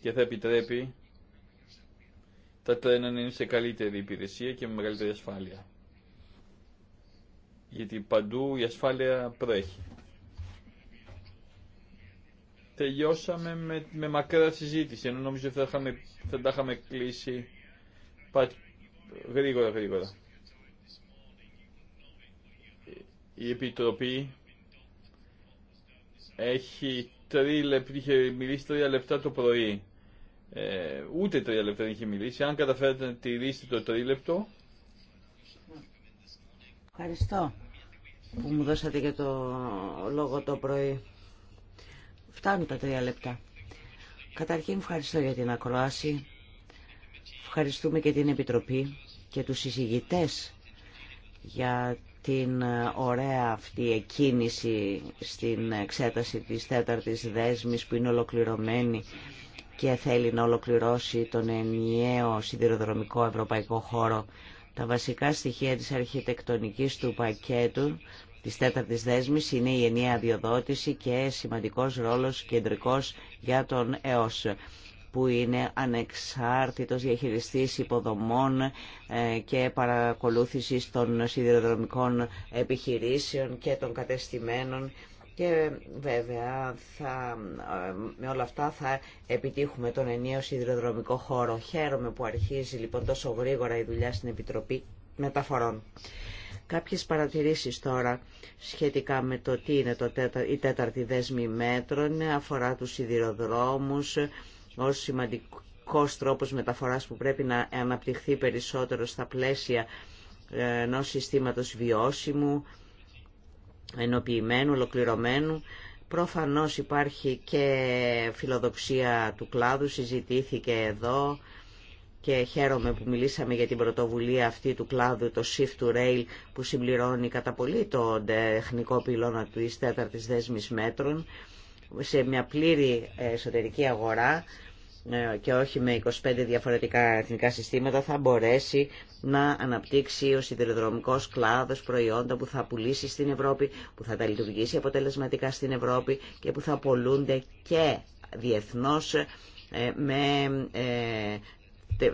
και θα επιτρέπει τα τρένα να είναι σε καλύτερη υπηρεσία και με μεγαλύτερη ασφάλεια. Γιατί παντού η ασφάλεια πρέχει. Τελειώσαμε με, με μακρά συζήτηση, ενώ νομίζω θα, θα τα είχαμε κλείσει πα, γρήγορα γρήγορα. Η Επιτροπή έχει είχε μιλήσει τρία λεπτά το πρωί ε, ούτε τρία λεπτά δεν είχε μιλήσει. Αν καταφέρετε να τηρήσετε το τρίλεπτο. Ευχαριστώ που μου δώσατε και το λόγο το πρωί. Φτάνουν τα τρία λεπτά. Καταρχήν ευχαριστώ για την ακροάση. Ευχαριστούμε και την Επιτροπή και τους συζητητές για την ε, ωραία αυτή εκκίνηση στην εξέταση της τέταρτης δέσμης που είναι ολοκληρωμένη και θέλει να ολοκληρώσει τον ενιαίο σιδηροδρομικό ευρωπαϊκό χώρο. Τα βασικά στοιχεία της αρχιτεκτονικής του πακέτου της τέταρτης δέσμης είναι η ενιαία διοδότηση και σημαντικός ρόλος κεντρικός για τον ΕΟΣ που είναι ανεξάρτητος διαχειριστής υποδομών ε, και παρακολούθησης των σιδηροδρομικών επιχειρήσεων και των κατεστημένων και βέβαια θα, με όλα αυτά θα επιτύχουμε τον ενίο σιδηροδρομικό χώρο. Χαίρομαι που αρχίζει λοιπόν τόσο γρήγορα η δουλειά στην Επιτροπή Μεταφορών. Κάποιες παρατηρήσεις τώρα σχετικά με το τι είναι το η τέταρτη δέσμη μέτρων αφορά τους σιδηροδρόμους ως σημαντικός τρόπος μεταφοράς που πρέπει να αναπτυχθεί περισσότερο στα πλαίσια ε, ενός συστήματος βιώσιμου ενοποιημένου, ολοκληρωμένου. Προφανώς υπάρχει και φιλοδοξία του κλάδου, συζητήθηκε εδώ και χαίρομαι που μιλήσαμε για την πρωτοβουλία αυτή του κλάδου, το Shift to Rail, που συμπληρώνει κατά πολύ το τεχνικό πυλώνα του εις τέταρτης δέσμης μέτρων σε μια πλήρη εσωτερική αγορά ναι, και όχι με 25 διαφορετικά εθνικά συστήματα θα μπορέσει να αναπτύξει ο σιδηροδρομικός κλάδος προϊόντα που θα πουλήσει στην Ευρώπη, που θα τα λειτουργήσει αποτελεσματικά στην Ευρώπη και που θα πολλούνται και διεθνώς ε, με ε, ε,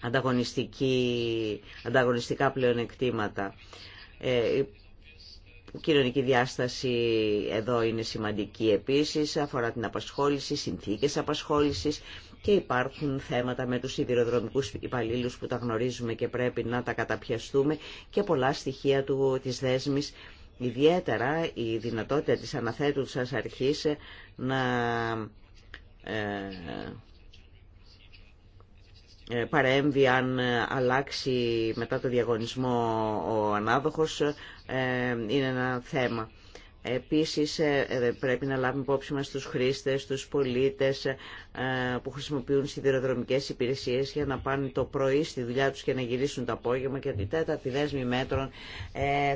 ανταγωνιστική, ανταγωνιστικά πλεονεκτήματα κοινωνική διάσταση εδώ είναι σημαντική επίσης, αφορά την απασχόληση, συνθήκες απασχόλησης και υπάρχουν θέματα με τους σιδηροδρομικούς υπαλλήλους που τα γνωρίζουμε και πρέπει να τα καταπιαστούμε και πολλά στοιχεία του, της δέσμης Ιδιαίτερα η δυνατότητα της αναθέτουσας αρχής να ε, ε, παρέμβει αν ε, αλλάξει μετά το διαγωνισμό ο ανάδοχος ε, είναι ένα θέμα. Επίσης πρέπει να λάβουμε υπόψη μας τους χρήστες, τους πολίτες που χρησιμοποιούν σιδηροδρομικές υπηρεσίες για να πάνε το πρωί στη δουλειά τους και να γυρίσουν το απόγευμα και την τέταρτη δέσμη μέτρων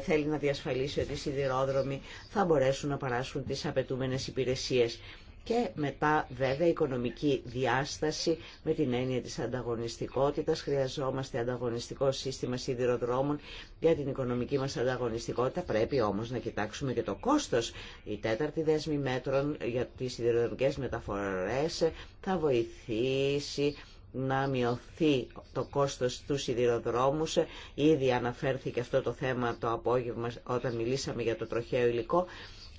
θέλει να διασφαλίσει ότι οι σιδηρόδρομοι θα μπορέσουν να παράσχουν τις απαιτούμενες υπηρεσίες και μετά βέβαια οικονομική διάσταση με την έννοια της ανταγωνιστικότητας. Χρειαζόμαστε ανταγωνιστικό σύστημα σιδηροδρόμων για την οικονομική μας ανταγωνιστικότητα. Πρέπει όμως να κοιτάξουμε και το κόστος. Η τέταρτη δέσμη μέτρων για τις σιδηροδρομικές μεταφορές θα βοηθήσει να μειωθεί το κόστος του σιδηροδρόμους. Ήδη αναφέρθηκε αυτό το θέμα το απόγευμα όταν μιλήσαμε για το τροχαίο υλικό.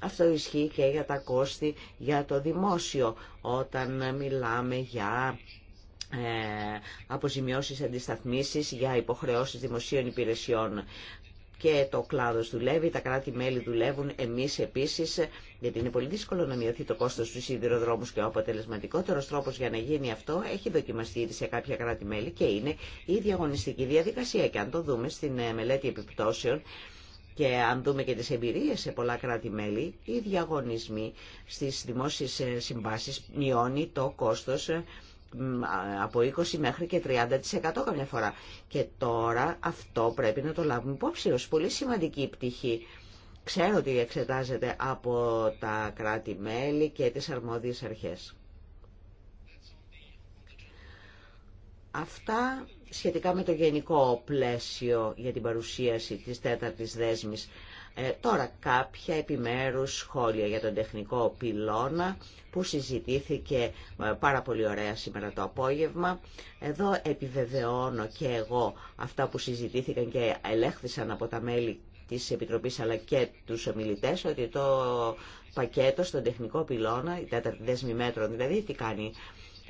Αυτό ισχύει και για τα κόστη για το δημόσιο όταν μιλάμε για ε, αποζημιώσεις αντισταθμίσεις για υποχρεώσεις δημοσίων υπηρεσιών και το κλάδος δουλεύει, τα κράτη-μέλη δουλεύουν, εμείς επίσης, γιατί είναι πολύ δύσκολο να μειωθεί το κόστος του σιδηροδρόμου και ο αποτελεσματικότερος τρόπος για να γίνει αυτό έχει δοκιμαστεί ήδη σε κάποια κράτη-μέλη και είναι η διαγωνιστική διαδικασία. Και αν το δούμε στην ε, μελέτη επιπτώσεων, και αν δούμε και τις εμπειρίες σε πολλά κράτη-μέλη, οι διαγωνισμοί στις δημόσιες ε, συμβάσεις μειώνει το κόστος ε, από 20 μέχρι και 30% καμιά φορά. Και τώρα αυτό πρέπει να το λάβουμε υπόψη ως πολύ σημαντική πτυχή. Ξέρω ότι εξετάζεται από τα κράτη-μέλη και τις αρμόδιες αρχές. Αυτά σχετικά με το γενικό πλαίσιο για την παρουσίαση της τέταρτης δέσμης. Ε, τώρα κάποια επιμέρους σχόλια για τον τεχνικό πυλώνα που συζητήθηκε ε, πάρα πολύ ωραία σήμερα το απόγευμα. Εδώ επιβεβαιώνω και εγώ αυτά που συζητήθηκαν και ελέγχθησαν από τα μέλη της Επιτροπής αλλά και τους ομιλητές ότι το πακέτο στον τεχνικό πυλώνα, η τέταρτη δέσμη μέτρων δηλαδή, τι κάνει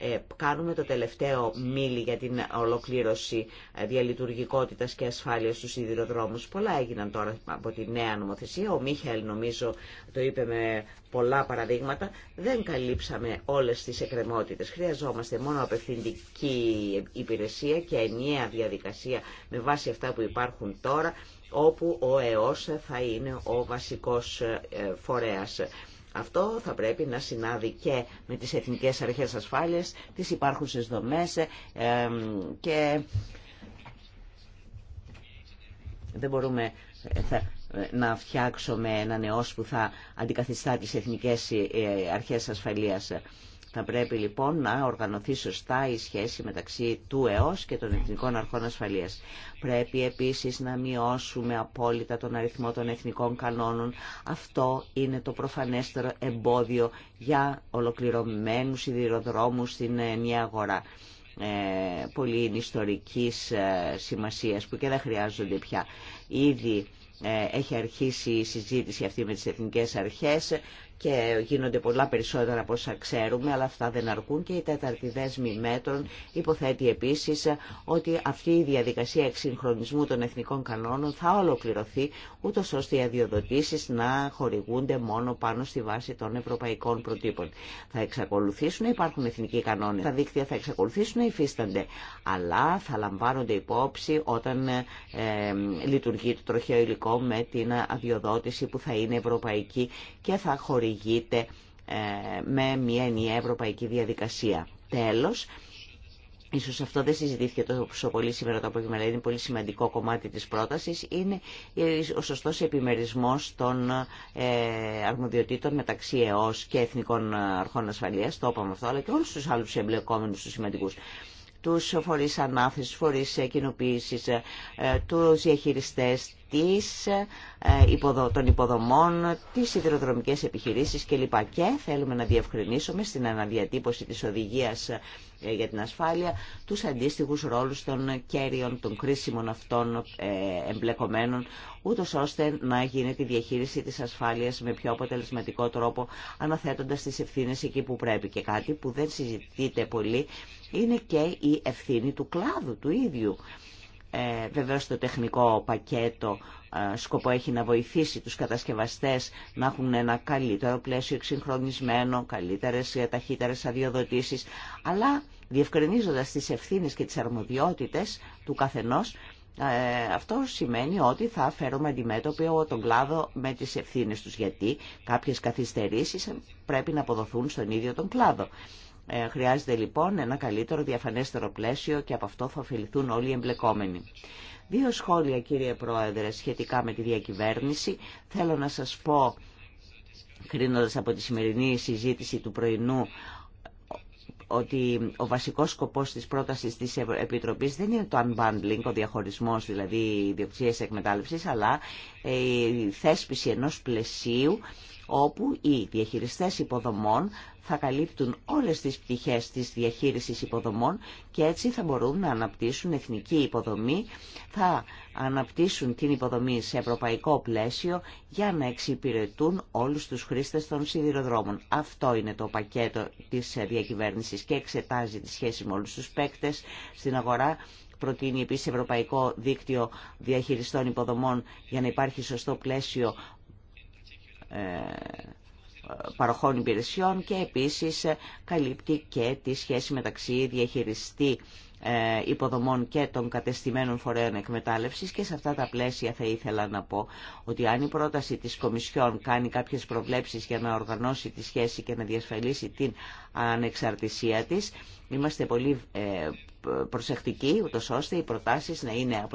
ε, κάνουμε το τελευταίο μίλη για την ολοκλήρωση ε, διαλειτουργικότητας και ασφάλειας στους σιδηροδρόμου. Πολλά έγιναν τώρα από τη νέα νομοθεσία. Ο Μίχαελ νομίζω το είπε με πολλά παραδείγματα. Δεν καλύψαμε όλες τις εκκρεμότητες. Χρειαζόμαστε μόνο απευθυντική υπηρεσία και ενιαία διαδικασία με βάση αυτά που υπάρχουν τώρα όπου ο ΕΟΣ θα είναι ο βασικός ε, φορέας. Αυτό θα πρέπει να συνάδει και με τις εθνικές αρχές ασφάλειας, τις υπάρχουσες δομές ε, και δεν μπορούμε ε, ε, να φτιάξουμε ένα νεός που θα αντικαθιστά τις εθνικές αρχές ασφαλείας. Θα πρέπει λοιπόν να οργανωθεί σωστά η σχέση μεταξύ του ΕΟΣ και των Εθνικών Αρχών Ασφαλείας. Πρέπει επίσης να μειώσουμε απόλυτα τον αριθμό των εθνικών κανόνων. Αυτό είναι το προφανέστερο εμπόδιο για ολοκληρωμένους σιδηροδρόμους στην ενιαία αγορά. Ε, πολύ είναι ιστορικής ε, σημασίας που και δεν χρειάζονται πια. Ήδη ε, έχει αρχίσει η συζήτηση αυτή με τις εθνικές αρχές και γίνονται πολλά περισσότερα από όσα ξέρουμε, αλλά αυτά δεν αρκούν και η τέταρτη δέσμη μέτρων υποθέτει επίσης ότι αυτή η διαδικασία εξυγχρονισμού των εθνικών κανόνων θα ολοκληρωθεί, ούτως ώστε οι αδειοδοτήσεις να χορηγούνται μόνο πάνω στη βάση των ευρωπαϊκών προτύπων. Θα εξακολουθήσουν να υπάρχουν εθνικοί κανόνες, τα δίκτυα θα εξακολουθήσουν να υφίστανται, αλλά θα λαμβάνονται υπόψη όταν ε, ε, λειτουργεί το τροχαίο υλικό με την αδειοδότηση που θα είναι ευρωπαϊκή και θα χορηγεί ε, με μια ενιαία ευρωπαϊκή διαδικασία. Τέλος, Ίσως αυτό δεν συζητήθηκε τόσο πολύ σήμερα το απόγευμα, αλλά δηλαδή είναι πολύ σημαντικό κομμάτι της πρότασης, είναι ο σωστός επιμερισμός των ε, αρμοδιοτήτων μεταξύ ΕΟΣ και Εθνικών Αρχών Ασφαλείας, το είπαμε αυτό, αλλά και όλους τους άλλους εμπλεκόμενους τους σημαντικούς. Του φορεί ανάθεση, φορείς κοινοποίηση, ε, του διαχειριστέ, ε, των υποδομών, τι υδροδρομικές επιχειρήσει κλπ. Και θέλουμε να διευκρινίσουμε στην αναδιατύπωση τη οδηγία ε, για την ασφάλεια του αντίστοιχου ρόλου των κέριων, των κρίσιμων αυτών εμπλεκομένων, ούτω ώστε να γίνεται η διαχείριση τη ασφάλεια με πιο αποτελεσματικό τρόπο, αναθέτοντα τι ευθύνε εκεί που πρέπει. Και κάτι που δεν συζητείται πολύ είναι και η ευθύνη του κλάδου του ίδιου. Ε, βεβαίως το τεχνικό πακέτο ε, σκοπό έχει να βοηθήσει τους κατασκευαστές να έχουν ένα καλύτερο πλαίσιο εξυγχρονισμένο, καλύτερες ε, ταχύτερες αδειοδοτήσεις, αλλά διευκρινίζοντας τις ευθύνες και τις αρμοδιότητες του καθενός, ε, αυτό σημαίνει ότι θα φέρουμε αντιμέτωπο τον κλάδο με τις ευθύνες τους, γιατί κάποιες καθυστερήσεις πρέπει να αποδοθούν στον ίδιο τον κλάδο. Ε, χρειάζεται λοιπόν ένα καλύτερο, διαφανέστερο πλαίσιο και από αυτό θα ωφεληθούν όλοι οι εμπλεκόμενοι. Δύο σχόλια κύριε Πρόεδρε σχετικά με τη διακυβέρνηση. Θέλω να σας πω, κρίνοντας από τη σημερινή συζήτηση του πρωινού, ότι ο βασικός σκοπός της πρότασης της Επιτροπής δεν είναι το unbundling, ο διαχωρισμός δηλαδή ιδιοκτησίας εκμετάλλευσης, αλλά ε, η θέσπιση ενός πλαισίου όπου οι διαχειριστές υποδομών θα καλύπτουν όλες τις πτυχές της διαχείρισης υποδομών και έτσι θα μπορούν να αναπτύσσουν εθνική υποδομή, θα αναπτύσσουν την υποδομή σε ευρωπαϊκό πλαίσιο για να εξυπηρετούν όλους τους χρήστες των σιδηροδρόμων. Αυτό είναι το πακέτο της διακυβέρνησης και εξετάζει τη σχέση με όλους τους παίκτες στην αγορά προτείνει επίσης Ευρωπαϊκό Δίκτυο Διαχειριστών Υποδομών για να υπάρχει σωστό πλαίσιο παροχών υπηρεσιών και επίσης καλύπτει και τη σχέση μεταξύ διαχειριστή ε, υποδομών και των κατεστημένων φορέων εκμετάλλευσης και σε αυτά τα πλαίσια θα ήθελα να πω ότι αν η πρόταση της Κομισιόν κάνει κάποιες προβλέψεις για να οργανώσει τη σχέση και να διασφαλίσει την ανεξαρτησία της, είμαστε πολύ ε, προσεκτικοί, ούτω ώστε οι προτάσεις να είναι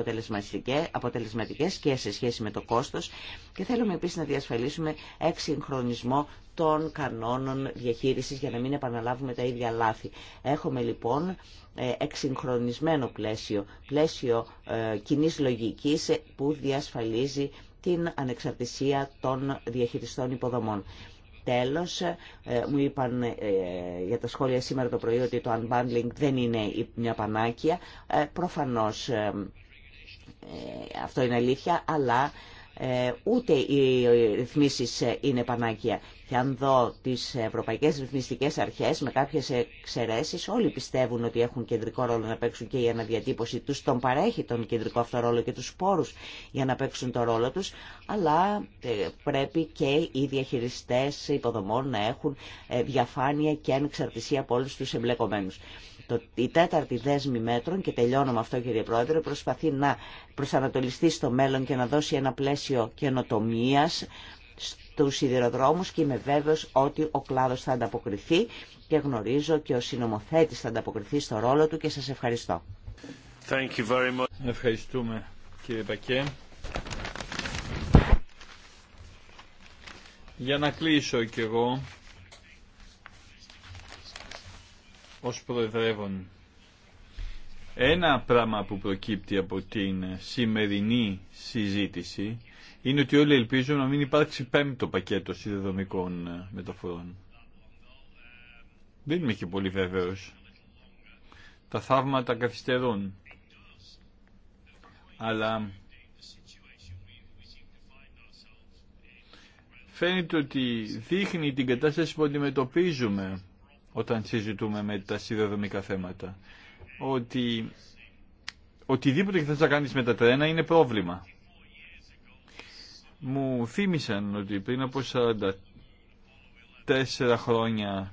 αποτελεσματικές και σε σχέση με το κόστος και θέλουμε επίσης να διασφαλίσουμε εξυγχρονισμό των κανόνων διαχείρισης για να μην επαναλάβουμε τα ίδια λάθη. Έχουμε λοιπόν ε, εξυγχρονισμένο πλαίσιο, πλαίσιο ε, κοινή λογικής που διασφαλίζει την ανεξαρτησία των διαχειριστών υποδομών. Τέλος, ε, μου είπαν για τα σχόλια σήμερα το πρωί ότι το unbundling δεν είναι μια πανάκια. Προφανώς αυτό είναι αλήθεια, αλλά ε, ούτε οι ρυθμίσεις ε, είναι πανάκια. Και αν δω τις ευρωπαϊκές ρυθμιστικές αρχές με κάποιες εξαιρέσεις, όλοι πιστεύουν ότι έχουν κεντρικό ρόλο να παίξουν και η αναδιατύπωση τους τον παρέχει τον κεντρικό αυτό ρόλο και τους σπόρους για να παίξουν το ρόλο τους, αλλά ε, πρέπει και οι διαχειριστές υποδομών να έχουν διαφάνεια και ανεξαρτησία από όλους τους εμπλεκομένους. Το, η τέταρτη δέσμη μέτρων, και τελειώνω με αυτό κύριε Πρόεδρε, προσπαθεί να προσανατολιστεί στο μέλλον και να δώσει ένα πλαίσιο καινοτομία στους σιδηροδρόμους και είμαι βέβαιος ότι ο κλάδος θα ανταποκριθεί και γνωρίζω και ο συνομοθέτης θα ανταποκριθεί στο ρόλο του και σας ευχαριστώ. Thank you very much. Ευχαριστούμε κύριε Πακέ. Για να κλείσω κι εγώ ως προεδρεύων. Ένα πράγμα που προκύπτει από την σημερινή συζήτηση είναι ότι όλοι ελπίζουν να μην υπάρξει πέμπτο πακέτο συνδρομικών ε, μεταφορών. Δεν είμαι και πολύ βέβαιος. Τα θαύματα καθυστερούν. Αλλά φαίνεται ότι δείχνει την κατάσταση που αντιμετωπίζουμε όταν συζητούμε με τα σιδηροδρομικά θέματα. Ότι οτιδήποτε και θες να κάνεις με τα τρένα είναι πρόβλημα. Μου θύμισαν ότι πριν από 44 χρόνια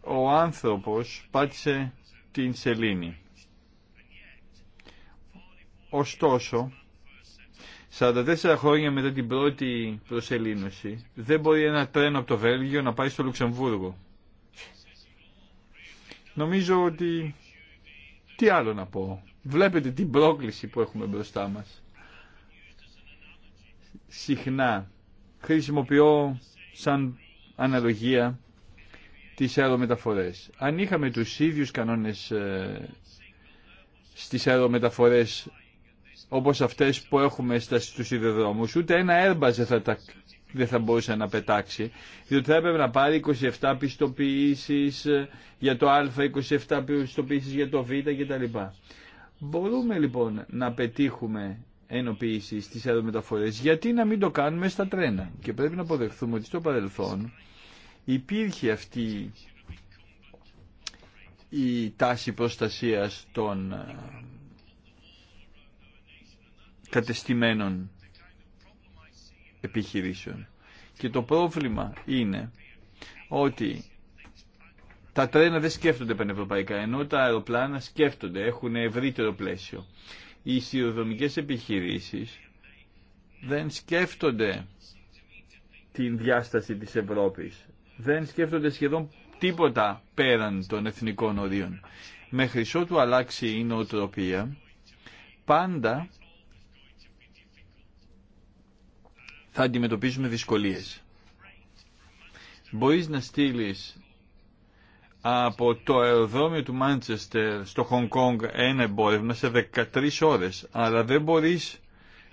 ο άνθρωπος πάτησε την σελήνη. Ωστόσο, 44 χρόνια μετά την πρώτη προσελήνωση δεν μπορεί ένα τρένο από το Βέλγιο να πάει στο Λουξεμβούργο. Νομίζω ότι τι άλλο να πω. Βλέπετε την πρόκληση που έχουμε μπροστά μας. Συχνά χρησιμοποιώ σαν αναλογία τις αερομεταφορές. Αν είχαμε τους ίδιους κανόνες ε, στις αερομεταφορές όπως αυτές που έχουμε στους ιδεοδρόμους ούτε ένα Airbus δεν θα, θα μπορούσε να πετάξει, διότι θα έπρεπε να πάρει 27 πιστοποιήσεις για το Α, 27 πιστοποιήσεις για το Β κτλ. Μπορούμε λοιπόν να πετύχουμε ενοποίηση στις αερομεταφορές, γιατί να μην το κάνουμε στα τρένα. Και πρέπει να αποδεχθούμε ότι στο παρελθόν υπήρχε αυτή η τάση προστασίας των κατεστημένων επιχειρήσεων. Και το πρόβλημα είναι ότι τα τρένα δεν σκέφτονται πανευρωπαϊκά, ενώ τα αεροπλάνα σκέφτονται, έχουν ευρύτερο πλαίσιο. Οι ισιοδομικές επιχειρήσεις δεν σκέφτονται την διάσταση της Ευρώπης. Δεν σκέφτονται σχεδόν τίποτα πέραν των εθνικών ορίων. Μέχρι του αλλάξει η νοοτροπία, πάντα θα αντιμετωπίσουμε δυσκολίες. Μπορείς να στείλει από το αεροδρόμιο του Μάντσεστερ στο Χονγκ Κόνγκ ένα εμπόρευμα σε 13 ώρες, αλλά δεν μπορείς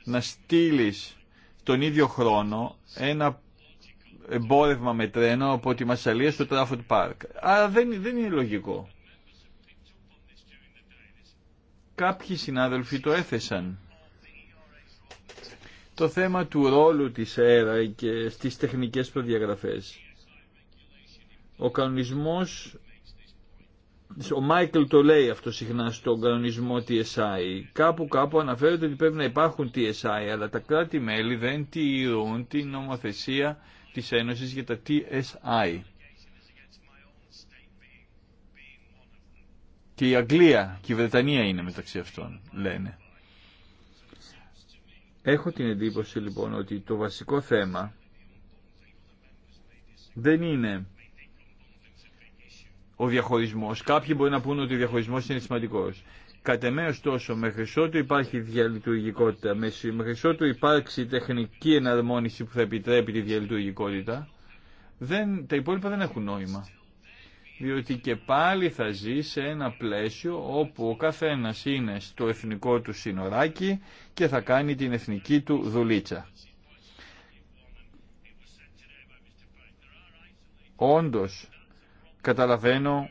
να στείλει τον ίδιο χρόνο ένα εμπόρευμα με τρένο από τη Μασσαλία στο Τράφοντ Πάρκ. Άρα δεν, δεν είναι λογικό. Κάποιοι συνάδελφοι το έθεσαν το θέμα του ρόλου της ΕΡΑ και στις τεχνικές προδιαγραφές. Ο κανονισμός, ο Μάικλ το λέει αυτό συχνά στον κανονισμό TSI, κάπου κάπου αναφέρεται ότι πρέπει να υπάρχουν TSI, αλλά τα κράτη-μέλη δεν τηρούν την νομοθεσία της Ένωσης για τα TSI. Και η Αγγλία και η Βρετανία είναι μεταξύ αυτών, λένε. Έχω την εντύπωση λοιπόν ότι το βασικό θέμα δεν είναι ο διαχωρισμός. Κάποιοι μπορεί να πούνε ότι ο διαχωρισμός είναι σημαντικός. Κατ' εμέ ωστόσο, μέχρι ότου υπάρχει διαλειτουργικότητα, μέχρι ότου υπάρξει τεχνική εναρμόνιση που θα επιτρέπει τη διαλειτουργικότητα, δεν, τα υπόλοιπα δεν έχουν νόημα διότι και πάλι θα ζει σε ένα πλαίσιο όπου ο καθένας είναι στο εθνικό του σύνοράκι και θα κάνει την εθνική του δουλίτσα. Όντως, καταλαβαίνω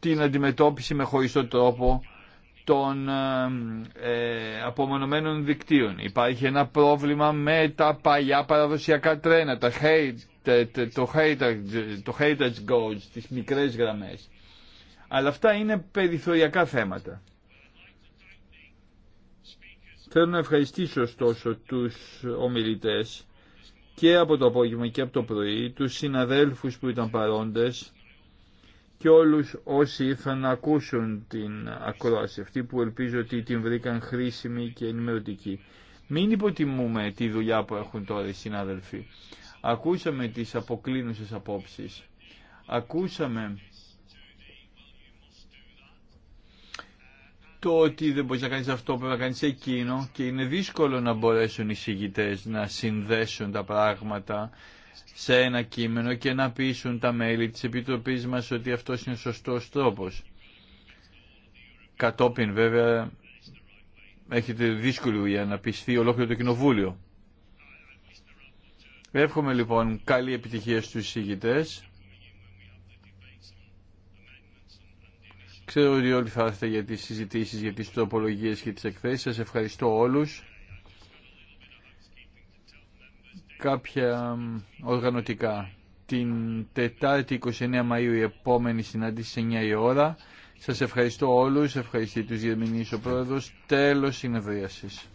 την αντιμετώπιση με χωριστό τρόπο των ε, ε, απομονωμένων δικτύων. Υπάρχει ένα πρόβλημα με τα παλιά παραδοσιακά τρένα, τα, hate το heritage, το heritage goals, τις μικρές γραμμές. Αλλά αυτά είναι περιθωριακά θέματα. Θέλω να ευχαριστήσω ωστόσο τους ομιλητές και από το απόγευμα και από το πρωί, τους συναδέλφους που ήταν παρόντες και όλους όσοι ήρθαν να ακούσουν την ακρόαση αυτή που ελπίζω ότι την βρήκαν χρήσιμη και ενημερωτική. Μην υποτιμούμε τη δουλειά που έχουν τώρα οι συνάδελφοι. Ακούσαμε τις αποκλίνουσες απόψεις. Ακούσαμε το ότι δεν μπορείς να κάνεις αυτό, πρέπει να κάνεις εκείνο και είναι δύσκολο να μπορέσουν οι συγγητές να συνδέσουν τα πράγματα σε ένα κείμενο και να πείσουν τα μέλη της Επιτροπής μας ότι αυτός είναι ο σωστός τρόπος. Κατόπιν βέβαια έχετε δύσκολη για να πιστεί ολόκληρο το Κοινοβούλιο. Εύχομαι λοιπόν καλή επιτυχία στους εισηγητές. Ξέρω ότι όλοι θα έρθετε για τις συζητήσεις, για τις τοπολογίες και τις εκθέσεις. Σας ευχαριστώ όλους. Κάποια οργανωτικά. Την Τετάρτη 29 Μαΐου η επόμενη συνάντηση 9 η ώρα. Σας ευχαριστώ όλους, Ευχαριστώ τους Γερμηνείς ο Πρόεδρος. Τέλος συνεδρίασης.